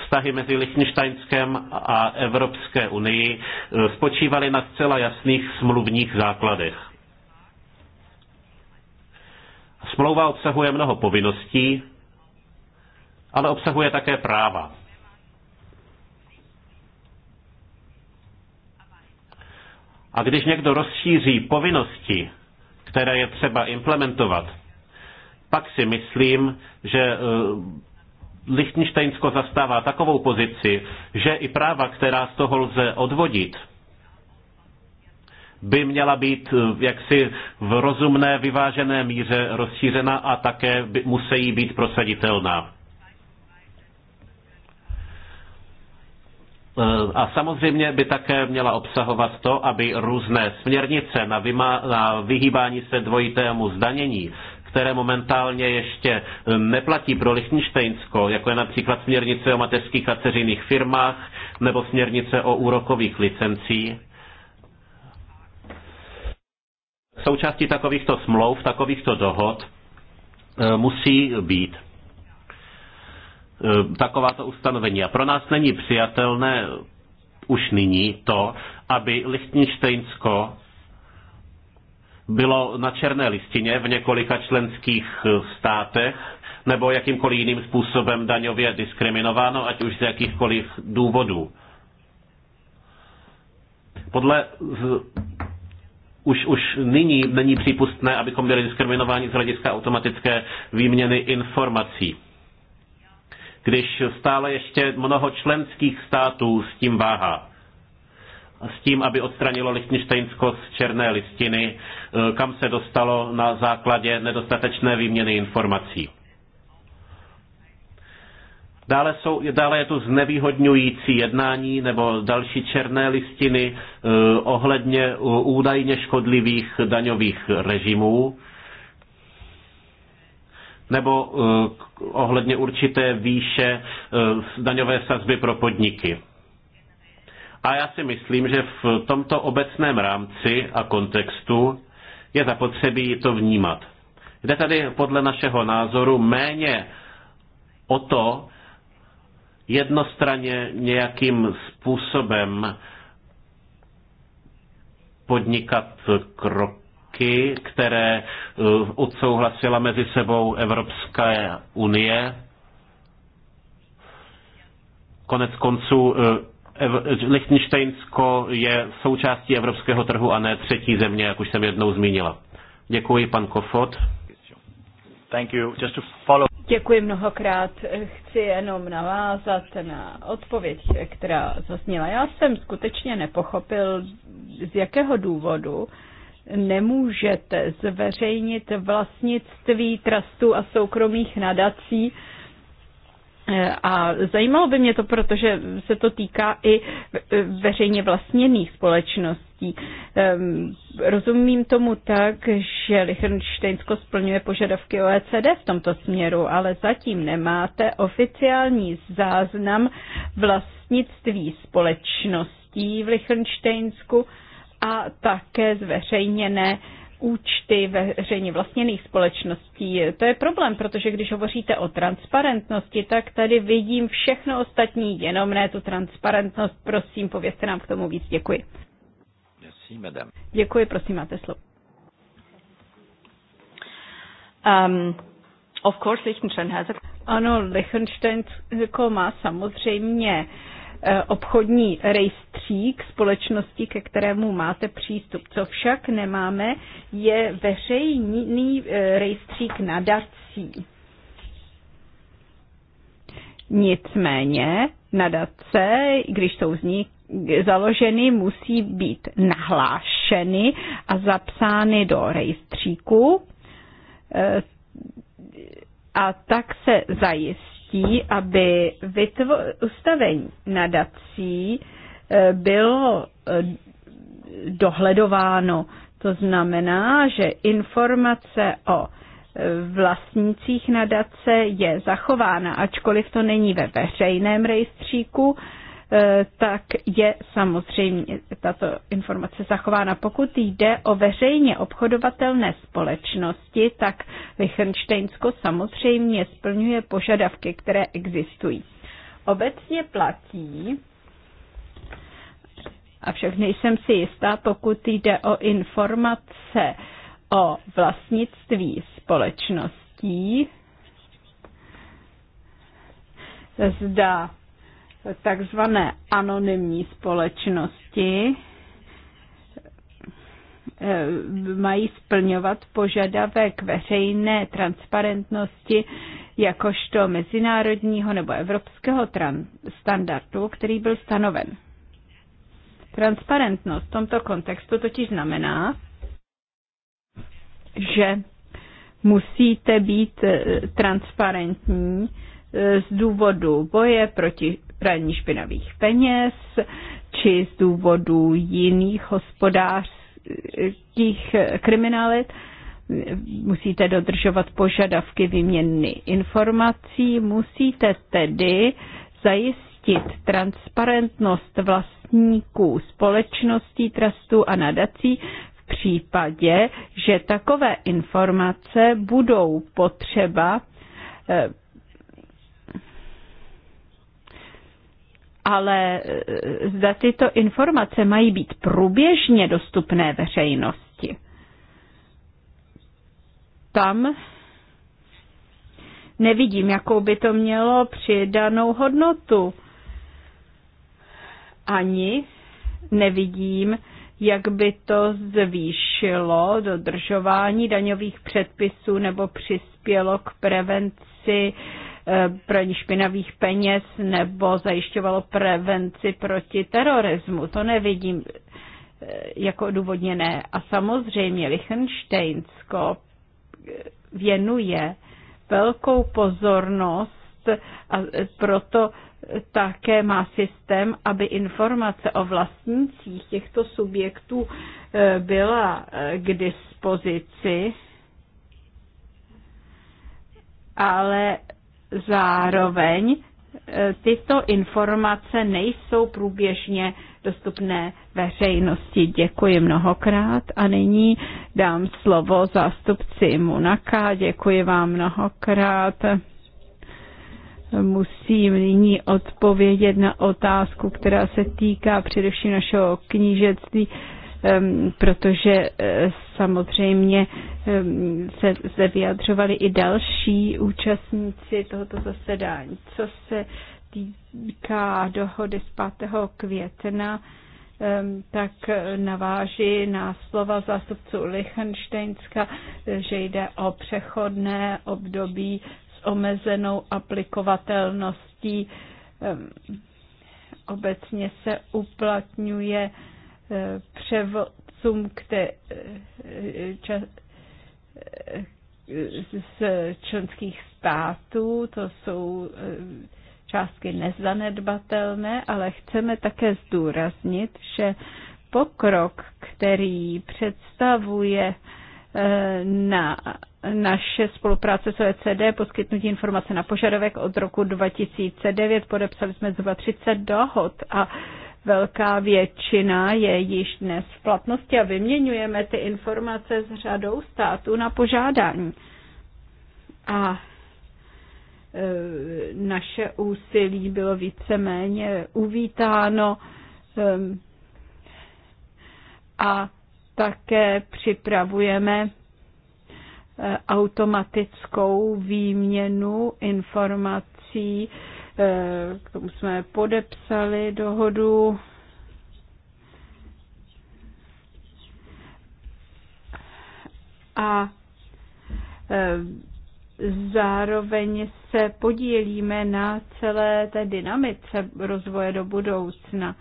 vztahy mezi Lichtensteinskem a Evropské unii eh, spočívaly na zcela jasných smluvních základech. Smlouva obsahuje mnoho povinností, ale obsahuje také práva. A když někdo rozšíří povinnosti, které je třeba implementovat, pak si myslím, že eh, Lichtensteinsko zastává takovou pozici, že i práva, která z toho lze odvodit, by měla být eh, jaksi v rozumné, vyvážené míře rozšířena a také by, musí být prosaditelná. Eh, a samozřejmě by také měla obsahovat to, aby různé směrnice na, vyma- na vyhýbání se dvojitému zdanění které momentálně ještě eh, neplatí pro Lichtensteinsko, jako je například směrnice o mateřských a ceřinných firmách nebo směrnice o úrokových licencích, součástí takovýchto smlouv, takovýchto dohod eh, musí být eh, takováto ustanovení. A pro nás není přijatelné už nyní to, aby Lichtensteinsko bylo na černé listině v několika členských eh, státech nebo jakýmkoliv jiným způsobem daňově diskriminováno, ať už z jakýchkoliv důvodů. Podle z, už, už nyní není přípustné, abychom byli diskriminováni z hlediska automatické výměny informací. Když stále ještě mnoho členských států s tím váhá s tím, aby odstranilo Lichtensteinsko z černé listiny, e, kam se dostalo na základě nedostatečné výměny informací. Dále, jsou, dále je tu znevýhodňující jednání nebo další černé listiny eh, ohledně e, údajně škodlivých daňových režimů nebo eh, ohledně určité výše eh, daňové sazby pro podniky. A já si myslím, že v tomto obecném rámci a kontextu je zapotřebí to vnímat. Jde tady podle našeho názoru méně o to jednostranně nějakým způsobem podnikat kroky, které eh, odsouhlasila mezi sebou Evropská unie. Konec konců eh, Lichtensteinsko je součástí evropského trhu a ne třetí země, jak už jsem jednou zmínila. Děkuji, pan Kofot. Thank you. Just to follow...
Děkuji mnohokrát. Chci jenom navázat na odpověď, která zazněla. Já jsem skutečně nepochopil, z jakého důvodu nemůžete zveřejnit vlastnictví trustů a soukromých nadací Eh, a zajímalo by mě to, protože se to týká i eh, veřejně vlastněných společností. Ehm, rozumím tomu tak, že Lichtensteinsko splňuje požadavky OECD v tomto směru, ale zatím nemáte oficiální záznam vlastnictví společností v Lichtensteinsku a také zveřejněné účty veřejně vlastněných společností. To je problém, protože když hovoříte o transparentnosti, tak tady vidím všechno ostatní, jenom ne tu transparentnost. Prosím, povězte nám k tomu víc. Děkuji.
Merci, madame.
Děkuji, prosím, máte slovo. Um, of course, Liechtenstein has a... Ano, Liechtensteinsko má samozřejmě uh, Eh, obchodní rejstřík společnosti, ke kterému máte přístup. Co však nemáme, je veřejný eh, rejstřík nadací. Nicméně nadace, když jsou z nich založeny, musí být nahlášeny a zapsány do rejstříku eh, a tak se zajistí, chtí, aby vytvo- ustavení nadací eh, bylo eh, dohledováno. To znamená, že informace o eh, vlastnících nadace je zachována, ačkoliv to není ve veřejném rejstříku, E, tak je samozřejmě tato informace zachována. Pokud jde o veřejně obchodovatelné společnosti, tak Lichtensteinsko samozřejmě splňuje požadavky, které existují. Obecně platí, avšak nejsem si jistá, pokud jde o informace o vlastnictví společností, zda takzvané anonymní společnosti eh, mají splňovat požadavek veřejné transparentnosti jakožto mezinárodního nebo evropského standardu, který byl stanoven. Transparentnost v tomto kontextu totiž znamená, že musíte být eh, transparentní eh, z důvodu boje proti praní špinavých peněz či z důvodu jiných hospodářských kriminalit. Musíte dodržovat požadavky výměny informací, musíte tedy zajistit transparentnost vlastníků společností, trustů a nadací v případě, že takové informace budou potřeba eh, ale e, zda tyto informace mají být průběžně dostupné veřejnosti. Tam nevidím, jakou by to mělo přidanou hodnotu. Ani nevidím, jak by to zvýšilo dodržování daňových předpisů nebo přispělo k prevenci eh, Eh, praní špinavých peněz nebo zajišťovalo prevenci proti terorismu. To nevidím eh, jako odůvodněné. A samozřejmě Liechtensteinsko eh, věnuje velkou pozornost a proto také má systém, aby informace o vlastnících těchto subjektů byla k dispozici, ale Zároveň e, tyto informace nejsou průběžně dostupné veřejnosti. Děkuji mnohokrát a nyní dám slovo zástupci Munaka. Děkuji vám mnohokrát. Musím nyní odpovědět na otázku, která se týká především našeho knížectví. Ehm, protože eh, samozřejmě ehm, se zde vyjadřovali i další účastníci tohoto zasedání. Co se týká dohody z 5. května, ehm, tak naváží na slova zástupců Lichtensteinska, že jde o přechodné období s omezenou aplikovatelností. Obecně se uplatňuje převodcům, z členských států, to jsou eh, částky nezanedbatelné, ale chceme také zdůraznit, že pokrok, který představuje eh, na naše spolupráce s OECD, poskytnutí informace na požadavek od roku 2009, podepsali jsme zhruba 30 dohod a Velká většina je již dnes v platnosti a vyměňujeme ty informace s řadou států na požádání. A e, naše úsilí bylo víceméně uvítáno e, a také připravujeme e, automatickou výměnu informací Eh, k tomu jsme podepsali dohodu. A eh, zároveň se podílíme na celé té dynamice rozvoje do budoucna.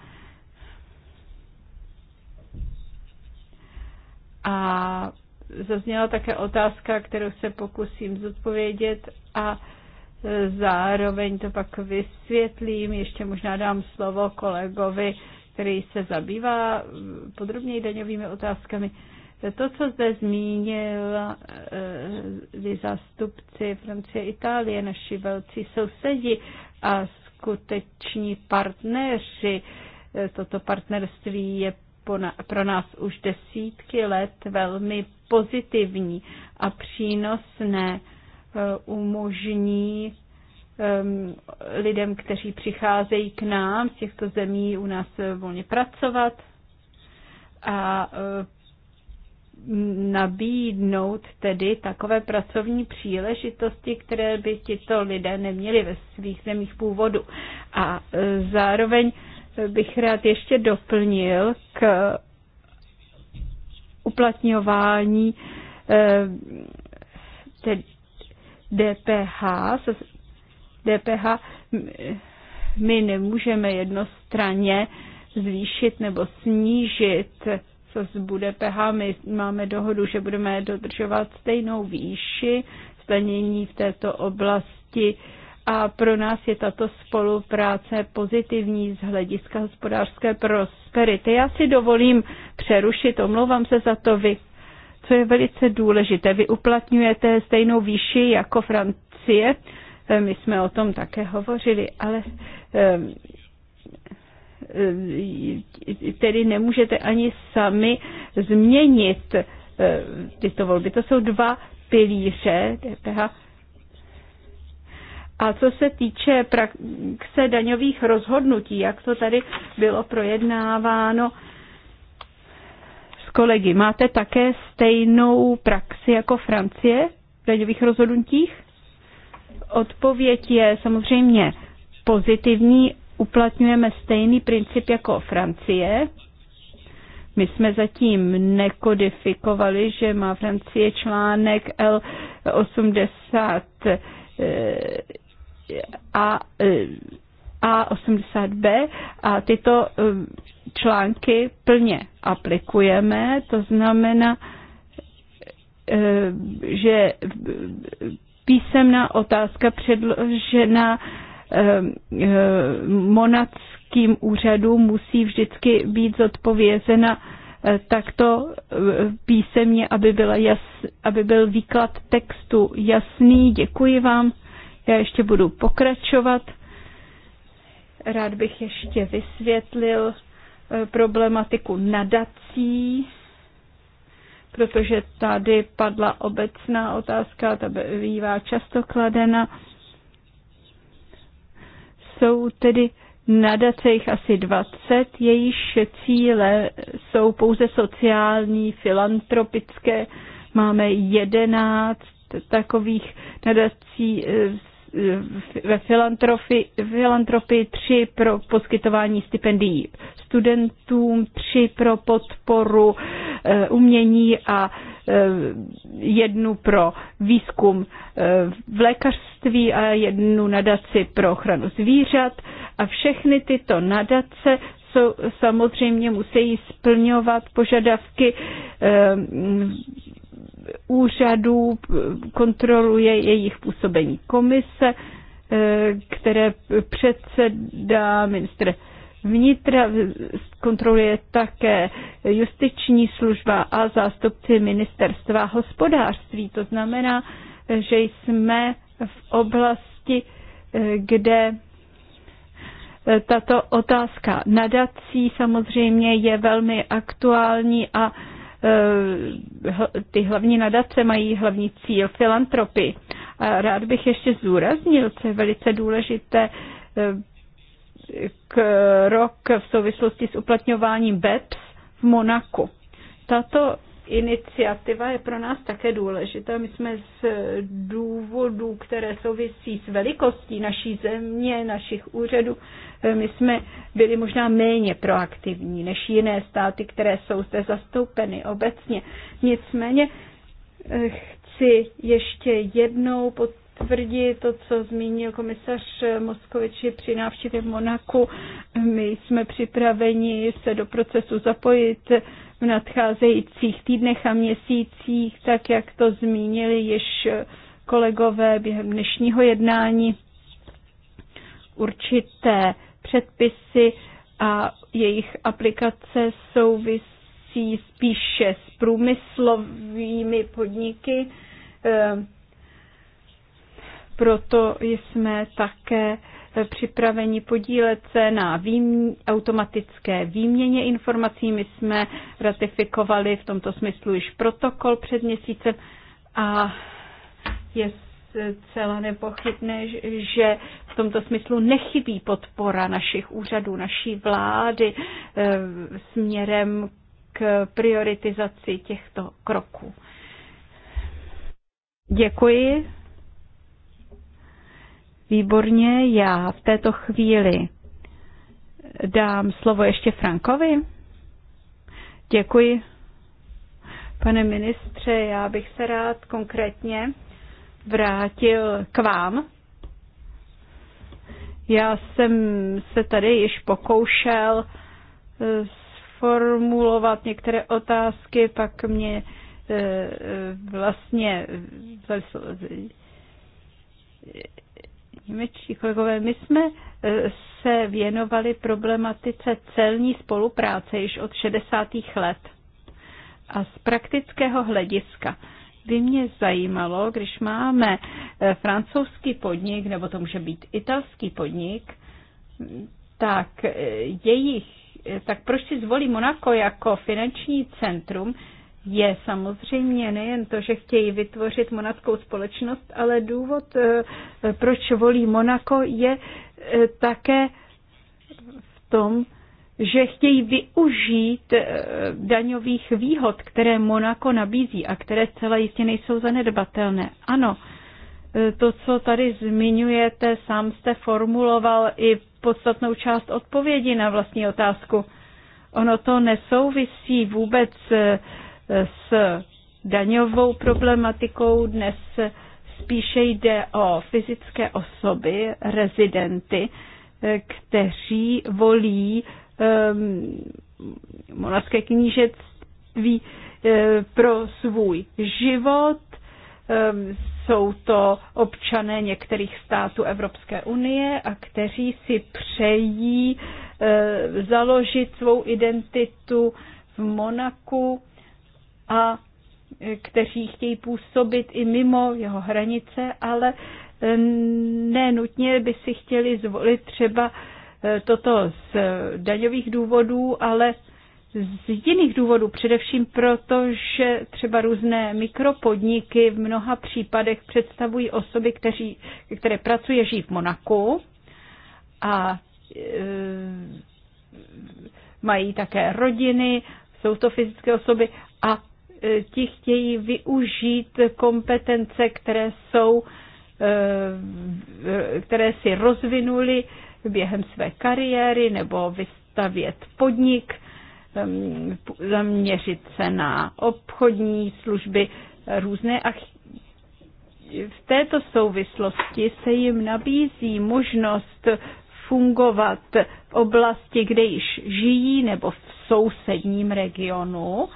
A zazněla také otázka, kterou se pokusím zodpovědět a Zároveň to pak vysvětlím, ještě možná dám slovo kolegovi, který se zabývá podrobněji daňovými otázkami. To, co zde zmínil eh, zástupci Francie Itálie, naši velcí sousedi a skuteční partneři, eh, toto partnerství je pro nás už desítky let velmi pozitivní a přínosné Eh, umožní lidem, kteří přicházejí k nám z těchto zemí u nás eh, volně pracovat a eh, nabídnout tedy takové pracovní příležitosti, které by tito lidé neměli ve svých zemích původu. A zároveň bych rád ještě doplnil k uplatňování tedy DPH, se, DPH my nemůžeme jednostranně zvýšit nebo snížit sazbu DPH. My máme dohodu, že budeme dodržovat stejnou výši stanění v této oblasti a pro nás je tato spolupráce pozitivní z hlediska hospodářské prosperity. Já si dovolím přerušit, omlouvám se za to, vy co je velice důležité. Vy uplatňujete stejnou výši jako Francie, eh, my jsme o tom také hovořili, ale eh, eh, tedy nemůžete ani sami změnit tyto volby. To jsou dva pilíře DPH. A co se týče praxe daňových rozhodnutí, jak to tady bylo projednáváno, kolegy. Máte také stejnou praxi jako Francie v daňových rozhodnutích? Odpověď je samozřejmě pozitivní. Uplatňujeme stejný princip jako Francie. My jsme zatím nekodifikovali, že má Francie článek L80 eh, a eh, a 80b a tyto um, články plně aplikujeme, to znamená, um, že písemná otázka předložená um, monackým úřadům musí vždycky být zodpovězena uh, takto uh, písemně, aby, byla jas, aby byl výklad textu jasný. Děkuji vám. Já ještě budu pokračovat. Rád bych ještě vysvětlil e, problematiku nadací, protože tady padla obecná otázka, ta bývá často kladena. Jsou tedy nadace jich asi 20, jejíž cíle jsou pouze sociální, filantropické. Máme 11 takových nadací e, ve filantropii, filantropii, tři pro poskytování stipendií studentům, tři pro podporu eh, umění a eh, jednu pro výzkum eh, v lékařství a jednu nadaci pro ochranu zvířat. A všechny tyto nadace jsou, samozřejmě musí splňovat požadavky úřadů, kontroluje jejich působení komise, eh, které předsedá ministr vnitra, kontroluje také justiční služba a zástupci ministerstva hospodářství. To znamená, že jsme v oblasti, eh, kde eh, tato otázka nadací samozřejmě je velmi aktuální a Eh, ty hlavní nadace mají hlavní cíl filantropy. A rád bych ještě zúraznil, co je velice důležité, eh, rok v souvislosti s uplatňováním BEPS v Monaku. Tato iniciativa je pro nás také důležitá. My jsme z důvodů, které souvisí s velikostí naší země, našich úřadů, my jsme byli možná méně proaktivní než jiné státy, které jsou zde zastoupeny obecně. Nicméně eh, chci ještě jednou pod potvrdí to, co zmínil komisař Moskoviči při návštěvě v Monaku. My jsme připraveni se do procesu zapojit v nadcházejících týdnech a měsících, tak jak to zmínili již kolegové během dnešního jednání. Určité předpisy a jejich aplikace souvisí spíše s průmyslovými podniky, proto jsme také eh, připraveni podílet se na výmě, automatické výměně informací. My jsme ratifikovali v tomto smyslu již protokol před měsícem a je zcela nepochybné, že v tomto smyslu nechybí podpora našich úřadů, naší vlády eh, směrem k prioritizaci těchto kroků. Děkuji. Výborně, já v této chvíli dám slovo ještě Frankovi. Děkuji. Pane ministře, já bych se rád konkrétně vrátil k vám. Já jsem se tady již pokoušel eh, sformulovat některé otázky, pak mě eh, eh, vlastně němečtí kolegové, my jsme e, se věnovali problematice celní spolupráce již od 60. let. A z praktického hlediska by mě zajímalo, když máme e, francouzský podnik, nebo to může být italský podnik, tak e, jejich, tak proč si zvolí Monako jako finanční centrum, je samozřejmě nejen to, že chtějí vytvořit monackou společnost, ale důvod, eh, proč volí Monako, je eh, také v tom, že chtějí využít eh, daňových výhod, které Monako nabízí a které zcela jistě nejsou zanedbatelné. Ano, to, co tady zmiňujete, sám jste formuloval i podstatnou část odpovědi na vlastní otázku. Ono to nesouvisí vůbec s daňovou problematikou. Dnes spíše jde o fyzické osoby, rezidenty, kteří volí um, knížectví eh, pro svůj život. Ehm, jsou to občané některých států Evropské unie a kteří si přejí eh, založit svou identitu v Monaku a e, kteří chtějí působit i mimo jeho hranice, ale e, ne nutně by si chtěli zvolit třeba e, toto z daňových důvodů, ale z jiných důvodů, především proto, že třeba různé mikropodniky v mnoha případech představují osoby, kteří, které pracuje, žijí v Monaku a e, mají také rodiny, jsou to fyzické osoby a ti chtějí využít kompetence, které jsou, eh, které si rozvinuli během své kariéry nebo vystavět podnik, eh, zaměřit se na obchodní služby různé a v této souvislosti se jim nabízí možnost fungovat v oblasti, kde již žijí nebo v sousedním regionu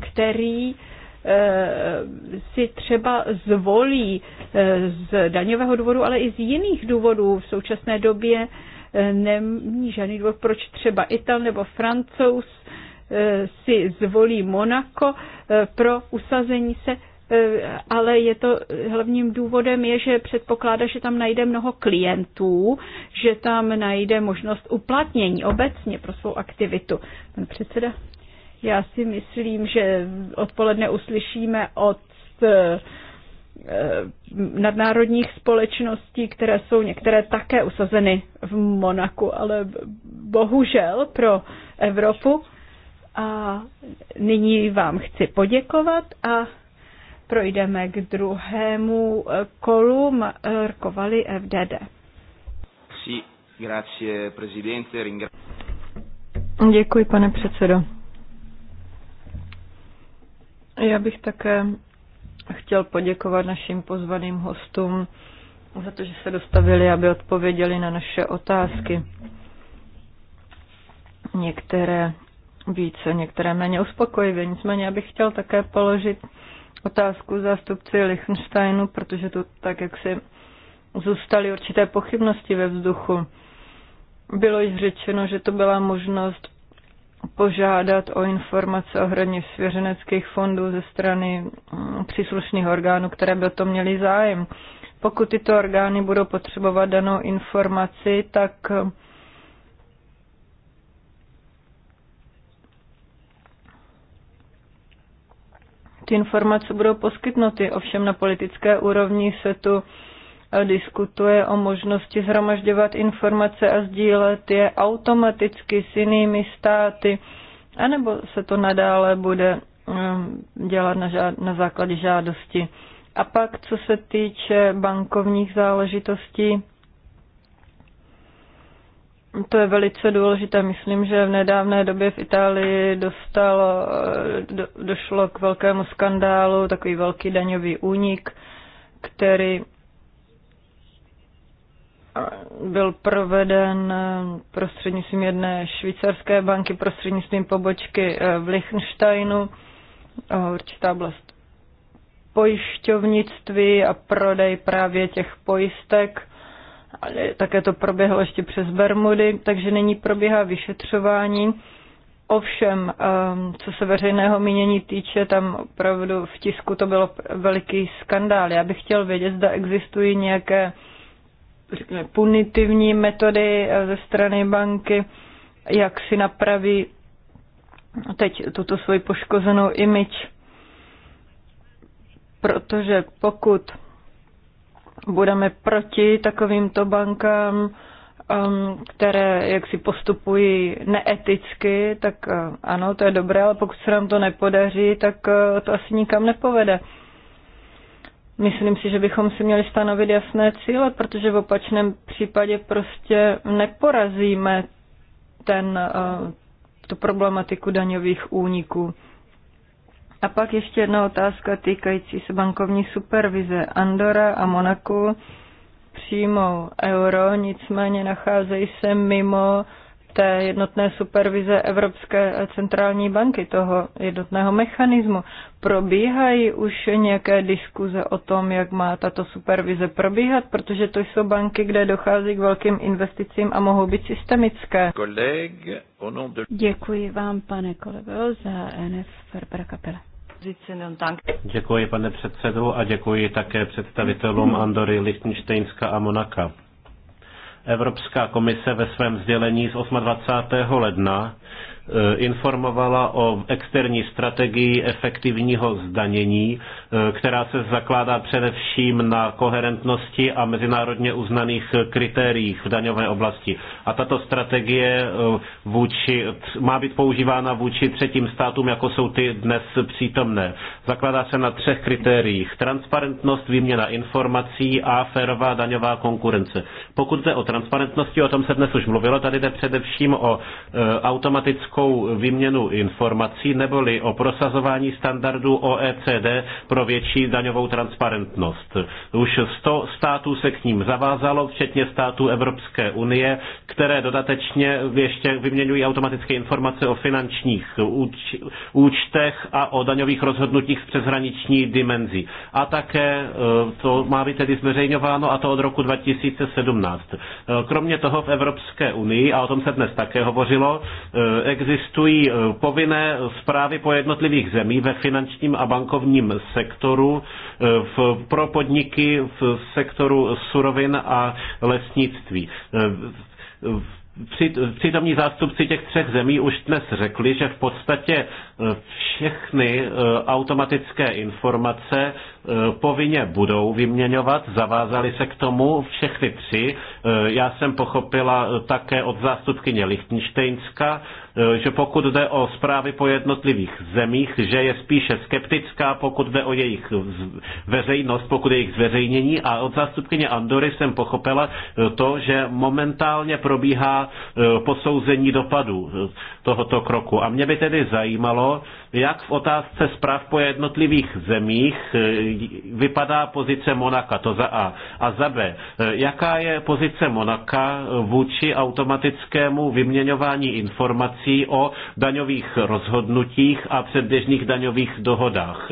který eh, si třeba zvolí eh, z daňového důvodu, ale i z jiných důvodů v současné době eh, není žádný důvod, proč třeba Ital nebo Francouz si zvolí Monako pro usazení se, ale je to hlavním důvodem je, že předpokládá, že tam najde mnoho klientů, že tam najde možnost uplatnění obecně pro svou aktivitu. Pan předseda, já si myslím, že odpoledne uslyšíme od eh, eh, nadnárodních společností, které jsou některé také usazeny v Monaku, ale bohužel pro Evropu. A nyní vám chci poděkovat a projdeme k druhému eh, kolu Markovali
FDD. Děkuji, pane předsedo. Já bych také chtěl poděkovat našim pozvaným hostům za to, že se dostavili, aby odpověděli na naše otázky. Některé více, některé méně uspokojivě. Nicméně já bych chtěl také položit otázku zástupci Lichtensteinu, protože tu tak, jak si zůstaly určité pochybnosti ve vzduchu. Bylo již řečeno, že to byla možnost požádat o informace ohledně svěřeneckých fondů ze strany mm, příslušných orgánů, které by o to měly zájem. Pokud tyto orgány budou potřebovat danou informaci, tak ty informace budou poskytnuty. Ovšem na politické úrovni se tu diskutuje o možnosti zhromažďovat informace a sdílet je automaticky s jinými státy, anebo se to nadále bude um, dělat na, žád, na základě žádosti. A pak, co se týče bankovních záležitostí, to je velice důležité. Myslím, že v nedávné době v Itálii dostalo, eh, do, došlo k velkému skandálu, takový velký daňový únik, který byl proveden eh, prostřednictvím jedné švýcarské banky, prostřednictvím pobočky eh, v Liechtensteinu, eh, určitá oblast pojišťovnictví a prodej právě těch pojistek. Také to proběhlo ještě přes Bermudy, takže nyní probíhá vyšetřování. Ovšem, ehm, co se veřejného mínění týče, tam opravdu v tisku to bylo veliký skandál. Já bych chtěl vědět, zda existují nějaké uh, řekněme, punitivní metody eh, ze strany banky, jak si napraví teď tuto svoji poškozenou imič. Protože pokud budeme proti takovýmto bankám, ehm, které jak si postupují neeticky, tak eh, ano, to je dobré, ale pokud se nám to nepodaří, tak eh, to asi nikam nepovede. Myslím si, že bychom si měli stanovit jasné cíle, protože v opačném případě prostě neporazíme ten, eh, tu problematiku daňových úniků. A pak ještě jedna otázka týkající se bankovní supervize. Andora a Monaku přijmou euro, nicméně nacházejí se mimo té jednotné supervize Evropské centrální banky, toho jednotného mechanismu. Probíhají už nějaké diskuze o tom, jak má tato supervize probíhat, protože to jsou banky, kde dochází k velkým investicím a mohou být systemické. Děkuji vám, pane kolego, za NF Barbara Kapela.
Děkuji, pane předsedu, a děkuji také představitelům Andory, Lichtensteinska a Monaka. Evropská komise ve svém sdělení z 28. ledna Eh, informovala o externí strategii efektivního zdanění, eh, která se zakládá především na koherentnosti a mezinárodně uznaných kritériích v daňové oblasti. A tato strategie eh, vůči, má být používána vůči třetím státům, jako jsou ty dnes přítomné. Zakládá se na třech kritériích. Transparentnost, výměna informací a férová daňová konkurence. Pokud jde o transparentnosti, o tom se dnes už mluvilo, tady jde především o automatickou nějakou výměnu informací neboli o prosazování standardů OECD pro větší daňovou transparentnost. Už 100 států se k ním zavázalo, včetně států Evropské unie, které dodatečně ještě vyměňují automatické informace o finančních účtech a o daňových rozhodnutích z přeshraniční dimenzí. A také e, to má být tedy zveřejňováno a to od roku 2017. E, kromě toho v Evropské unii, a o tom se dnes také hovořilo, existuje existují eh, povinné zprávy po jednotlivých zemí ve finančním a bankovním sektoru eh, v, pro podniky v sektoru surovin a lesnictví. Eh, přítomní zástupci těch třech zemí už dnes řekli, že v podstatě všechny automatické informace E, povinně budou vyměňovat, zavázali se k tomu všechny tři. E, já jsem pochopila také od zástupkyně Lichtensteinska, e, že pokud jde o zprávy po jednotlivých zemích, že je spíše skeptická, pokud jde o jejich veřejnost, pokud jejich zveřejnění a od zástupkyně Andory jsem pochopila to, že momentálně probíhá posouzení dopadů tohoto kroku. A mě by tedy zajímalo, jak v otázce zpráv po jednotlivých zemích, vypadá pozice Monaka, to za A. A za B, eh, jaká je pozice Monaka vůči automatickému vyměňování informací o daňových rozhodnutích a předběžných daňových dohodách?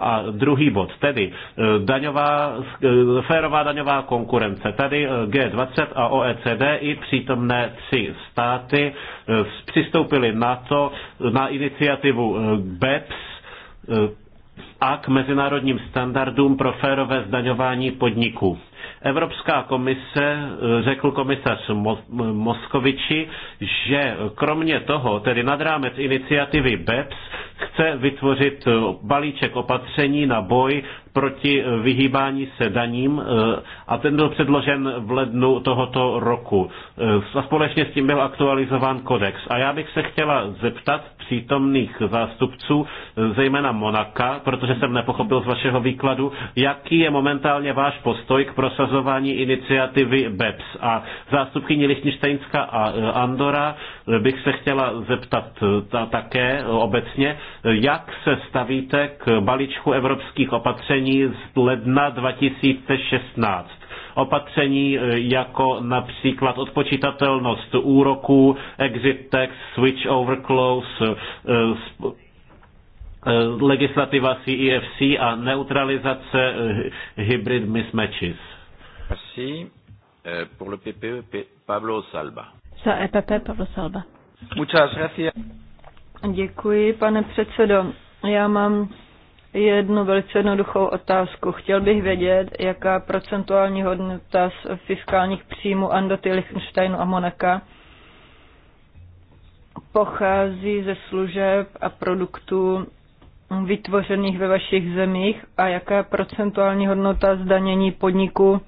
A druhý bod, tedy eh, daňová, eh, férová daňová konkurence. Tady G20 a OECD i přítomné tři státy přistoupili na to, na iniciativu BEPS, a k mezinárodním standardům pro férové zdaňování podniků. Evropská komise, eh, řekl komisař Moskoviči, že kromě toho, tedy nad rámec iniciativy BEPS, chce vytvořit eh, balíček opatření na boj proti vyhýbání se daním eh, a ten byl předložen v lednu tohoto roku. Eh, a společně s tím byl aktualizován kodex. A já bych se chtěla zeptat přítomných zástupců, eh, zejména Monaka, protože jsem nepochopil z vašeho výkladu, jaký je momentálně váš postoj k prosazování iniciativy BEPS. A zástupkyni Lichtensteinska a Andora bych se chtěla zeptat také obecně, jak se stavíte k balíčku evropských opatření, opatření z ledna 2016 opatření e, jako například odpočítatelnost úroků, exit tax, switch over clause, e, e, legislativa CEFC a neutralizace hybrid mismatches. Merci. Pour le PP, Pablo Salba.
Za EPP Pablo Salba.
Muchas gracias.
Děkuji, pane předsedo. Já mám jednu velice jednoduchou otázku. Chtěl bych vědět, jaká procentuální hodnota z fiskálních příjmů Andoty, Lichtensteinu a Monaka pochází ze služeb a produktů vytvořených ve vašich zemích a jaká procentuální hodnota zdanění podniku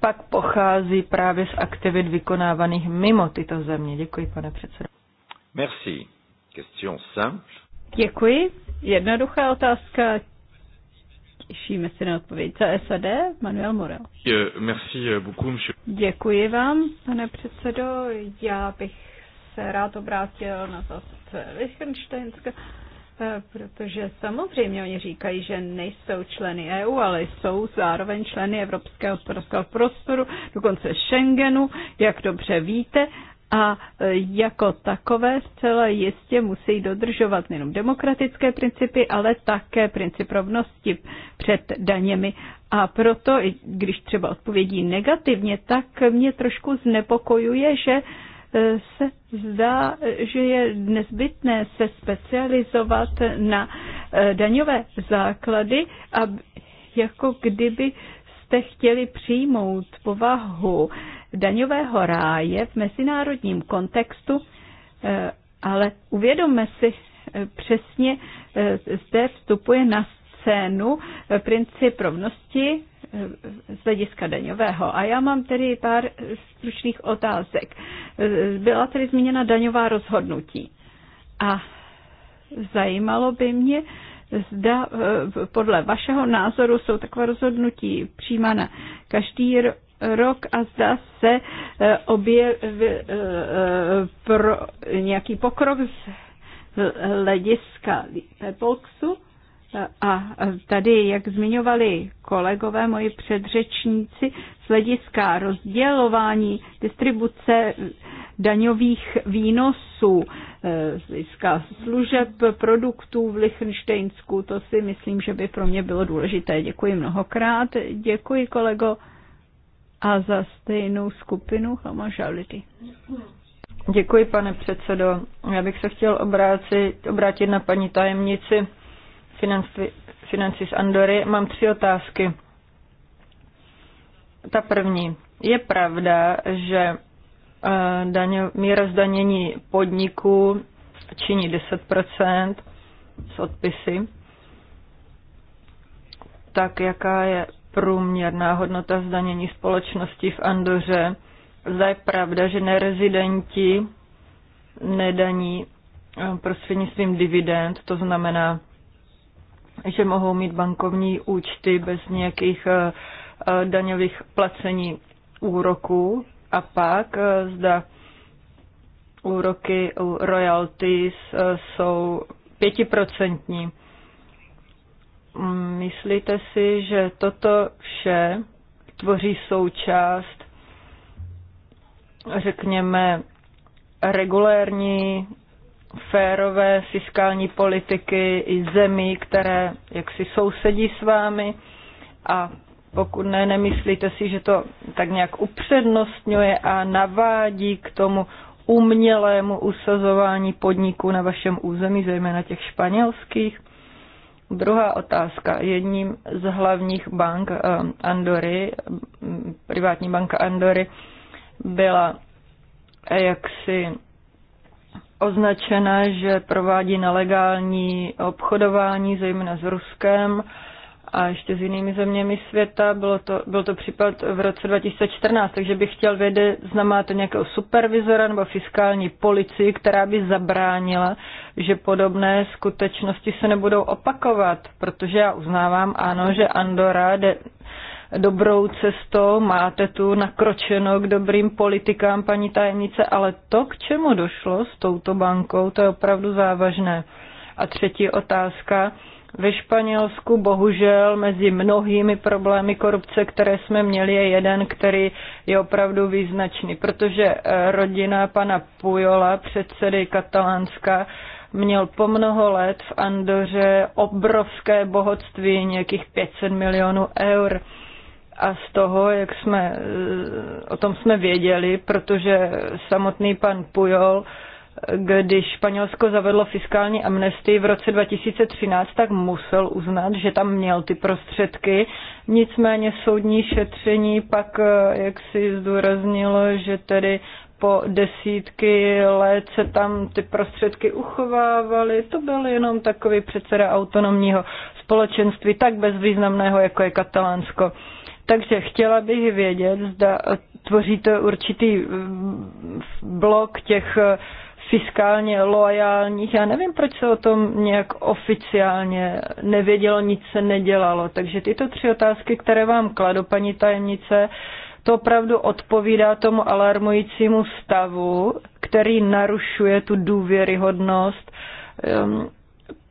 pak pochází právě z aktivit vykonávaných mimo tyto země. Děkuji, pane předsedo. Merci. Question simple. Děkuji. Jednoduchá otázka.
Těšíme se na odpověď za SAD. Manuel Morel. Děkuji vám, pane předsedo. Já bych se rád obrátil na zase Lichtensteinska, protože samozřejmě oni říkají, že nejsou členy EU, ale jsou zároveň členy Evropského hospodářského prostoru, dokonce Schengenu, jak dobře víte a e, jako takové zcela jistě musí dodržovat nejenom demokratické principy, ale také princip rovnosti před daněmi. A proto, když třeba odpovědí negativně, tak mě trošku znepokojuje, že e, se zdá, že je nezbytné se specializovat na e, daňové základy, a jako kdyby jste chtěli přijmout povahu daňového ráje v mezinárodním kontextu, eh, ale uvědomme si eh, přesně, eh, zde vstupuje na scénu princip rovnosti z hlediska daňového. A já mám tedy pár stručných otázek. Byla tedy zmíněna daňová rozhodnutí. A zajímalo by mě, zda podle vašeho názoru jsou taková rozhodnutí přijímána každý rok a zda se eh, objevil eh, pro nějaký pokrok z hlediska Pepolksu. A tady, jak zmiňovali kolegové, moji předřečníci, z hlediska rozdělování distribuce daňových výnosů, eh, z hlediska služeb, produktů v Lichtensteinsku, to si myslím, že by pro mě bylo důležité. Děkuji mnohokrát. Děkuji, kolego a za stejnou
skupinu Homožality. Děkuji, pane předsedo. Já bych se chtěl obrátit, obrátit na paní tajemnici financi, financi z Andory. Mám tři otázky. Ta první. Je pravda, že eh, daně, míra zdanění podniků činí 10% z odpisy. Tak jaká je průměrná hodnota zdanění společnosti v Andoře. Zda je pravda, že nerezidenti nedaní eh, prostřednictvím dividend, to znamená, že mohou mít bankovní účty bez nějakých eh, eh, daňových placení úroků a pak zda úroky u royalties jsou pětiprocentní. Myslíte si, že toto vše tvoří součást, řekněme, regulérní, férové fiskální politiky i zemí, které jaksi sousedí s vámi a pokud ne, nemyslíte si, že to tak nějak upřednostňuje a navádí k tomu umělému usazování podniků na vašem území, zejména těch španělských? Druhá otázka. Jedním z hlavních bank eh, Andory, privátní banka Andory, byla jaksi označena, že provádí nelegální obchodování, zejména s Ruskem, a ještě s jinými zeměmi světa. Bylo to, byl to případ v roce 2014, takže bych chtěl vědět, zda to nějakého supervizora nebo fiskální policii, která by zabránila, že podobné skutečnosti se nebudou opakovat, protože já uznávám, ano, že Andora jde dobrou cestou, máte tu nakročeno k dobrým politikám, paní tajemnice, ale to, k čemu došlo s touto bankou, to je opravdu závažné. A třetí otázka ve Španělsku bohužel mezi mnohými problémy korupce, které jsme měli, je jeden, který je opravdu význačný, protože eh, rodina pana Pujola, předsedy Katalánska, měl po mnoho let v Andoře obrovské bohatství, nějakých 500 milionů eur. A z toho, jak jsme, eh, o tom jsme věděli, protože samotný pan Pujol když Španělsko zavedlo fiskální amnestii v roce 2013, tak musel uznat, že tam měl ty prostředky. Nicméně soudní šetření pak, eh, jak si zdůraznilo, že tedy po desítky let se tam ty prostředky uchovávaly. To byl jenom takový předseda autonomního společenství, tak bezvýznamného, jako je Katalánsko. Takže chtěla bych vědět, zda tvoříte určitý mm, blok těch eh, fiskálně loajálních. Já nevím, proč se o tom nějak oficiálně nevědělo, nic se nedělalo. Takže tyto tři otázky, které vám kladu, paní tajemnice, to opravdu odpovídá tomu alarmujícímu stavu, který narušuje tu důvěryhodnost, ehm,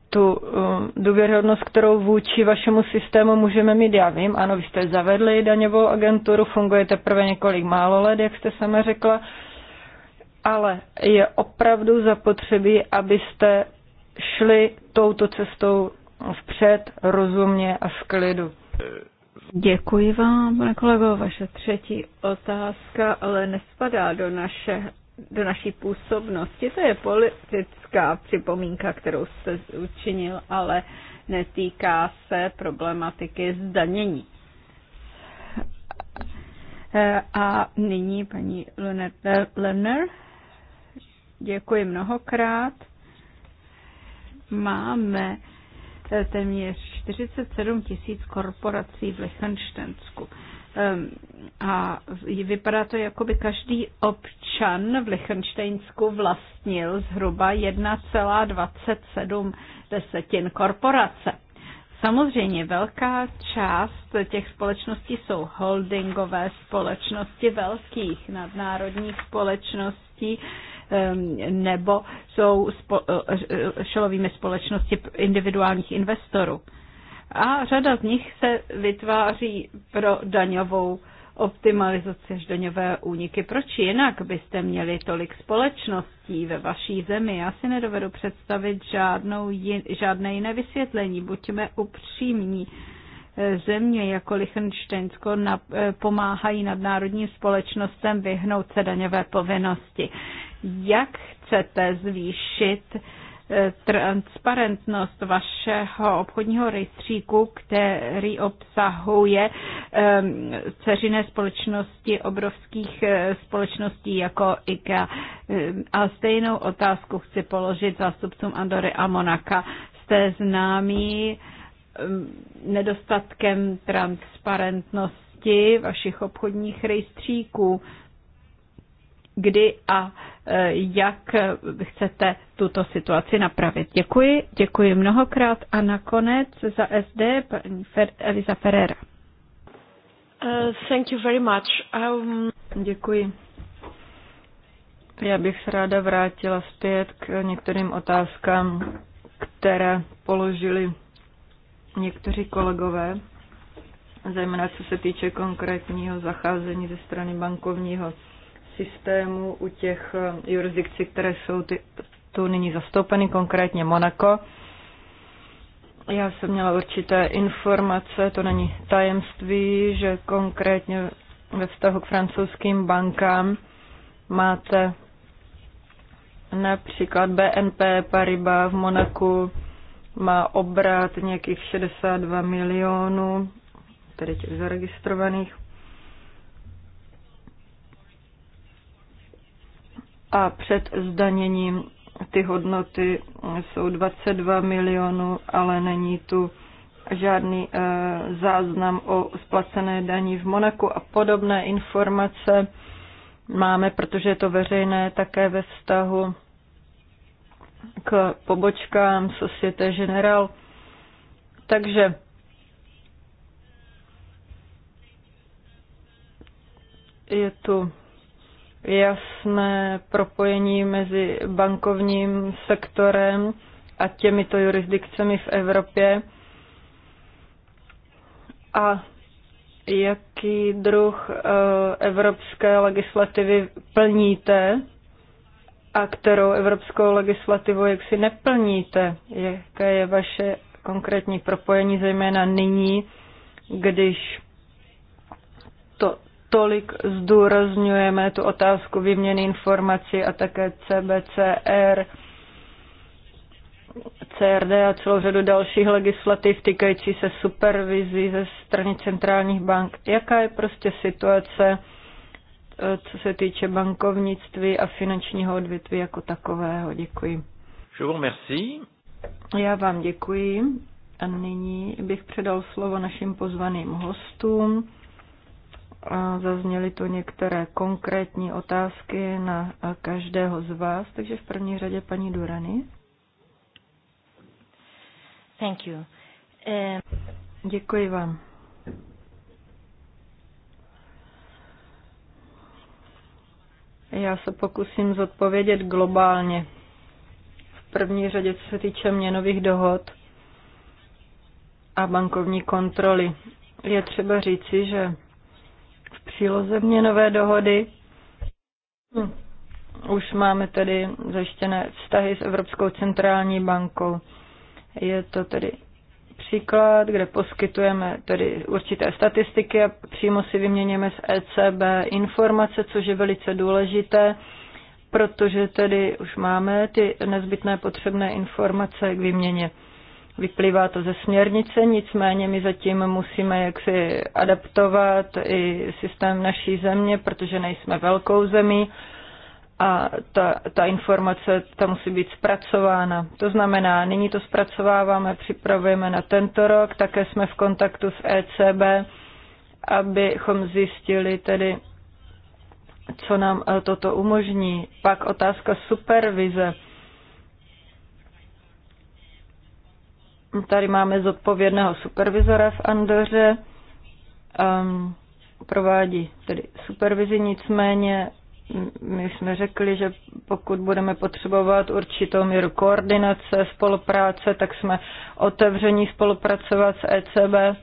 tu ehm, důvěryhodnost, kterou vůči vašemu systému můžeme mít. Já vím, ano, vy jste zavedli daňovou agenturu, funguje teprve několik málo let, jak jste sama řekla, ale je opravdu zapotřebí, abyste šli touto cestou vpřed rozumně a v klidu. Děkuji vám, pane kolego. Vaše třetí
otázka ale nespadá do, naše, do naší působnosti. To je politická připomínka, kterou jste učinil, ale netýká se problematiky zdanění. Eh, a nyní paní eh, Lerner. Lerner. Děkuji mnohokrát. Máme eh, téměř 47 tisíc korporací v Lichtensteinsku. Ehm, a vypadá to, jako by každý občan v Lichtensteinsku vlastnil zhruba 1,27 desetin korporace. Samozřejmě velká část těch společností jsou holdingové společnosti, velkých nadnárodních společností, Ehm, nebo jsou eh, eh, šelovými společnosti individuálních investorů. A řada z nich se vytváří pro daňovou optimalizaci až daňové úniky. Proč jinak byste měli tolik společností ve vaší zemi? Já si nedovedu představit žádnou jin, žádné jiné vysvětlení. Buďme upřímní. Země jako Lichtensteinsko eh, pomáhají nadnárodním společnostem vyhnout se daňové povinnosti. Jak chcete zvýšit eh, transparentnost vašeho obchodního rejstříku, který obsahuje ehm, ceřiné společnosti obrovských eh, společností jako IKEA. Ehm, a stejnou otázku chci položit zástupcům Andory a Monaka. Jste známí ehm, nedostatkem transparentnosti vašich obchodních rejstříků. Kdy a jak chcete tuto situaci napravit. Děkuji, děkuji mnohokrát a nakonec za SD paní Fer-
Elisa Ferreira. Uh, thank you very much. Um... Děkuji. Já bych se ráda vrátila zpět k některým otázkám, které položili někteří kolegové, zejména co se týče konkrétního zacházení ze strany bankovního systému u těch eh, jurisdikcí, které jsou ty, tu nyní zastoupeny, konkrétně Monako. Já jsem měla určité informace, to není tajemství, že konkrétně ve vztahu k francouzským bankám máte například BNP Paribas v Monaku má obrat nějakých 62 milionů, tedy těch zaregistrovaných a před zdaněním ty hodnoty jsou 22 milionů, ale není tu žádný e, záznam o splacené daní v Monaku a podobné informace máme, protože je to veřejné také ve vztahu k pobočkám Societe General. Takže je tu jasné propojení mezi bankovním sektorem a těmito jurisdikcemi v Evropě a jaký druh eh, evropské legislativy plníte a kterou evropskou legislativu jak si neplníte. Jaké je vaše konkrétní propojení, zejména nyní, když to tolik zdůrazňujeme tu otázku výměny informací a také CBCR, CRD a celou řadu dalších legislativ týkající se supervizí ze strany centrálních bank. Jaká je prostě situace, eh, co se týče bankovnictví a finančního odvětví jako takového? Děkuji. Je vous remercie. Já vám děkuji. A nyní bych předal slovo našim pozvaným hostům. Zazněly tu některé konkrétní otázky na každého z vás, takže v první řadě paní Durany. Thank you. Um... Děkuji vám. Já se pokusím zodpovědět globálně. V první řadě, co se týče měnových dohod a bankovní kontroly. Je třeba říci, že v příloze měnové dohody. Hm. Už máme tedy zajištěné vztahy s Evropskou centrální bankou. Je to tedy příklad, kde poskytujeme tedy určité statistiky a přímo si vyměněme z ECB informace, což je velice důležité, protože tedy už máme ty nezbytné potřebné informace k výměně. Vyplývá to ze směrnice, nicméně my zatím musíme jaksi adaptovat i systém naší země, protože nejsme velkou zemí a ta, ta informace ta musí být zpracována. To znamená, nyní to zpracováváme, připravujeme na tento rok, také jsme v kontaktu s ECB, abychom zjistili tedy, co nám e, toto umožní. Pak otázka supervize. Tady máme zodpovědného supervizora v Andoře. Um, ehm, provádí tedy supervizi, nicméně my jsme řekli, že pokud budeme potřebovat určitou míru koordinace, spolupráce, tak jsme otevření spolupracovat s ECB.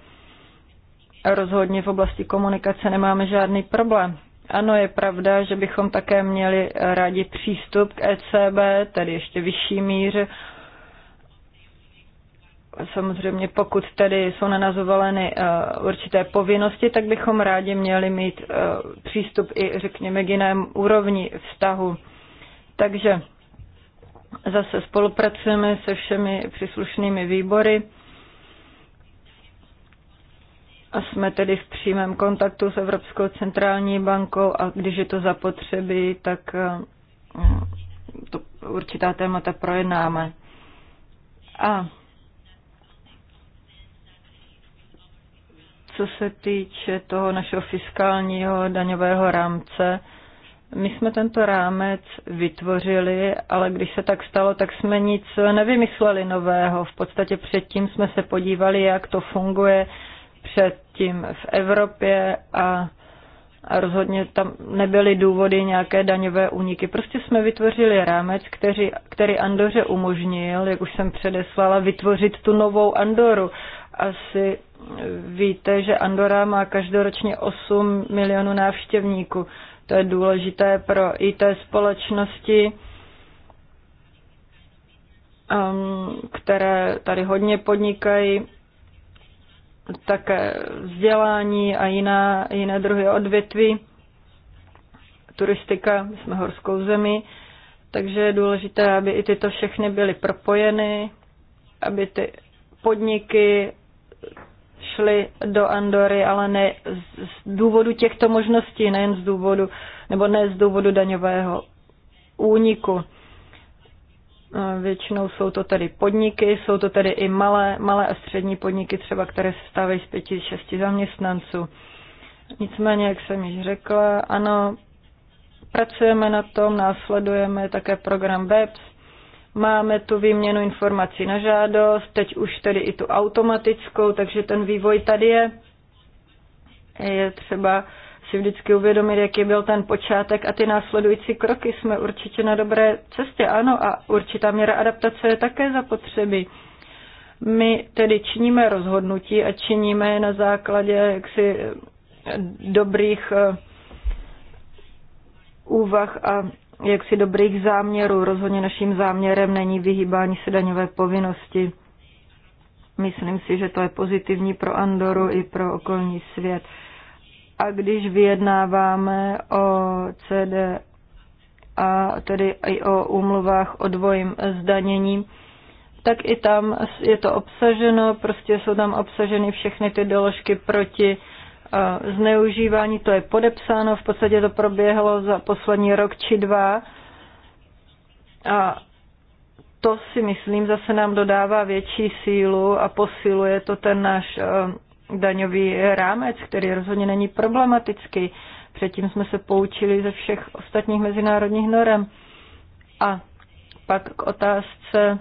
Rozhodně v oblasti komunikace nemáme žádný problém. Ano, je pravda, že bychom také měli rádi přístup k ECB, tedy ještě vyšší míře samozřejmě pokud tady jsou nenazovaleny eh, určité povinnosti, tak bychom rádi měli mít eh, přístup i, řekněme, k jiném úrovni vztahu. Takže zase spolupracujeme se všemi příslušnými výbory a jsme tedy v přímém kontaktu s Evropskou centrální bankou a když je to zapotřebí, tak eh, to určitá témata projednáme. A co se týče toho našeho fiskálního daňového rámce, my jsme tento rámec vytvořili, ale když se tak stalo, tak jsme nic nevymysleli nového. V podstatě předtím jsme se podívali, jak to funguje předtím v Evropě a, a rozhodně tam nebyly důvody nějaké daňové úniky. Prostě jsme vytvořili rámec, který, který Andoře umožnil, jak už jsem předeslala, vytvořit tu novou Andoru. Asi Víte, že Andora má každoročně 8 milionů návštěvníků. To je důležité pro IT společnosti, um, které tady hodně podnikají, také vzdělání a jiná, jiné druhy odvětví. Turistika, my jsme horskou zemi, takže je důležité, aby i tyto všechny byly propojeny, aby ty podniky šli do Andory, ale ne z důvodu těchto možností, nejen z důvodu, nebo ne z důvodu daňového úniku. Většinou jsou to tedy podniky, jsou to tedy i malé, malé a střední podniky, třeba které se stávají z pěti, šesti zaměstnanců. Nicméně, jak jsem již řekla, ano, pracujeme na tom, následujeme také program BEPS, Máme tu výměnu informací na žádost, teď už tedy i tu automatickou, takže ten vývoj tady je. Je třeba si vždycky uvědomit, jaký byl ten počátek a ty následující kroky. Jsme určitě na dobré cestě, ano, a určitá míra adaptace je také zapotřebí. My tedy činíme rozhodnutí a činíme je na základě jaksi eh, dobrých eh, úvah a jaksi dobrých záměrů. Rozhodně naším záměrem není vyhýbání se daňové povinnosti. Myslím si, že to je pozitivní pro Andoru i pro okolní svět. A když vyjednáváme o CD a tedy i o úmluvách o dvojím zdanění, tak i tam je to obsaženo, prostě jsou tam obsaženy všechny ty doložky proti zneužívání, to je podepsáno, v podstatě to proběhlo za poslední rok či dva. A to si myslím zase nám dodává větší sílu a posiluje to ten náš eh, daňový rámec, který rozhodně není problematický. Předtím jsme se poučili ze všech ostatních mezinárodních norem. A pak k otázce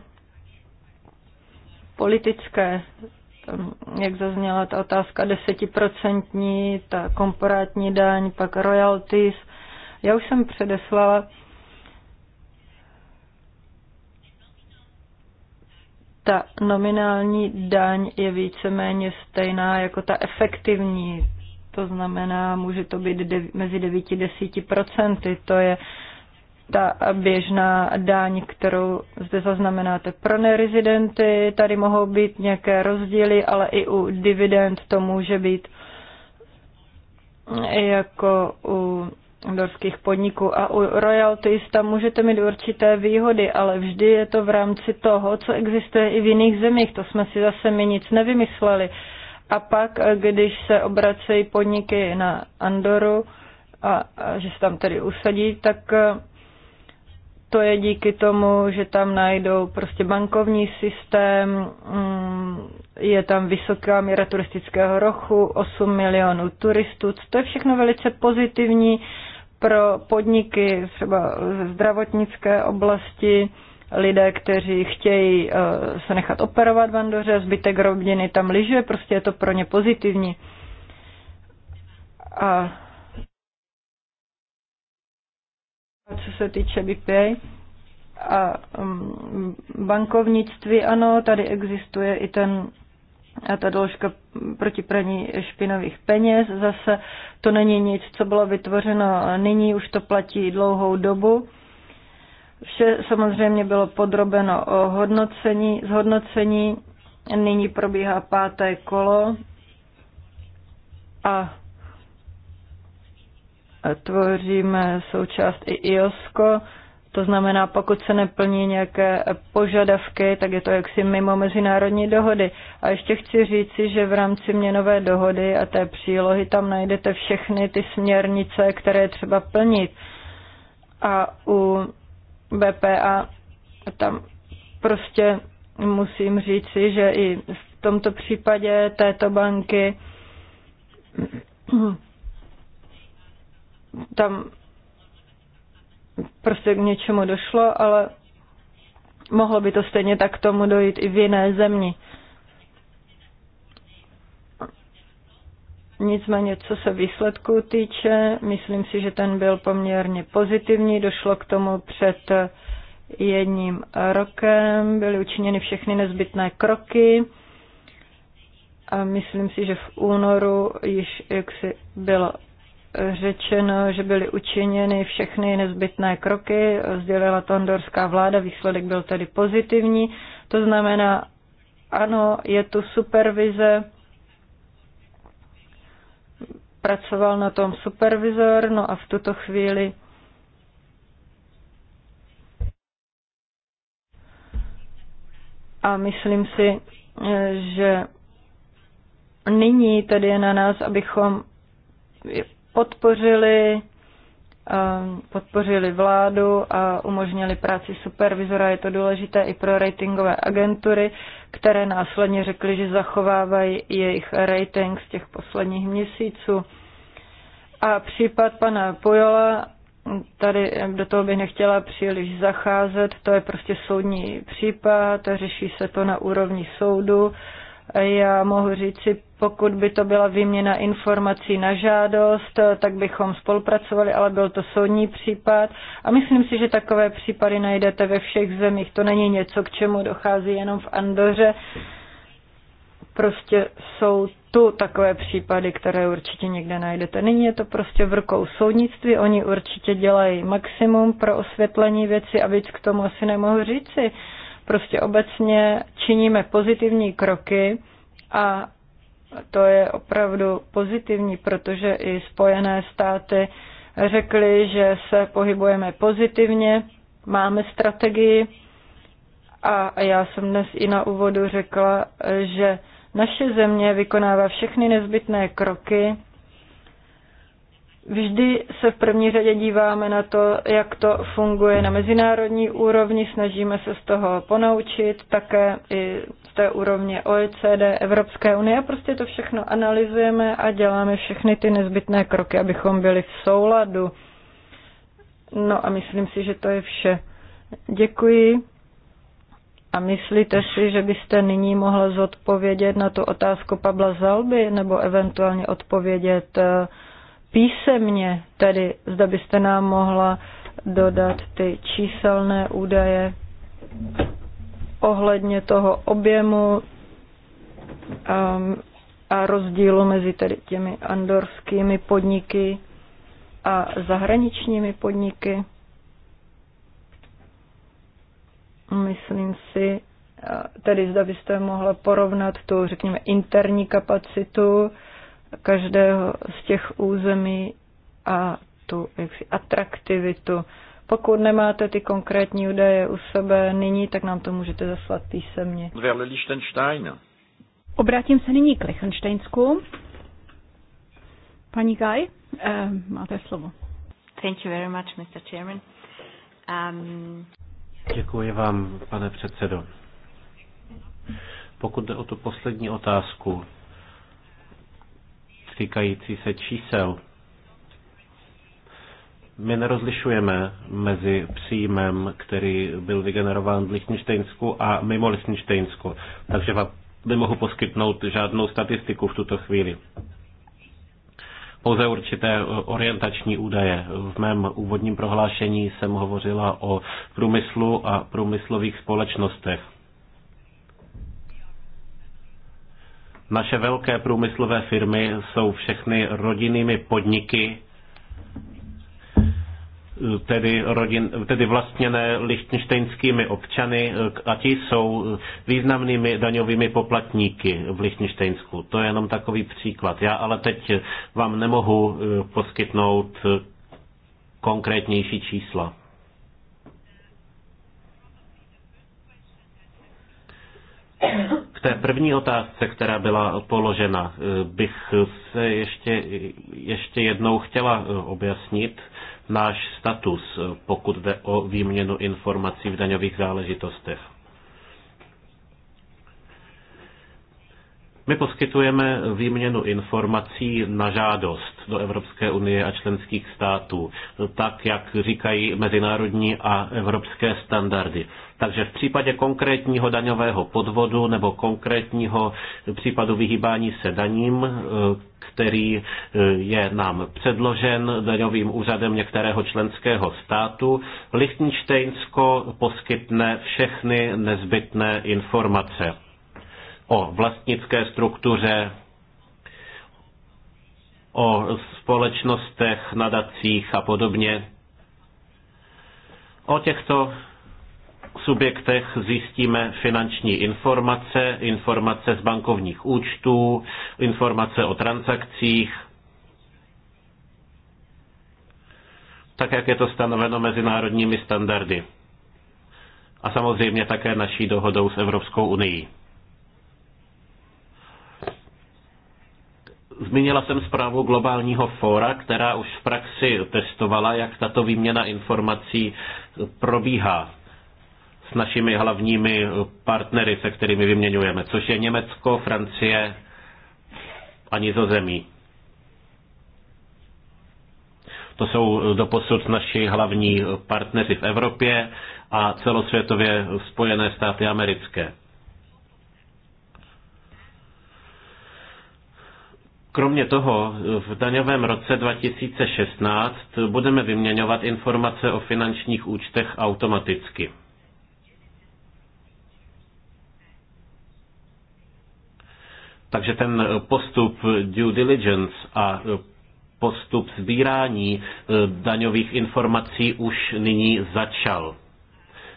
politické jak zazněla ta otázka, desetiprocentní, ta komporátní daň, pak royalties. Já už jsem předeslala, ta nominální daň je víceméně stejná jako ta efektivní. To znamená, může to být mezi 9 a 10 procenty. To je ta běžná daň, kterou zde zaznamenáte pro nerezidenty. Tady mohou být nějaké rozdíly, ale i u dividend to může být jako u dorských podniků a u royalties tam můžete mít určité výhody, ale vždy je to v rámci toho, co existuje i v jiných zemích. To jsme si zase my nic nevymysleli. A pak, když se obracejí podniky na Andoru, a, a že se tam tedy usadí, tak to je díky tomu, že tam najdou prostě bankovní systém, mm, je tam vysoká míra turistického rochu, 8 milionů turistů, to je všechno velice pozitivní pro podniky třeba ze zdravotnické oblasti, lidé, kteří chtějí eh, se nechat operovat v Andoře, zbytek rodiny tam lyžuje, prostě je to pro ně pozitivní. A Co se týče BPA a um, bankovnictví, ano, tady existuje i ten a ta doložka proti praní špinavých peněz. Zase to není nic, co bylo vytvořeno nyní, už to platí dlouhou dobu. Vše samozřejmě bylo podrobeno o hodnocení, zhodnocení. Nyní probíhá páté kolo a tvoříme součást i IOSCO, to znamená, pokud se neplní nějaké požadavky, tak je to jaksi mimo mezinárodní dohody. A ještě chci říci, že v rámci měnové dohody a té přílohy tam najdete všechny ty směrnice, které je třeba plnit. A u BPA tam prostě musím říci, že i v tomto případě této banky tam prostě k něčemu došlo, ale mohlo by to stejně tak tomu dojít i v jiné zemi. Nicméně, co se výsledků týče, myslím si, že ten byl poměrně pozitivní. Došlo k tomu před jedním rokem, byly učiněny všechny nezbytné kroky a myslím si, že v únoru již jaksi bylo řečeno, že byly učiněny všechny nezbytné kroky, sdělila to andorská vláda, výsledek byl tedy pozitivní. To znamená, ano, je tu supervize, pracoval na tom supervizor, no a v tuto chvíli a myslím si, že nyní tedy je na nás, abychom podpořili, um, podpořili vládu a umožnili práci supervizora. Je to důležité i pro ratingové agentury, které následně řekly, že zachovávají jejich rating z těch posledních měsíců. A případ pana Pojola tady do toho bych nechtěla příliš zacházet, to je prostě soudní případ, řeší se to na úrovni soudu já mohu říci, pokud by to byla výměna informací na žádost, tak bychom spolupracovali, ale byl to soudní případ. A myslím si, že takové případy najdete ve všech zemích. To není něco, k čemu dochází jenom v Andoře. Prostě jsou tu takové případy, které určitě někde najdete. Nyní je to prostě v rukou soudnictví, oni určitě dělají maximum pro osvětlení věci a víc k tomu asi nemohu říci. Prostě obecně činíme pozitivní kroky a to je opravdu pozitivní, protože i Spojené státy řekly, že se pohybujeme pozitivně, máme strategii a já jsem dnes i na úvodu řekla, že naše země vykonává všechny nezbytné kroky Vždy se v první řadě díváme na to, jak to funguje na mezinárodní úrovni, snažíme se z toho ponaučit, také i z té úrovně OECD, Evropské unie, a prostě to všechno analyzujeme a děláme všechny ty nezbytné kroky, abychom byli v souladu. No a myslím si, že to je vše. Děkuji. A myslíte si, že byste nyní mohla zodpovědět na tu otázku Pabla Zalby, nebo eventuálně odpovědět uh, písemně, tedy zda byste nám mohla dodat ty číselné údaje ohledně toho objemu um, a rozdílu mezi tedy těmi andorskými podniky a zahraničními podniky. Myslím si, tedy zda byste mohla porovnat tu, řekněme, interní kapacitu každého z těch území a tu jaksi, atraktivitu. Pokud nemáte ty konkrétní údaje u sebe nyní, tak nám to můžete zaslat písemně. Obrátím se nyní k Lichtensteinsku.
Paní Kaj, eh, máte slovo. Thank you very much, Mr. Chairman. Um...
Děkuji vám, pane předsedo. Pokud jde o tu poslední otázku, týkající se čísel. My nerozlišujeme mezi příjmem, který byl vygenerován v Lichtensteinsku a mimo Lichtensteinsku, takže vám nemohu poskytnout žádnou statistiku v tuto chvíli. Pouze určité orientační údaje. V mém úvodním prohlášení jsem hovořila o průmyslu a průmyslových společnostech. Naše velké průmyslové firmy jsou všechny rodinnými podniky, tedy, rodin, tedy vlastněné lichtenštejnskými občany a ti jsou významnými daňovými poplatníky v Lichtenštejnsku. To je jenom takový příklad. Já ale teď vám nemohu poskytnout konkrétnější čísla. K té první otázce, která byla položena, eh, bych se ještě, ještě jednou chtěla eh, objasnit náš status, eh, pokud jde o výměnu informací v daňových záležitostech. My poskytujeme výměnu informací na žádost do Evropské unie a členských států, tak jak říkají mezinárodní a evropské standardy. Takže v případě konkrétního daňového podvodu nebo konkrétního případu vyhýbání se daním, který je nám předložen daňovým úřadem některého členského státu, Lichtensteinsko poskytne všechny nezbytné informace o vlastnické struktuře, o společnostech, nadacích a podobně. O těchto subjektech zjistíme finanční informace, informace z bankovních účtů, informace o transakcích, tak jak je to stanoveno mezinárodními standardy. A samozřejmě také naší dohodou s Evropskou unii. Zmínila jsem zprávu globálního fóra, která už v praxi testovala, jak tato výměna informací probíhá s našimi hlavními partnery, se kterými vyměňujeme, což je Německo, Francie a Nizozemí. To jsou doposud naši hlavní partneři v Evropě a celosvětově Spojené státy americké. Kromě toho v daňovém roce 2016 budeme vyměňovat informace o finančních účtech automaticky. Takže ten postup due diligence a postup sbírání e, daňových informací už nyní začal.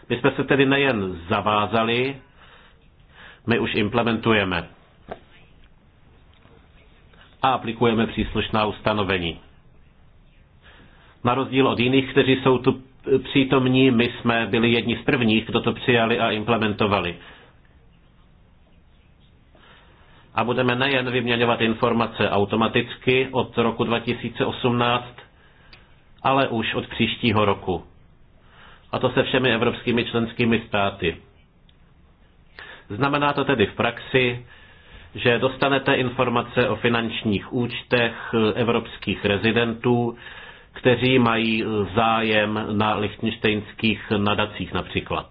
My jsme se tedy nejen zavázali, my už implementujeme a aplikujeme příslušná ustanovení. Na rozdíl od jiných, kteří jsou tu přítomní, my jsme byli jedni z prvních, kdo to přijali a implementovali. A budeme nejen vyměňovat informace automaticky od roku 2018, ale už od příštího roku. A to se všemi evropskými členskými státy. Znamená to tedy v praxi, že dostanete informace o finančních účtech evropských rezidentů, kteří mají zájem na lichtenštejnských nadacích například.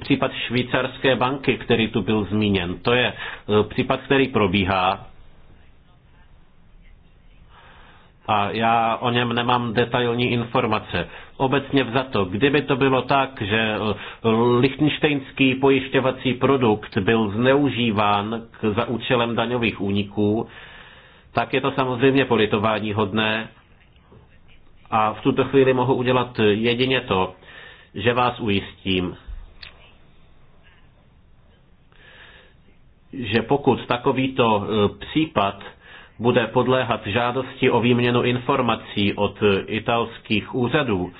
Případ švýcarské banky, který tu byl zmíněn, to je eh, případ, který probíhá a já o něm nemám detailní informace. Obecně vzato, kdyby to bylo tak, že lichtenštejnský pojišťovací produkt byl zneužíván k, za účelem daňových úniků, tak je to samozřejmě politování hodné a v tuto chvíli mohu udělat jedině to, že vás ujistím, že pokud takovýto e, případ bude podléhat žádosti o výměnu informací od italských úřadů,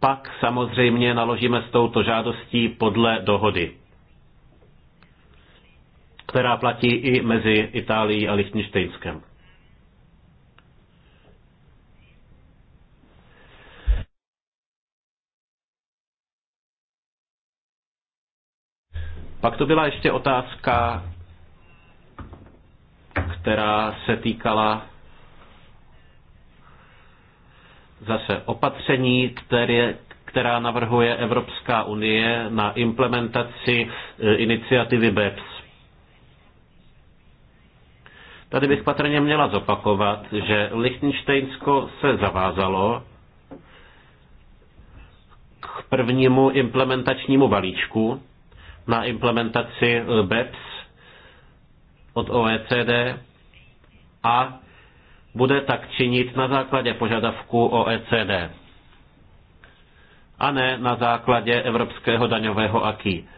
pak samozřejmě naložíme s touto žádostí podle dohody, která platí i mezi Itálií a Lichtensteinskem. Pak to byla ještě otázka která se týkala zase opatření, které, která navrhuje Evropská unie na implementaci eh, iniciativy BEPS. Tady bych patrně měla zopakovat, že Lichtensteinsko se zavázalo k prvnímu implementačnímu balíčku na implementaci eh, BEPS od OECD a bude tak činit na základě požadavků OECD a ne na základě evropského daňového aký.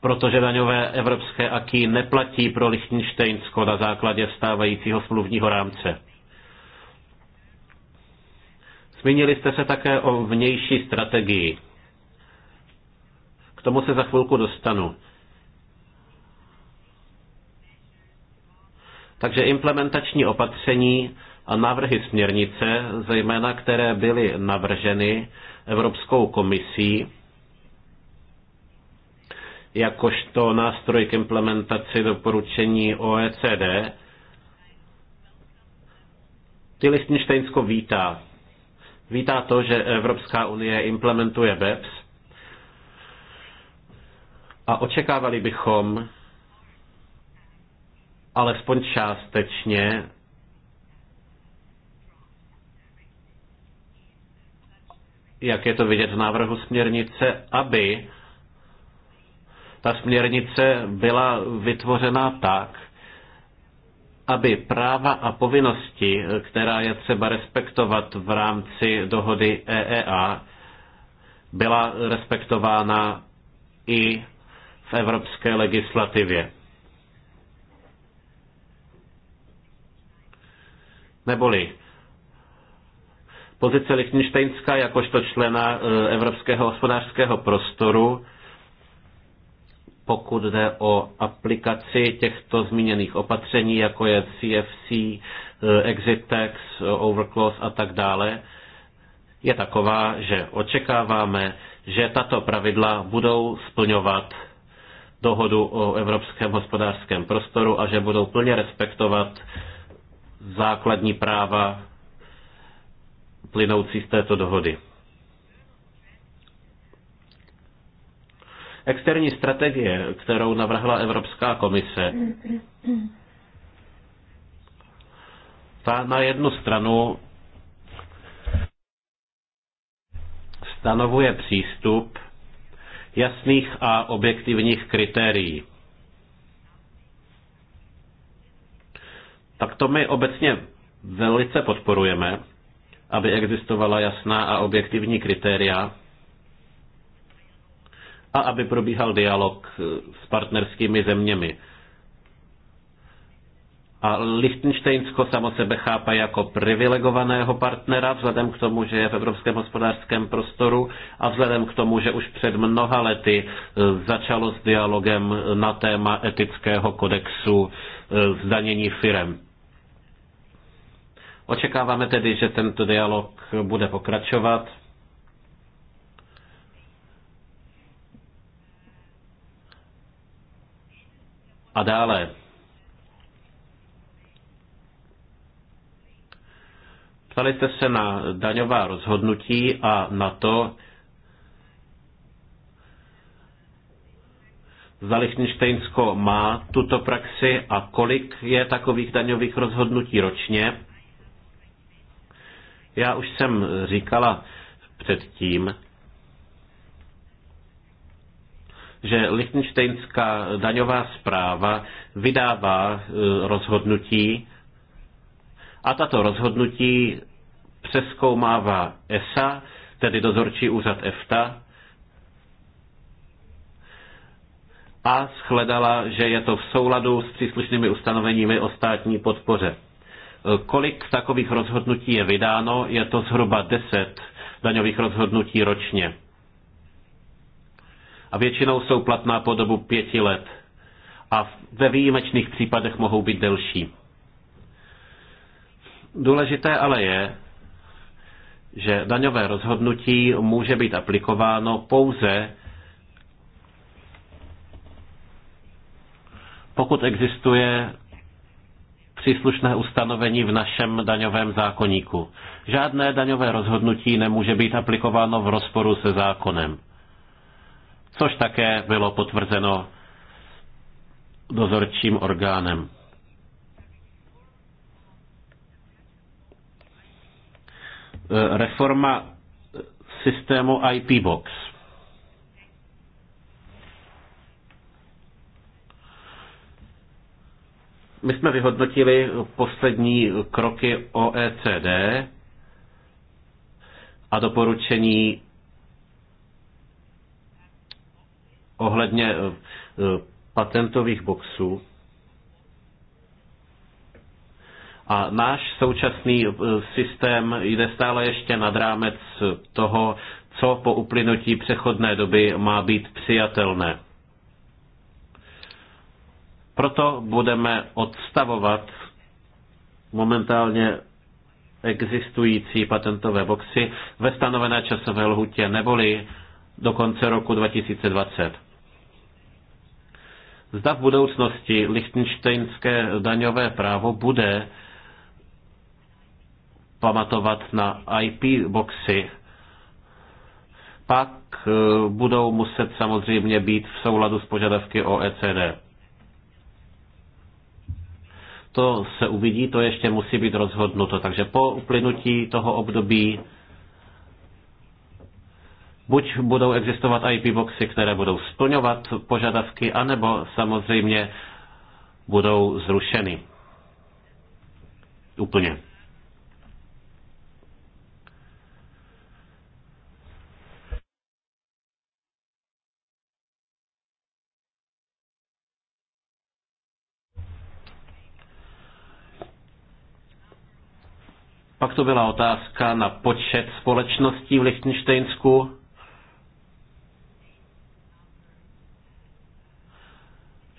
Protože daňové evropské aký neplatí pro Lichtensteinsko na základě stávajícího smluvního rámce. Zmínili jste se také o vnější strategii. K tomu se za chvilku dostanu. Takže implementační opatření a návrhy směrnice, zejména které byly navrženy Evropskou komisí, jakožto nástroj k implementaci doporučení OECD, ty Lichtensteinsko vítá. Vítá to, že Evropská unie implementuje BEPS a očekávali bychom, alespoň částečně jak je to vidět v návrhu směrnice, aby ta směrnice byla vytvořena tak, aby práva a povinnosti, která je třeba respektovat v rámci dohody EEA, byla respektována i v evropské legislativě. Neboli pozice Lichtensteinska jakožto člena e, Evropského hospodářského prostoru, pokud jde o aplikaci těchto zmíněných opatření, jako je CFC, e, Exit Tax, Overclose a tak dále, je taková, že očekáváme, že tato pravidla budou splňovat dohodu o evropském hospodářském prostoru a že budou plně respektovat základní práva plynoucí z této dohody. Externí strategie, kterou navrhla Evropská komise, ta na jednu stranu stanovuje přístup jasných a objektivních kritérií. tak to my obecně velice podporujeme, aby existovala jasná a objektivní kritéria a aby probíhal dialog eh, s partnerskými zeměmi. A Lichtensteinsko samo sebe chápe jako privilegovaného partnera, vzhledem k tomu, že je v evropském hospodářském prostoru a vzhledem k tomu, že už před mnoha lety eh, začalo s dialogem na téma etického kodexu eh, zdanění firem. Očekáváme tedy, že tento dialog bude pokračovat. A dále. Ptali jste se na daňová rozhodnutí a na to, zda Lichtensteinsko má tuto praxi a kolik je takových daňových rozhodnutí ročně. Já už jsem říkala předtím, že Lichtensteinská daňová zpráva vydává e, rozhodnutí a tato rozhodnutí přeskoumává ESA, tedy dozorčí úřad EFTA, a shledala, že je to v souladu s příslušnými ustanoveními o státní podpoře. Kolik takových rozhodnutí je vydáno? Je to zhruba 10 daňových rozhodnutí ročně. A většinou jsou platná po dobu pěti let. A ve výjimečných případech mohou být delší. Důležité ale je, že daňové rozhodnutí může být aplikováno pouze pokud existuje příslušné ustanovení v našem daňovém zákoníku. Žádné daňové rozhodnutí nemůže být aplikováno v rozporu se zákonem, což také bylo potvrzeno dozorčím orgánem. Reforma systému IP Box. My jsme vyhodnotili poslední kroky OECD a doporučení ohledně eh, patentových boxů. A náš současný eh, systém jde stále ještě nad rámec toho, co po uplynutí přechodné doby má být přijatelné. Proto budeme odstavovat momentálně existující patentové boxy ve stanovené časové lhutě neboli do konce roku 2020. Zda v budoucnosti lichtenštejnské daňové právo bude pamatovat na IP boxy, pak eh, budou muset samozřejmě být v souladu s požadavky OECD. To se uvidí, to ještě musí být rozhodnuto. Takže po uplynutí toho období buď budou existovat IP boxy, které budou splňovat požadavky, anebo samozřejmě budou zrušeny. Úplně. Pak to byla otázka na počet společností v Lichtensteinsku.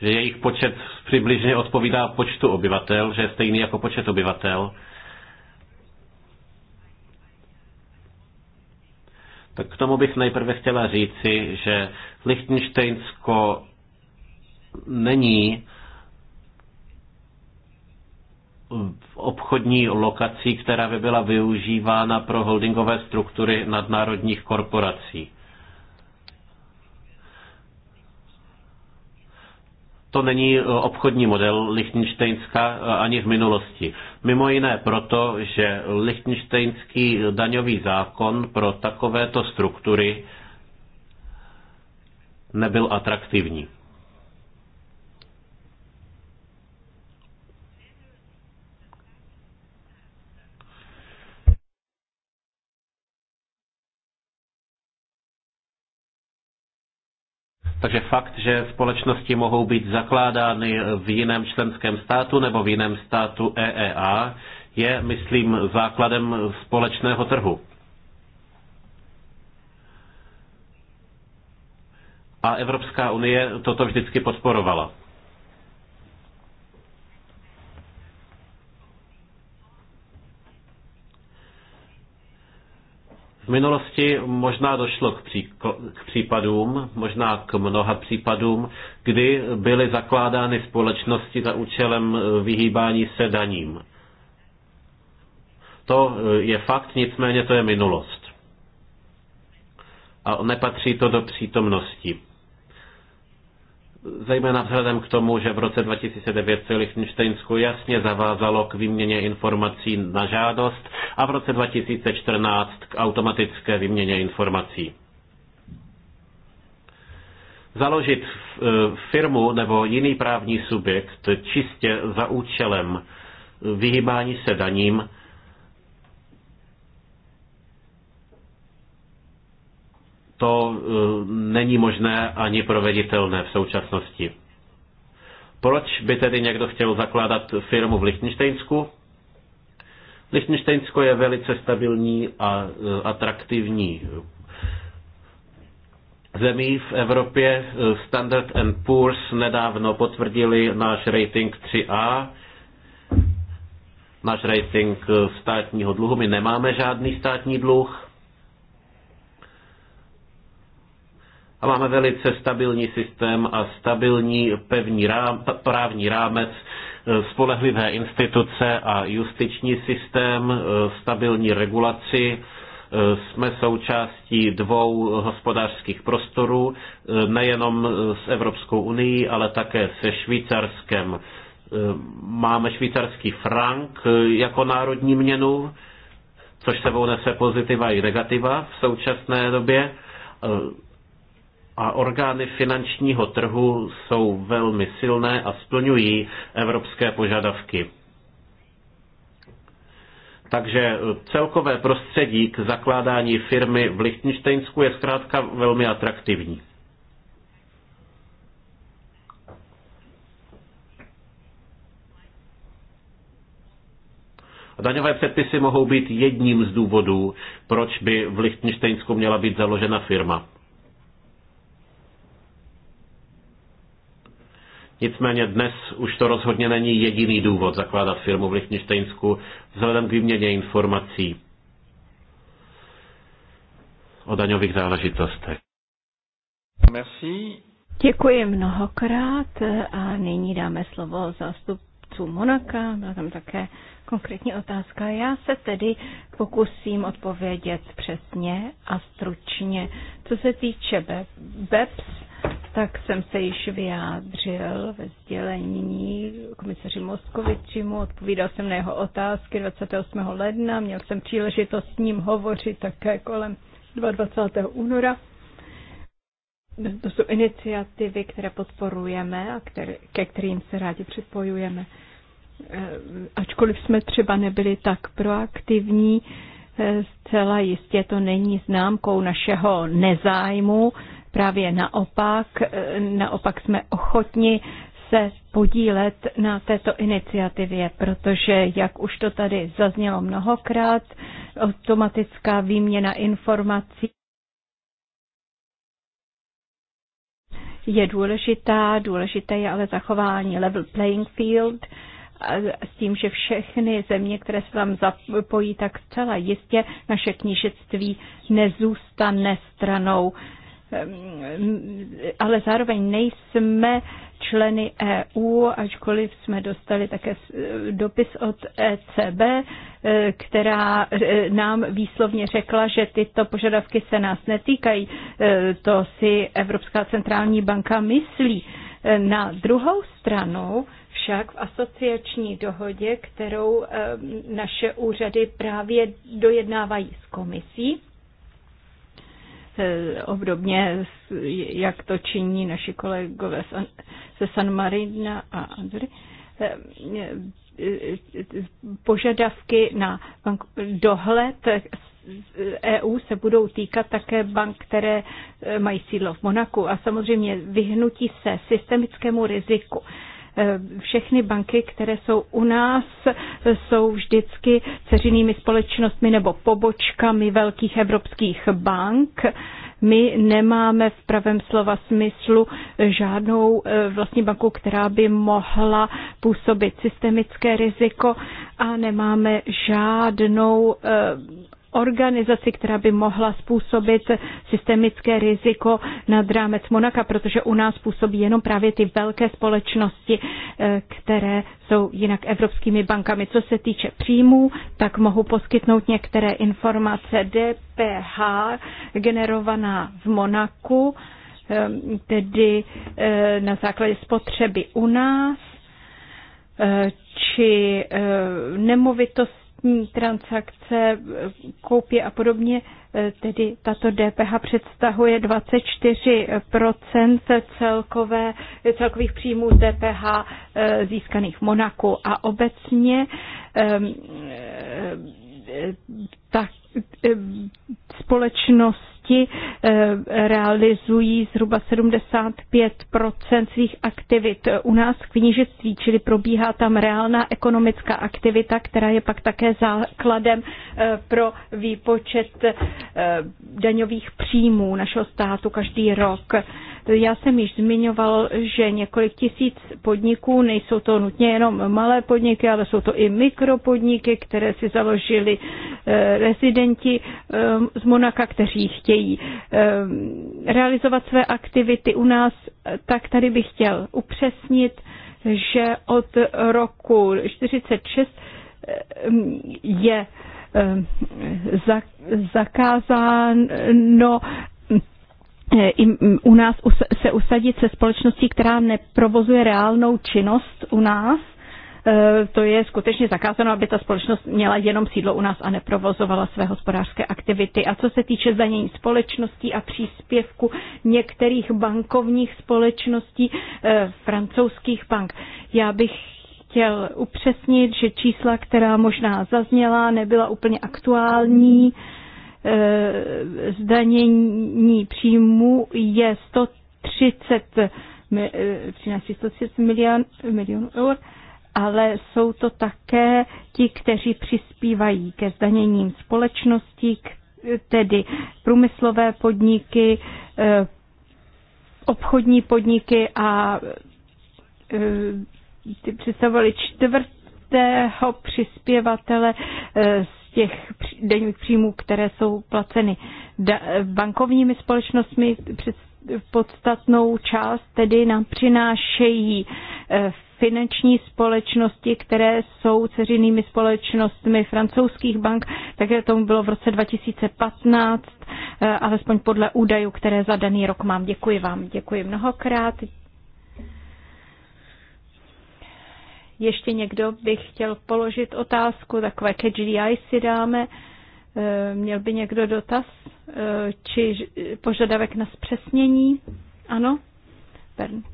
Že jejich počet přibližně odpovídá počtu obyvatel, že je stejný jako počet obyvatel. Tak k tomu bych nejprve chtěla říci, že Lichtensteinsko není v obchodní lokací, která by byla využívána pro holdingové struktury nadnárodních korporací. To není eh, obchodní model Lichtensteinska eh, ani v minulosti. Mimo jiné proto, že Lichtensteinský daňový zákon pro takovéto struktury nebyl atraktivní. Takže fakt, že společnosti mohou být zakládány v jiném členském státu nebo v jiném státu EEA, je, myslím, základem společného trhu. A Evropská unie toto vždycky podporovala. V minulosti možná došlo k, pří, k případům, možná k mnoha případům, kdy byly zakládány společnosti za účelem eh, vyhýbání se daním. To eh, je fakt, nicméně to je minulost. A nepatří to do přítomnosti zejména vzhledem k tomu, že v roce 2009 se Lichtensteinsko jasně zavázalo k výměně informací na žádost a v roce 2014 k automatické výměně informací. Založit eh, firmu nebo jiný právní subjekt čistě za účelem vyhýbání se daním to eh, není možné ani proveditelné v současnosti. Proč by tedy někdo chtěl zakládat firmu v Lichtensteinsku? Lichtensteinsko je velice stabilní a eh, atraktivní zemí v Evropě. Standard and Poor's nedávno potvrdili náš rating 3A, náš rating eh, státního dluhu. My nemáme žádný státní dluh a máme velice stabilní systém a stabilní pevný rám, právní rámec, e, spolehlivé instituce a justiční systém, e, stabilní regulaci. E, jsme součástí dvou hospodářských prostorů, nejenom s Evropskou unii, ale také se Švýcarskem. Máme švýcarský frank jako národní měnu, což sebou nese pozitiva i negativa v současné době a orgány finančního trhu jsou velmi silné a splňují evropské požadavky. Takže celkové prostředí k zakládání firmy v Lichtensteinsku je zkrátka velmi atraktivní. Daňové předpisy mohou být jedním z důvodů, proč by v Lichtensteinsku měla být založena firma. Nicméně dnes už to rozhodně není jediný důvod zakládat firmu v Lichtensteinsku vzhledem k výměně informací o daňových záležitostech. Merci.
Děkuji mnohokrát a nyní dáme slovo zástupcům Monaka. Byla tam také konkrétní otázka. Já se tedy pokusím odpovědět přesně a stručně. Co se týče BEPS, tak jsem se již vyjádřil ve sdělení komisaři Moskovičimu, odpovídal jsem na jeho otázky 28. ledna, měl jsem příležitost s ním hovořit také kolem 22. února. To jsou iniciativy, které podporujeme a které, ke kterým se rádi připojujeme. Eh, ačkoliv jsme třeba nebyli tak proaktivní, eh, zcela jistě to není známkou našeho nezájmu, Právě naopak, naopak jsme ochotni se podílet na této iniciativě, protože, jak už to tady zaznělo mnohokrát, automatická výměna informací je důležitá, důležité je ale zachování level playing field s tím, že všechny země, které se tam zapojí, tak zcela jistě naše knížectví nezůstane stranou Ehm, ale zároveň nejsme členy EU, ačkoliv jsme dostali také dopis od ECB, eh, která eh, nám výslovně řekla, že tyto požadavky se nás netýkají. Eh, to si Evropská centrální banka myslí. Na druhou stranu však v asociační dohodě, kterou ehm, naše úřady právě dojednávají s komisí, Eh, obdobně jak to činí naši kolegové se San Marina a Andry eh, eh, požadavky na dohled EU se budou týkat také bank, které mají sídlo v Monaku a samozřejmě vyhnutí se systemickému riziku Eh, všechny banky, které jsou u nás, eh, jsou vždycky ceřinými společnostmi nebo pobočkami velkých evropských bank. My nemáme v pravém slova smyslu žádnou eh, vlastní banku, která by mohla působit systemické riziko a nemáme žádnou organizaci, která by mohla způsobit systemické riziko nad rámec Monaka, protože u nás působí jenom právě ty velké společnosti, eh, které jsou jinak evropskými bankami. Co se týče příjmů, tak mohu poskytnout některé informace. DPH generovaná v Monaku, eh, tedy eh, na základě spotřeby u nás, či nemovitosti, transakce, koupě a podobně, eh, tedy tato DPH představuje 24% celkové, celkových příjmů z DPH eh, získaných v Monaku a obecně ehm, eh, tak společnost oblasti eh, realizují zhruba 75 svých aktivit u nás v knížectví, čili probíhá tam reálná ekonomická aktivita, která je pak také základem eh, pro výpočet eh, daňových příjmů našeho státu každý rok. Já jsem již zmiňoval, že několik tisíc podniků, nejsou to nutně jenom malé podniky, ale jsou to i mikropodniky, které si založili eh, rezidenti eh, z Monaka, kteří chtějí eh, realizovat své aktivity u nás, tak tady bych chtěl upřesnit, že od roku 46 je zakázáno no, Eh, mm, u nás se usadit se společností, která neprovozuje reálnou činnost u nás, eh, to je skutečně zakázáno, aby ta společnost měla jenom sídlo u nás a neprovozovala své hospodářské aktivity. A co se týče zdanění společností a příspěvku některých bankovních společností eh, francouzských bank, já bych chtěl upřesnit, že čísla, která možná zazněla, nebyla úplně aktuální. Eh, zdanění příjmů je 130 eh, přináší 130 milion, milionů eur, ale jsou to také ti, kteří přispívají ke zdaněním společností, tedy průmyslové podniky, eh, obchodní podniky a ty představovali čtvrtého přispěvatele těch denních příjmů, které jsou placeny bankovními společnostmi, přes podstatnou část tedy nám přinášejí eh, finanční společnosti, které jsou ceřinými společnostmi francouzských bank, takže tomu bylo v roce 2015, eh, alespoň podle údajů, které za daný rok mám. Děkuji vám, děkuji mnohokrát. Ještě někdo by chtěl položit otázku, takové ke GDI si dáme. E, měl by někdo dotaz e, či požadavek na zpřesnění? Ano? Bernd.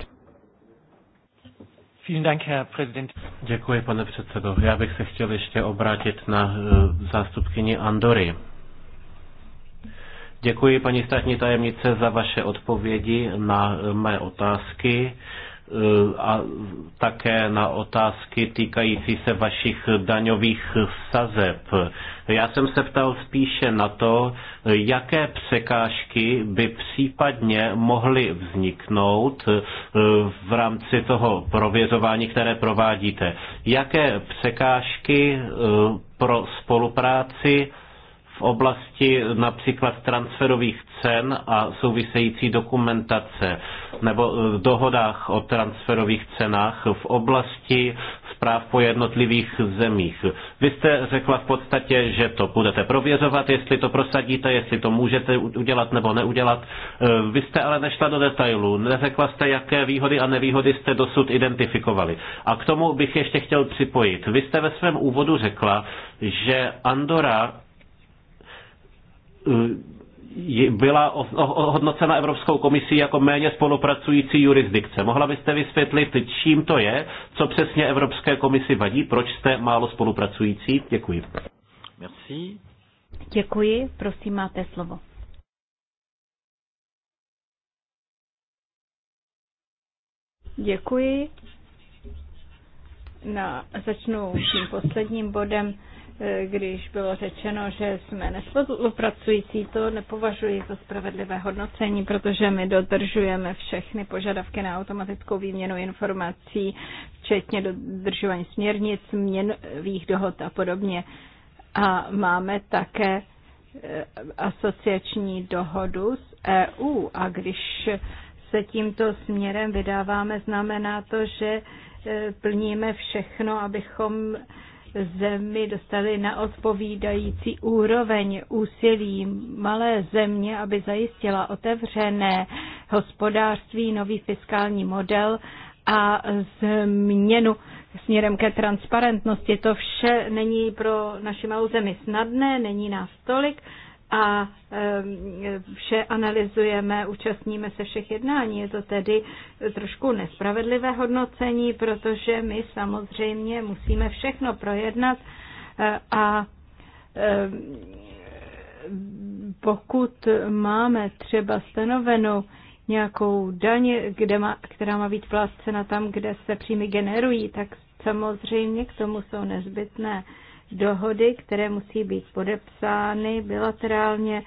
Děkuji, pane předsedo. Já bych se chtěl ještě obrátit na e, zástupkyni Andory. Děkuji, paní státní tajemnice, za vaše odpovědi na mé otázky. Eh, a také na otázky týkající se vašich daňových sazeb. Já jsem se ptal spíše na to, jaké překážky by případně mohly vzniknout eh, v rámci toho prověřování, které provádíte. Jaké překážky eh, pro spolupráci v oblasti například transferových cen a související dokumentace nebo eh, dohodách o transferových cenách v oblasti zpráv po jednotlivých zemích. Vy jste řekla v podstatě, že to budete prověřovat, jestli to prosadíte, jestli to můžete udělat nebo neudělat. Eh, vy jste ale nešla do detailů. neřekla jste, jaké výhody a nevýhody jste dosud identifikovali. A k tomu bych ještě chtěl připojit. Vy jste ve svém úvodu řekla, že Andora Eh, byla hodnocena Evropskou komisí jako méně spolupracující jurisdikce. Mohla byste vysvětlit, čím to je, co přesně Evropské komisi vadí, proč jste málo spolupracující? Děkuji.
Merci.
Děkuji, prosím, máte slovo. Děkuji. Na, začnu tím posledním bodem. E, když bylo řečeno, že jsme nespolupracující, to nepovažuji za spravedlivé hodnocení, protože my dodržujeme všechny požadavky na automatickou výměnu informací, včetně dodržování směrnic, měnových dohod a podobně. A máme také e, asociační dohodu s EU a když se tímto směrem vydáváme, znamená to, že e, plníme všechno, abychom zemi dostali na odpovídající úroveň úsilí malé země, aby zajistila otevřené hospodářství, nový fiskální model a změnu směrem ke transparentnosti. To vše není pro naši malou zemi snadné, není nás tolik, a vše analyzujeme, účastníme se všech jednání. Je to tedy trošku nespravedlivé hodnocení, protože my samozřejmě musíme všechno projednat e, a pokud máme třeba stanovenou nějakou daň, kde má, která má být placena tam, kde se příjmy generují, tak samozřejmě k tomu jsou nezbytné dohody, které musí být podepsány bilaterálně.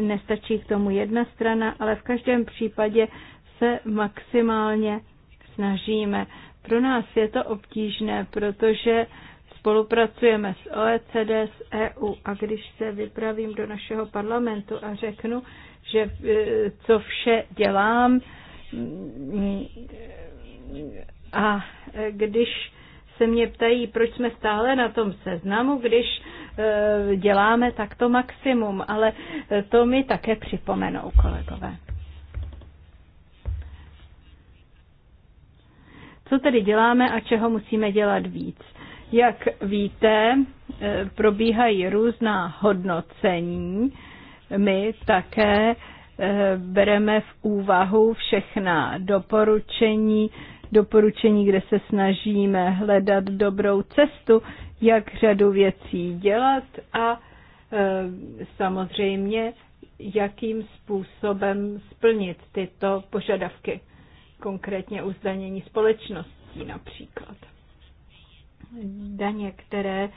Nestačí k tomu jedna strana, ale v každém případě se maximálně snažíme. Pro nás je to obtížné, protože spolupracujeme s OECD, s EU a když se vypravím do našeho parlamentu a řeknu, že e, co vše dělám mm, a když se mě ptají, proč jsme stále na tom seznamu, když e, děláme takto maximum, ale e, to mi také připomenou kolegové. Co tedy děláme a čeho musíme dělat víc? Jak víte, e, probíhají různá hodnocení. My také bereme v úvahu všechna doporučení doporučení, kde se snažíme hledat dobrou cestu, jak řadu věcí dělat a e, samozřejmě, jakým způsobem splnit tyto požadavky, konkrétně uzdanění společností například. Daně, které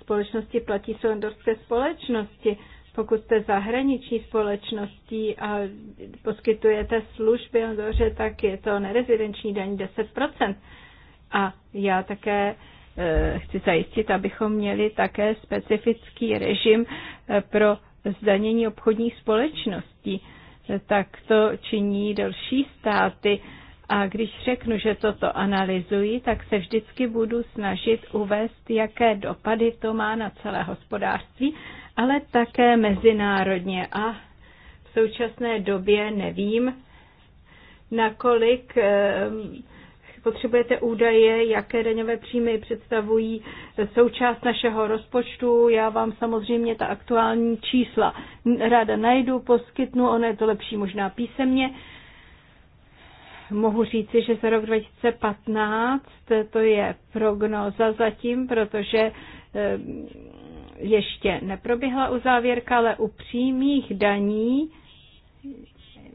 společnosti platí jsou endorské společnosti, pokud jste zahraniční společností a poskytujete služby Andoře, tak je to nerezidenční daň 10%. A já také eh, chci zajistit, abychom měli také specifický režim eh, pro zdanění obchodních společností. Tak to činí další státy a když řeknu, že toto analyzuji, tak se vždycky budu snažit uvést, jaké dopady to má na celé hospodářství, ale také mezinárodně. A v současné době nevím, nakolik eh, potřebujete údaje, jaké daňové příjmy představují součást našeho rozpočtu. Já vám samozřejmě ta aktuální čísla ráda najdu, poskytnu, ono je to lepší možná písemně mohu říci, že za rok 2015 to je prognoza zatím, protože eh, ještě neproběhla uzávěrka, ale u přímých daní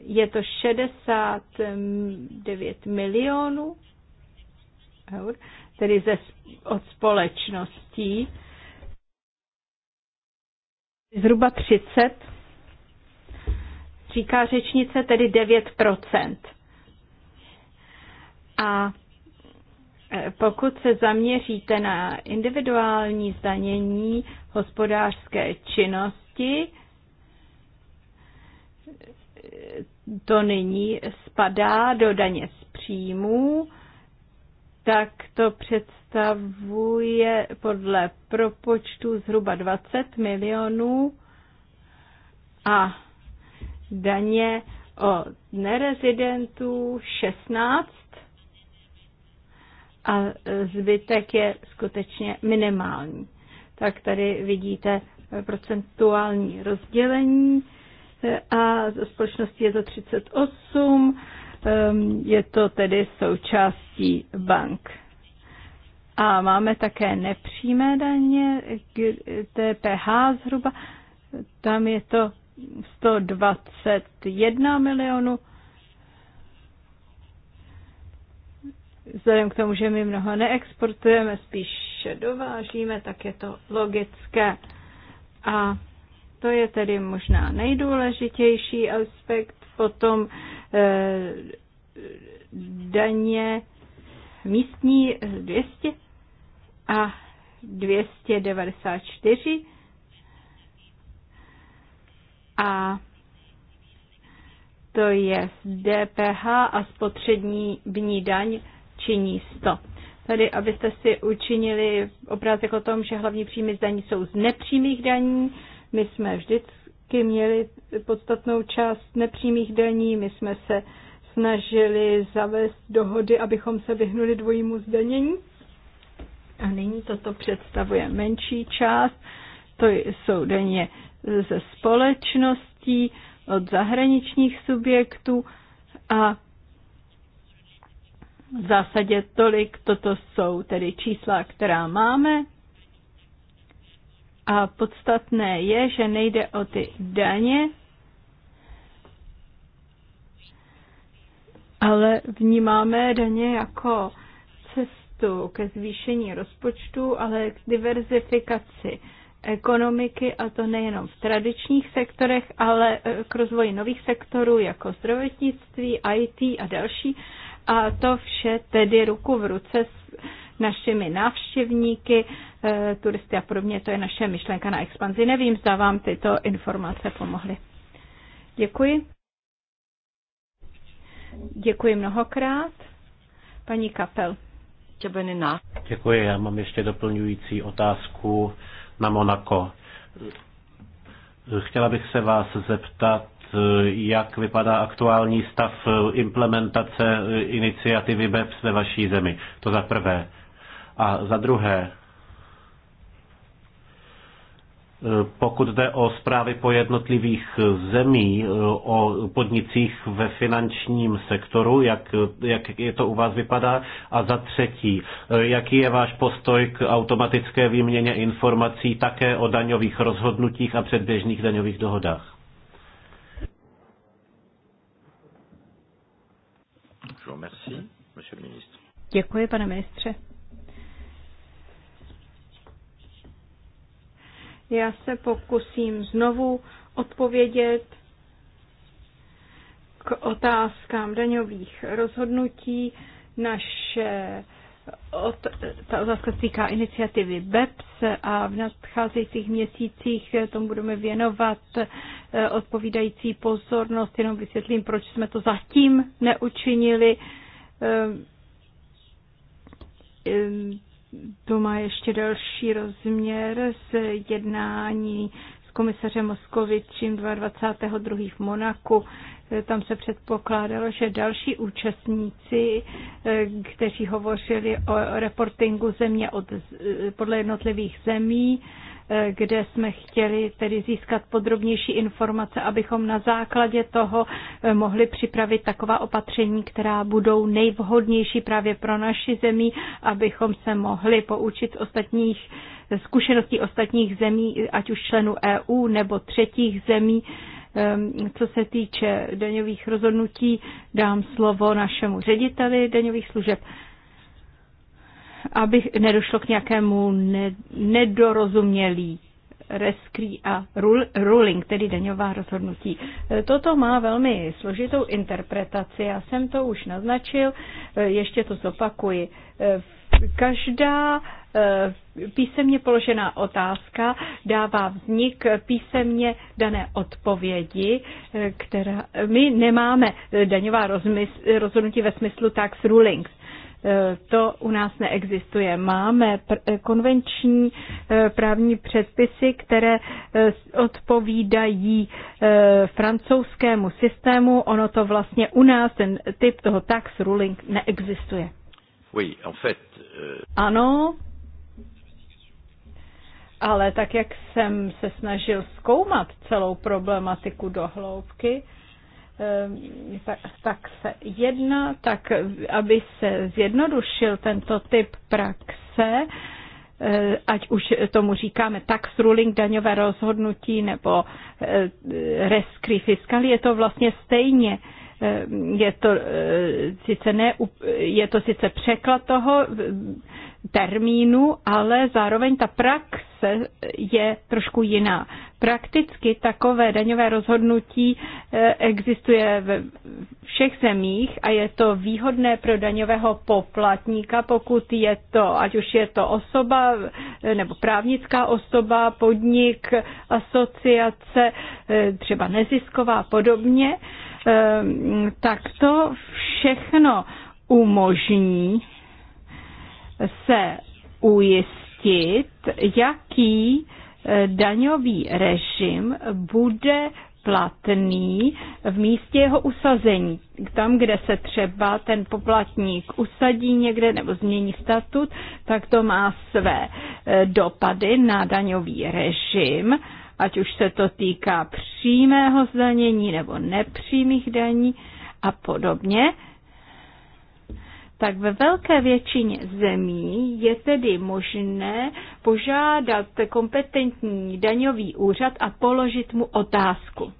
je to 69 milionů eur, tedy ze, od společností, zhruba 30, říká řečnice, tedy 9 a e, pokud se zaměříte na individuální zdanění hospodářské činnosti, to nyní spadá do daně z příjmů, tak to představuje podle propočtu zhruba 20 milionů a daně od nerezidentů 16 a zbytek je skutečně minimální. Tak tady vidíte procentuální rozdělení eh, a ze společnosti je to 38, ehm, je to tedy součástí bank. A máme také nepřímé daně, TPH zhruba, tam je to 121 milionů Vzhledem k tomu, že my mnoho neexportujeme, spíše dovážíme, tak je to logické. A to je tedy možná nejdůležitější aspekt. Potom eh, daně místní 200 eh, a 294 a to je DPH a spotřební daň činí 100. Tedy, abyste si učinili obrázek o tom, že hlavní příjmy z daní jsou z nepřímých daní. My jsme vždycky měli podstatnou část nepřímých daní, my jsme se snažili zavést dohody, abychom se vyhnuli dvojímu zdanění. A nyní toto představuje menší část, to jsou daně ze společností, od zahraničních subjektů a v zásadě tolik, toto jsou tedy čísla, která máme. A podstatné je, že nejde o ty daně, ale vnímáme daně jako cestu ke zvýšení rozpočtu, ale k diverzifikaci ekonomiky, a to nejenom v tradičních sektorech, ale k rozvoji nových sektorů jako zdravotnictví, IT a další. A to vše tedy ruku v ruce s našimi návštěvníky, eh, turisty a podobně. To je naše myšlenka na expanzi. Nevím, zda vám tyto informace pomohly. Děkuji. Děkuji mnohokrát. Paní Kapel.
Děkuji, já mám ještě doplňující otázku na Monako. Chtěla bych se vás zeptat Eh, jak vypadá aktuální stav eh, implementace eh, iniciativy BEPS ve vaší zemi. To za prvé. A za druhé, pokud jde o zprávy po jednotlivých zemí, o podnicích ve finančním sektoru, jak, jak je to u vás vypadá. A za třetí, jaký je váš postoj k automatické výměně informací také o daňových rozhodnutích a předběžných daňových dohodách? monsieur le ministre.
Děkuji, pane ministře. Já se pokusím znovu odpovědět k otázkám daňových rozhodnutí. Naše od, ta otázka se týká iniciativy BEPS a v nadcházejících měsících tomu budeme věnovat eh, odpovídající pozornost. Jenom vysvětlím, proč jsme to zatím neučinili. Eh, to má ještě další rozměr z jednání s komisařem Moskovičím 22. v Monaku. Eh, tam se předpokládalo, že další účastníci, eh, kteří hovořili o reportingu země od, podle jednotlivých zemí, Eh, kde jsme chtěli tedy získat podrobnější informace, abychom na základě toho eh, mohli připravit taková opatření, která budou nejvhodnější právě pro naši zemi, abychom se mohli poučit z ostatních eh, zkušeností ostatních zemí, ať už členů EU nebo třetích zemí. Ehm, co se týče daňových rozhodnutí, dám slovo našemu řediteli daňových služeb aby nedošlo k nějakému nedorozumělí reskrý a ruling, tedy daňová rozhodnutí. E, toto má velmi složitou interpretaci, já jsem to už naznačil, e, ještě to zopakuji. E, každá písemně položená otázka dává vznik písemně dané odpovědi, která my nemáme daňová rozhodnutí ve smyslu tax rulings Eh, to u nás neexistuje. Máme eh, konvenční eh, právní předpisy, které odpovídají francouzskému systému. Ono to vlastně u nás, ten typ toho tax ruling, neexistuje.
Oui, en fait, euh...
Ano, ale tak, jak jsem se snažil zkoumat celou problematiku do hloubky, Ehm, tak se jedna, tak aby se zjednodušil tento typ praxe, eh, ať už tomu říkáme tax ruling, daňové rozhodnutí nebo eh, reskry fiskal, je to vlastně stejně ehm, je to, eh, sice ne, je to sice překlad toho, termínu, ale zároveň ta praxe je trošku jiná. Prakticky takové daňové rozhodnutí eh, existuje ve všech zemích a je to výhodné pro daňového poplatníka, pokud je to, ať už je to osoba eh, nebo právnická osoba, podnik, asociace, eh, třeba nezisková a podobně, tak to všechno umožní se ujistit, jaký eh, daňový režim bude platný v místě jeho usazení. Tam, kde se třeba ten poplatník usadí někde nebo změní statut, tak to má své eh, dopady na daňový režim, ať už se to týká přímého zdanění nebo nepřímých daní a podobně tak ve velké většině zemí je tedy možné požádat kompetentní daňový úřad a položit mu otázku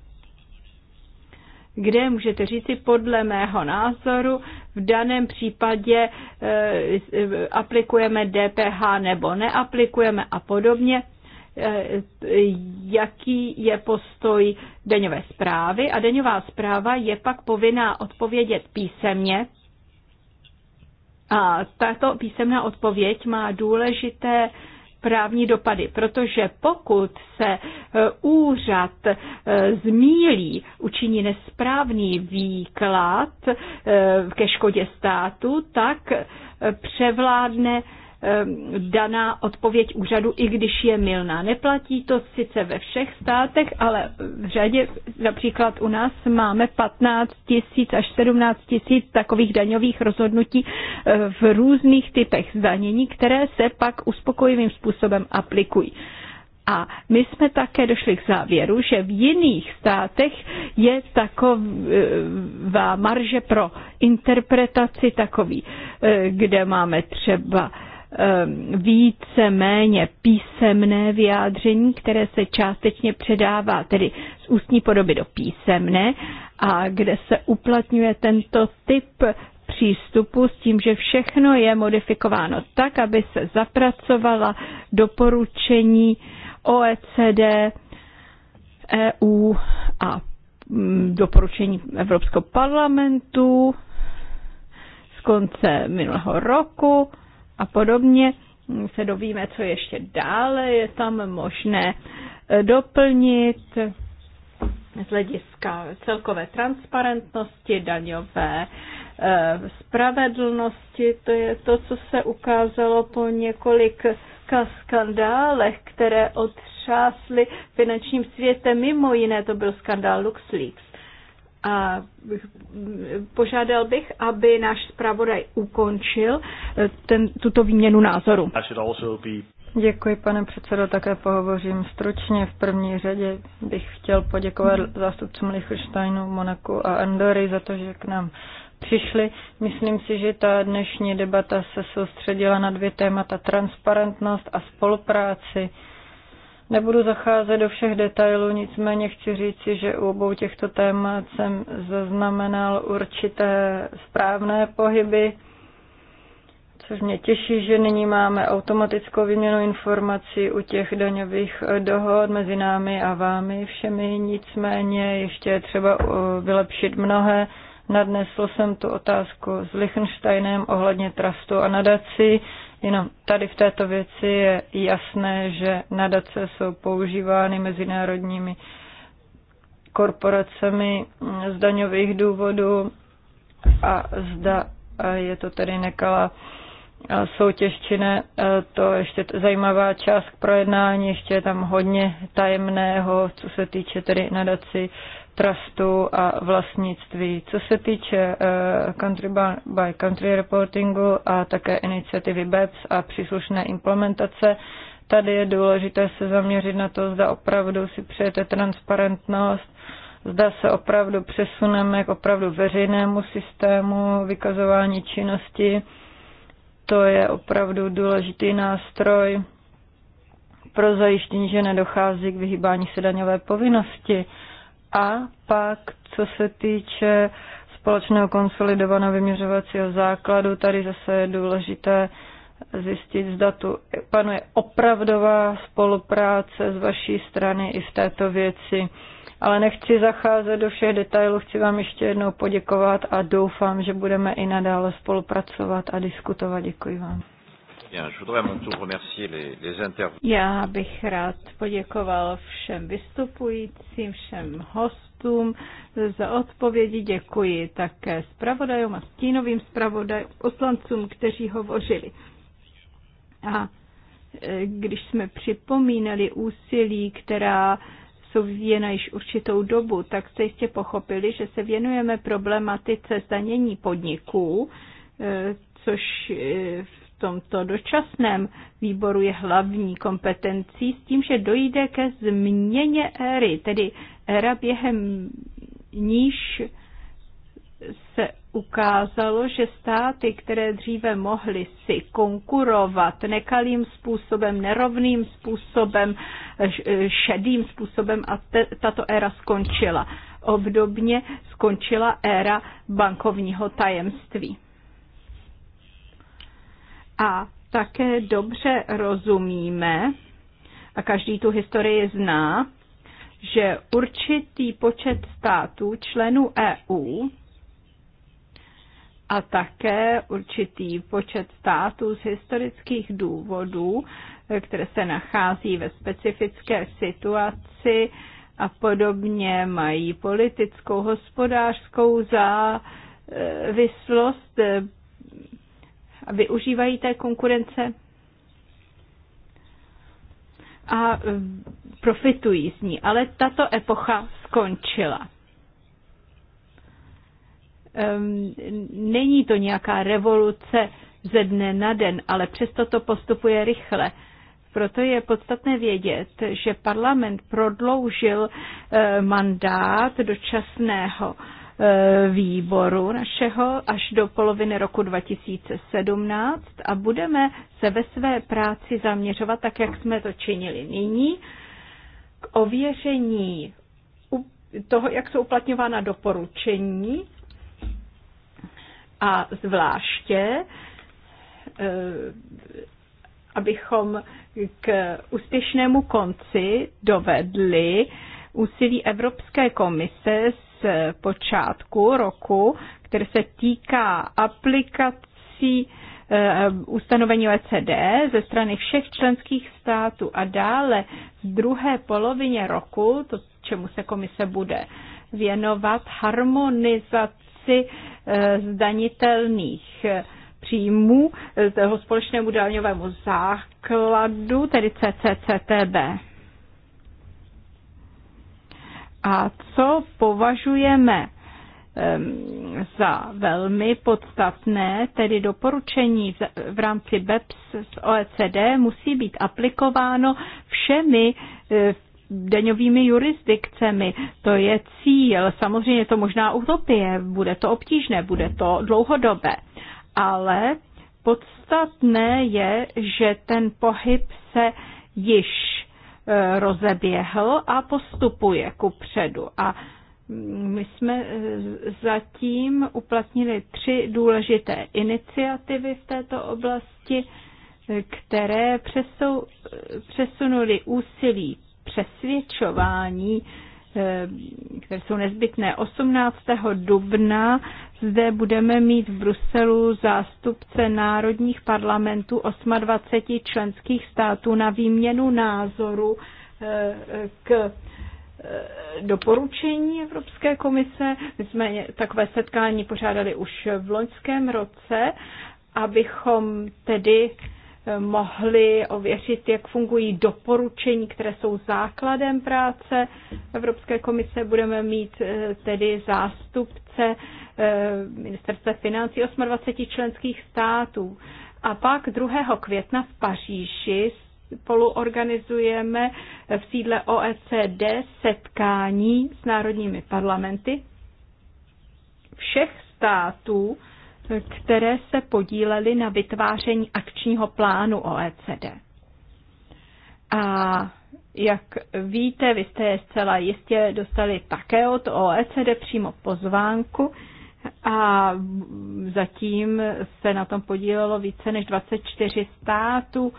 kde můžete říci, podle mého názoru, v daném případě e, e aplikujeme DPH nebo neaplikujeme a podobně, e, jaký je postoj daňové zprávy a daňová zpráva je pak povinná odpovědět písemně a tato písemná odpověď má důležité právní dopady, protože pokud se e, úřad e, zmílí, učiní nesprávný výklad e, ke škodě státu, tak převládne Ehm, daná odpověď úřadu, i když je milná. Neplatí to sice ve všech státech, ale v řadě, například u nás, máme 15 tisíc až 17 tisíc takových daňových rozhodnutí ehm, v různých typech zdanění, které se pak uspokojivým způsobem aplikují. A my jsme také došli k závěru, že v jiných státech je taková marže pro interpretaci takový, ehm, kde máme třeba Eh, více méně písemné vyjádření, které se částečně předává tedy z ústní podoby do písemné a kde se uplatňuje tento typ přístupu s tím, že všechno je modifikováno tak, aby se zapracovala doporučení OECD, EU a mm, doporučení Evropského parlamentu z konce minulého roku a podobně se dovíme, co ještě dále je tam možné eh, doplnit z hlediska celkové transparentnosti, daňové eh, spravedlnosti. To je to, co se ukázalo po několika skandálech, které otřásly finančním světem. Mimo jiné to byl skandál LuxLeaks požádal bych, aby náš zpravodaj ukončil eh,
ten, tuto výměnu názoru. Děkuji, pane předsedo, také pohovořím stručně. V první řadě bych chtěl poděkovat zástupcům Liechtensteinu, Monaku a Andory za to, že k nám přišli. Myslím si, že ta dnešní debata se soustředila na dvě témata transparentnost a spolupráci. Nebudu zacházet do všech detailů, nicméně chci říci, že u obou těchto témat jsem zaznamenal určité správné pohyby, což mě těší, že nyní máme automatickou výměnu informací u těch daňových dohod mezi námi a vámi všemi, nicméně ještě je třeba uh, vylepšit mnohé. Nadnesl jsem tu otázku s Lichtensteinem ohledně trustu a nadací. Jenom tady v této věci je jasné, že nadace jsou používány mezinárodními korporacemi z daňových důvodů a zda je to tedy nekalá soutěž či ne, to ještě zajímavá část k projednání, ještě je tam hodně tajemného, co se týče tedy nadaci trustu a vlastnictví. Co se týče eh, country by country reportingu a také iniciativy BEPS a příslušné implementace, tady je důležité se zaměřit na to, zda opravdu si přejete transparentnost, zda se opravdu přesuneme k opravdu veřejnému systému vykazování činnosti. To je opravdu důležitý nástroj pro zajištění, že nedochází k vyhýbání se daňové povinnosti. A pak, co se týče společného konsolidovaného vyměřovacího základu, tady zase je důležité zjistit, zda tu panuje opravdová spolupráce z vaší strany i v této věci. Ale nechci zacházet do všech detailů, chci vám ještě jednou poděkovat a doufám, že budeme i nadále spolupracovat a diskutovat. Děkuji vám. Já bych rád
poděkoval všem vystupujícím, všem hostům za odpovědi. Děkuji také zpravodajům a stínovým zpravodajům, poslancům, kteří hovořili. A e, když jsme připomínali úsilí, která jsou vyvíjena již určitou dobu, tak jste jistě pochopili, že se věnujeme problematice zdanění podniků, e, což v e, tomto dočasném výboru je hlavní kompetencí s tím, že dojde ke změně éry, tedy éra během níž se ukázalo, že státy, které dříve mohly si konkurovat nekalým způsobem, nerovným způsobem, šedým způsobem a te, tato éra skončila. Obdobně skončila éra bankovního tajemství a také dobře rozumíme, a každý tu historii zná, že určitý počet států členů EU a také určitý počet států z historických důvodů, které se nachází ve specifické situaci a podobně, mají politickou, hospodářskou závislost, a využívají té konkurence a e, profitují z ní. Ale tato epocha skončila. Není to nějaká revoluce ze dne na den, ale přesto to postupuje rychle. Proto je podstatné vědět, že parlament prodloužil e, mandát dočasného E, výboru našeho až do poloviny roku 2017 a budeme se ve své práci zaměřovat, tak jak jsme to činili nyní, k ověření toho, jak jsou uplatňována doporučení a zvláště e, abychom k úspěšnému konci dovedli úsilí Evropské komise z počátku roku, který se týká aplikací eh, ustanovení OECD ze strany všech členských států a dále v druhé polovině roku, to, čemu se komise bude věnovat, harmonizaci eh, zdanitelných eh, příjmů toho společnému daňovému základu, tedy CCCTB a co považujeme za velmi podstatné, tedy doporučení v rámci BEPS z OECD musí být aplikováno všemi eh, daňovými jurisdikcemi. To je cíl. Samozřejmě je to možná utopie, bude to obtížné, bude to dlouhodobé. Ale podstatné je, že ten pohyb se již Eh, rozeběhl a postupuje ku předu. A my jsme eh, zatím uplatnili tři důležité iniciativy v této oblasti, eh, které přesunuly úsilí přesvědčování Eh, které jsou nezbytné. 18. dubna zde budeme mít v Bruselu zástupce národních parlamentů 28 členských států na výměnu názoru eh, k eh, doporučení Evropské komise. My jsme takové setkání pořádali už v loňském roce, abychom tedy mohli ověřit, jak fungují doporučení, které jsou základem práce Evropské komise. Budeme mít eh, tedy zástupce eh, ministerstva financí 28 členských států. A pak 2. května v Paříži spolu organizujeme v sídle OECD setkání s národními parlamenty všech států, které se podílely na vytváření akčního plánu OECD. A jak víte, vy jste je zcela jistě dostali také od OECD přímo pozvánku a zatím se na tom podílelo více než 24 států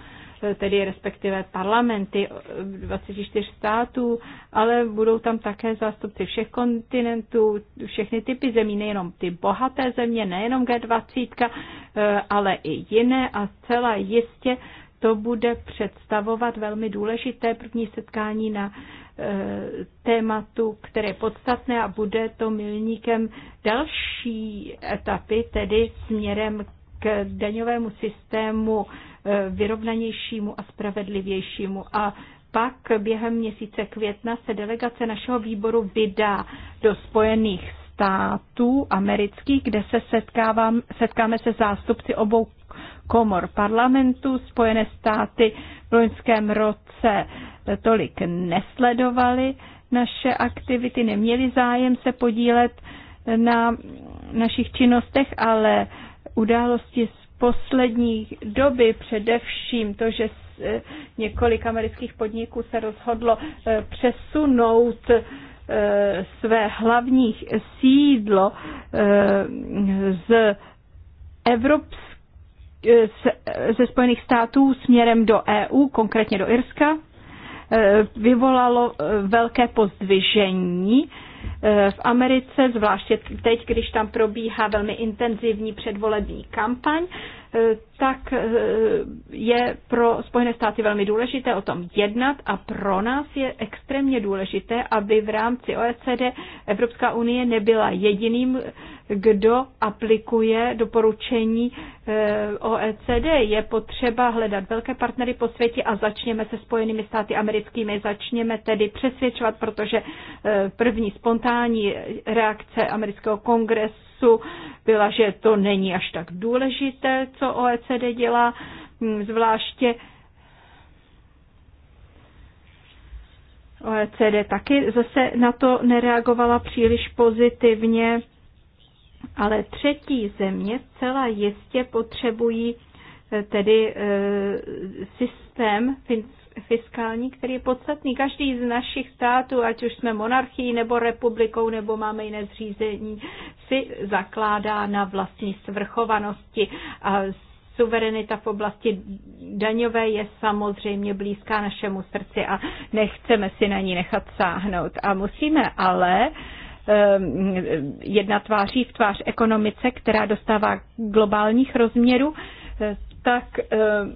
tedy respektive parlamenty eh, 24 států, ale budou tam také zástupci všech kontinentů, všechny typy zemí, nejenom ty bohaté země, nejenom G20, eh, ale i jiné a zcela jistě to bude představovat velmi důležité první setkání na eh, tématu, které je podstatné a bude to milníkem další etapy, tedy směrem k daňovému systému vyrovnanějšímu a spravedlivějšímu. A pak během měsíce května se delegace našeho výboru vydá do Spojených států amerických, kde se setkávám, setkáme se zástupci obou komor parlamentu. Spojené státy v loňském roce tolik nesledovali naše aktivity, neměli zájem se podílet na našich činnostech, ale události poslední doby především to, že e, několik amerických podniků se rozhodlo e, přesunout e, své hlavní sídlo z Evropské ze Spojených států směrem do EU, konkrétně do Irska, vyvolalo velké pozdvižení Eh, v Americe, zvláště teď, když tam probíhá velmi intenzivní předvolební kampaň. Eh, tak eh, je pro Spojené státy velmi důležité o tom jednat a pro nás je extrémně důležité, aby v rámci OECD Evropská unie nebyla jediným, kdo aplikuje doporučení eh, OECD. Je potřeba hledat velké partnery po světě a začněme se Spojenými státy americkými, začněme tedy přesvědčovat, protože první spontánní reakce amerického kongresu času byla, že to není až tak důležité, co OECD dělá, mm, zvláště OECD taky zase na to nereagovala příliš pozitivně, ale třetí země celá jistě potřebují eh, tedy eh, systém, fiskální, který je podstatný. Každý z našich států, ať už jsme monarchií nebo republikou, nebo máme jiné zřízení, si zakládá na vlastní svrchovanosti a suverenita v oblasti daňové je samozřejmě blízká našemu srdci a nechceme si na ní nechat sáhnout. A musíme ale ehm, jedna tváří v tvář ekonomice, která dostává globálních rozměrů, eh, tak ehm,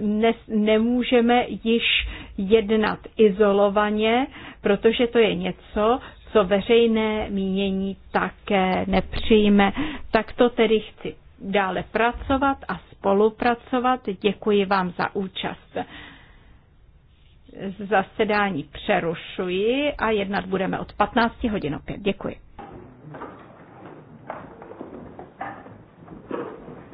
ne, nemůžeme již jednat izolovaně, protože to je něco, co veřejné mínění také nepřijme. Tak to tedy chci dále pracovat a spolupracovat. Děkuji vám za účast. Zasedání přerušuji a jednat budeme od 15 hodin opět. Děkuji.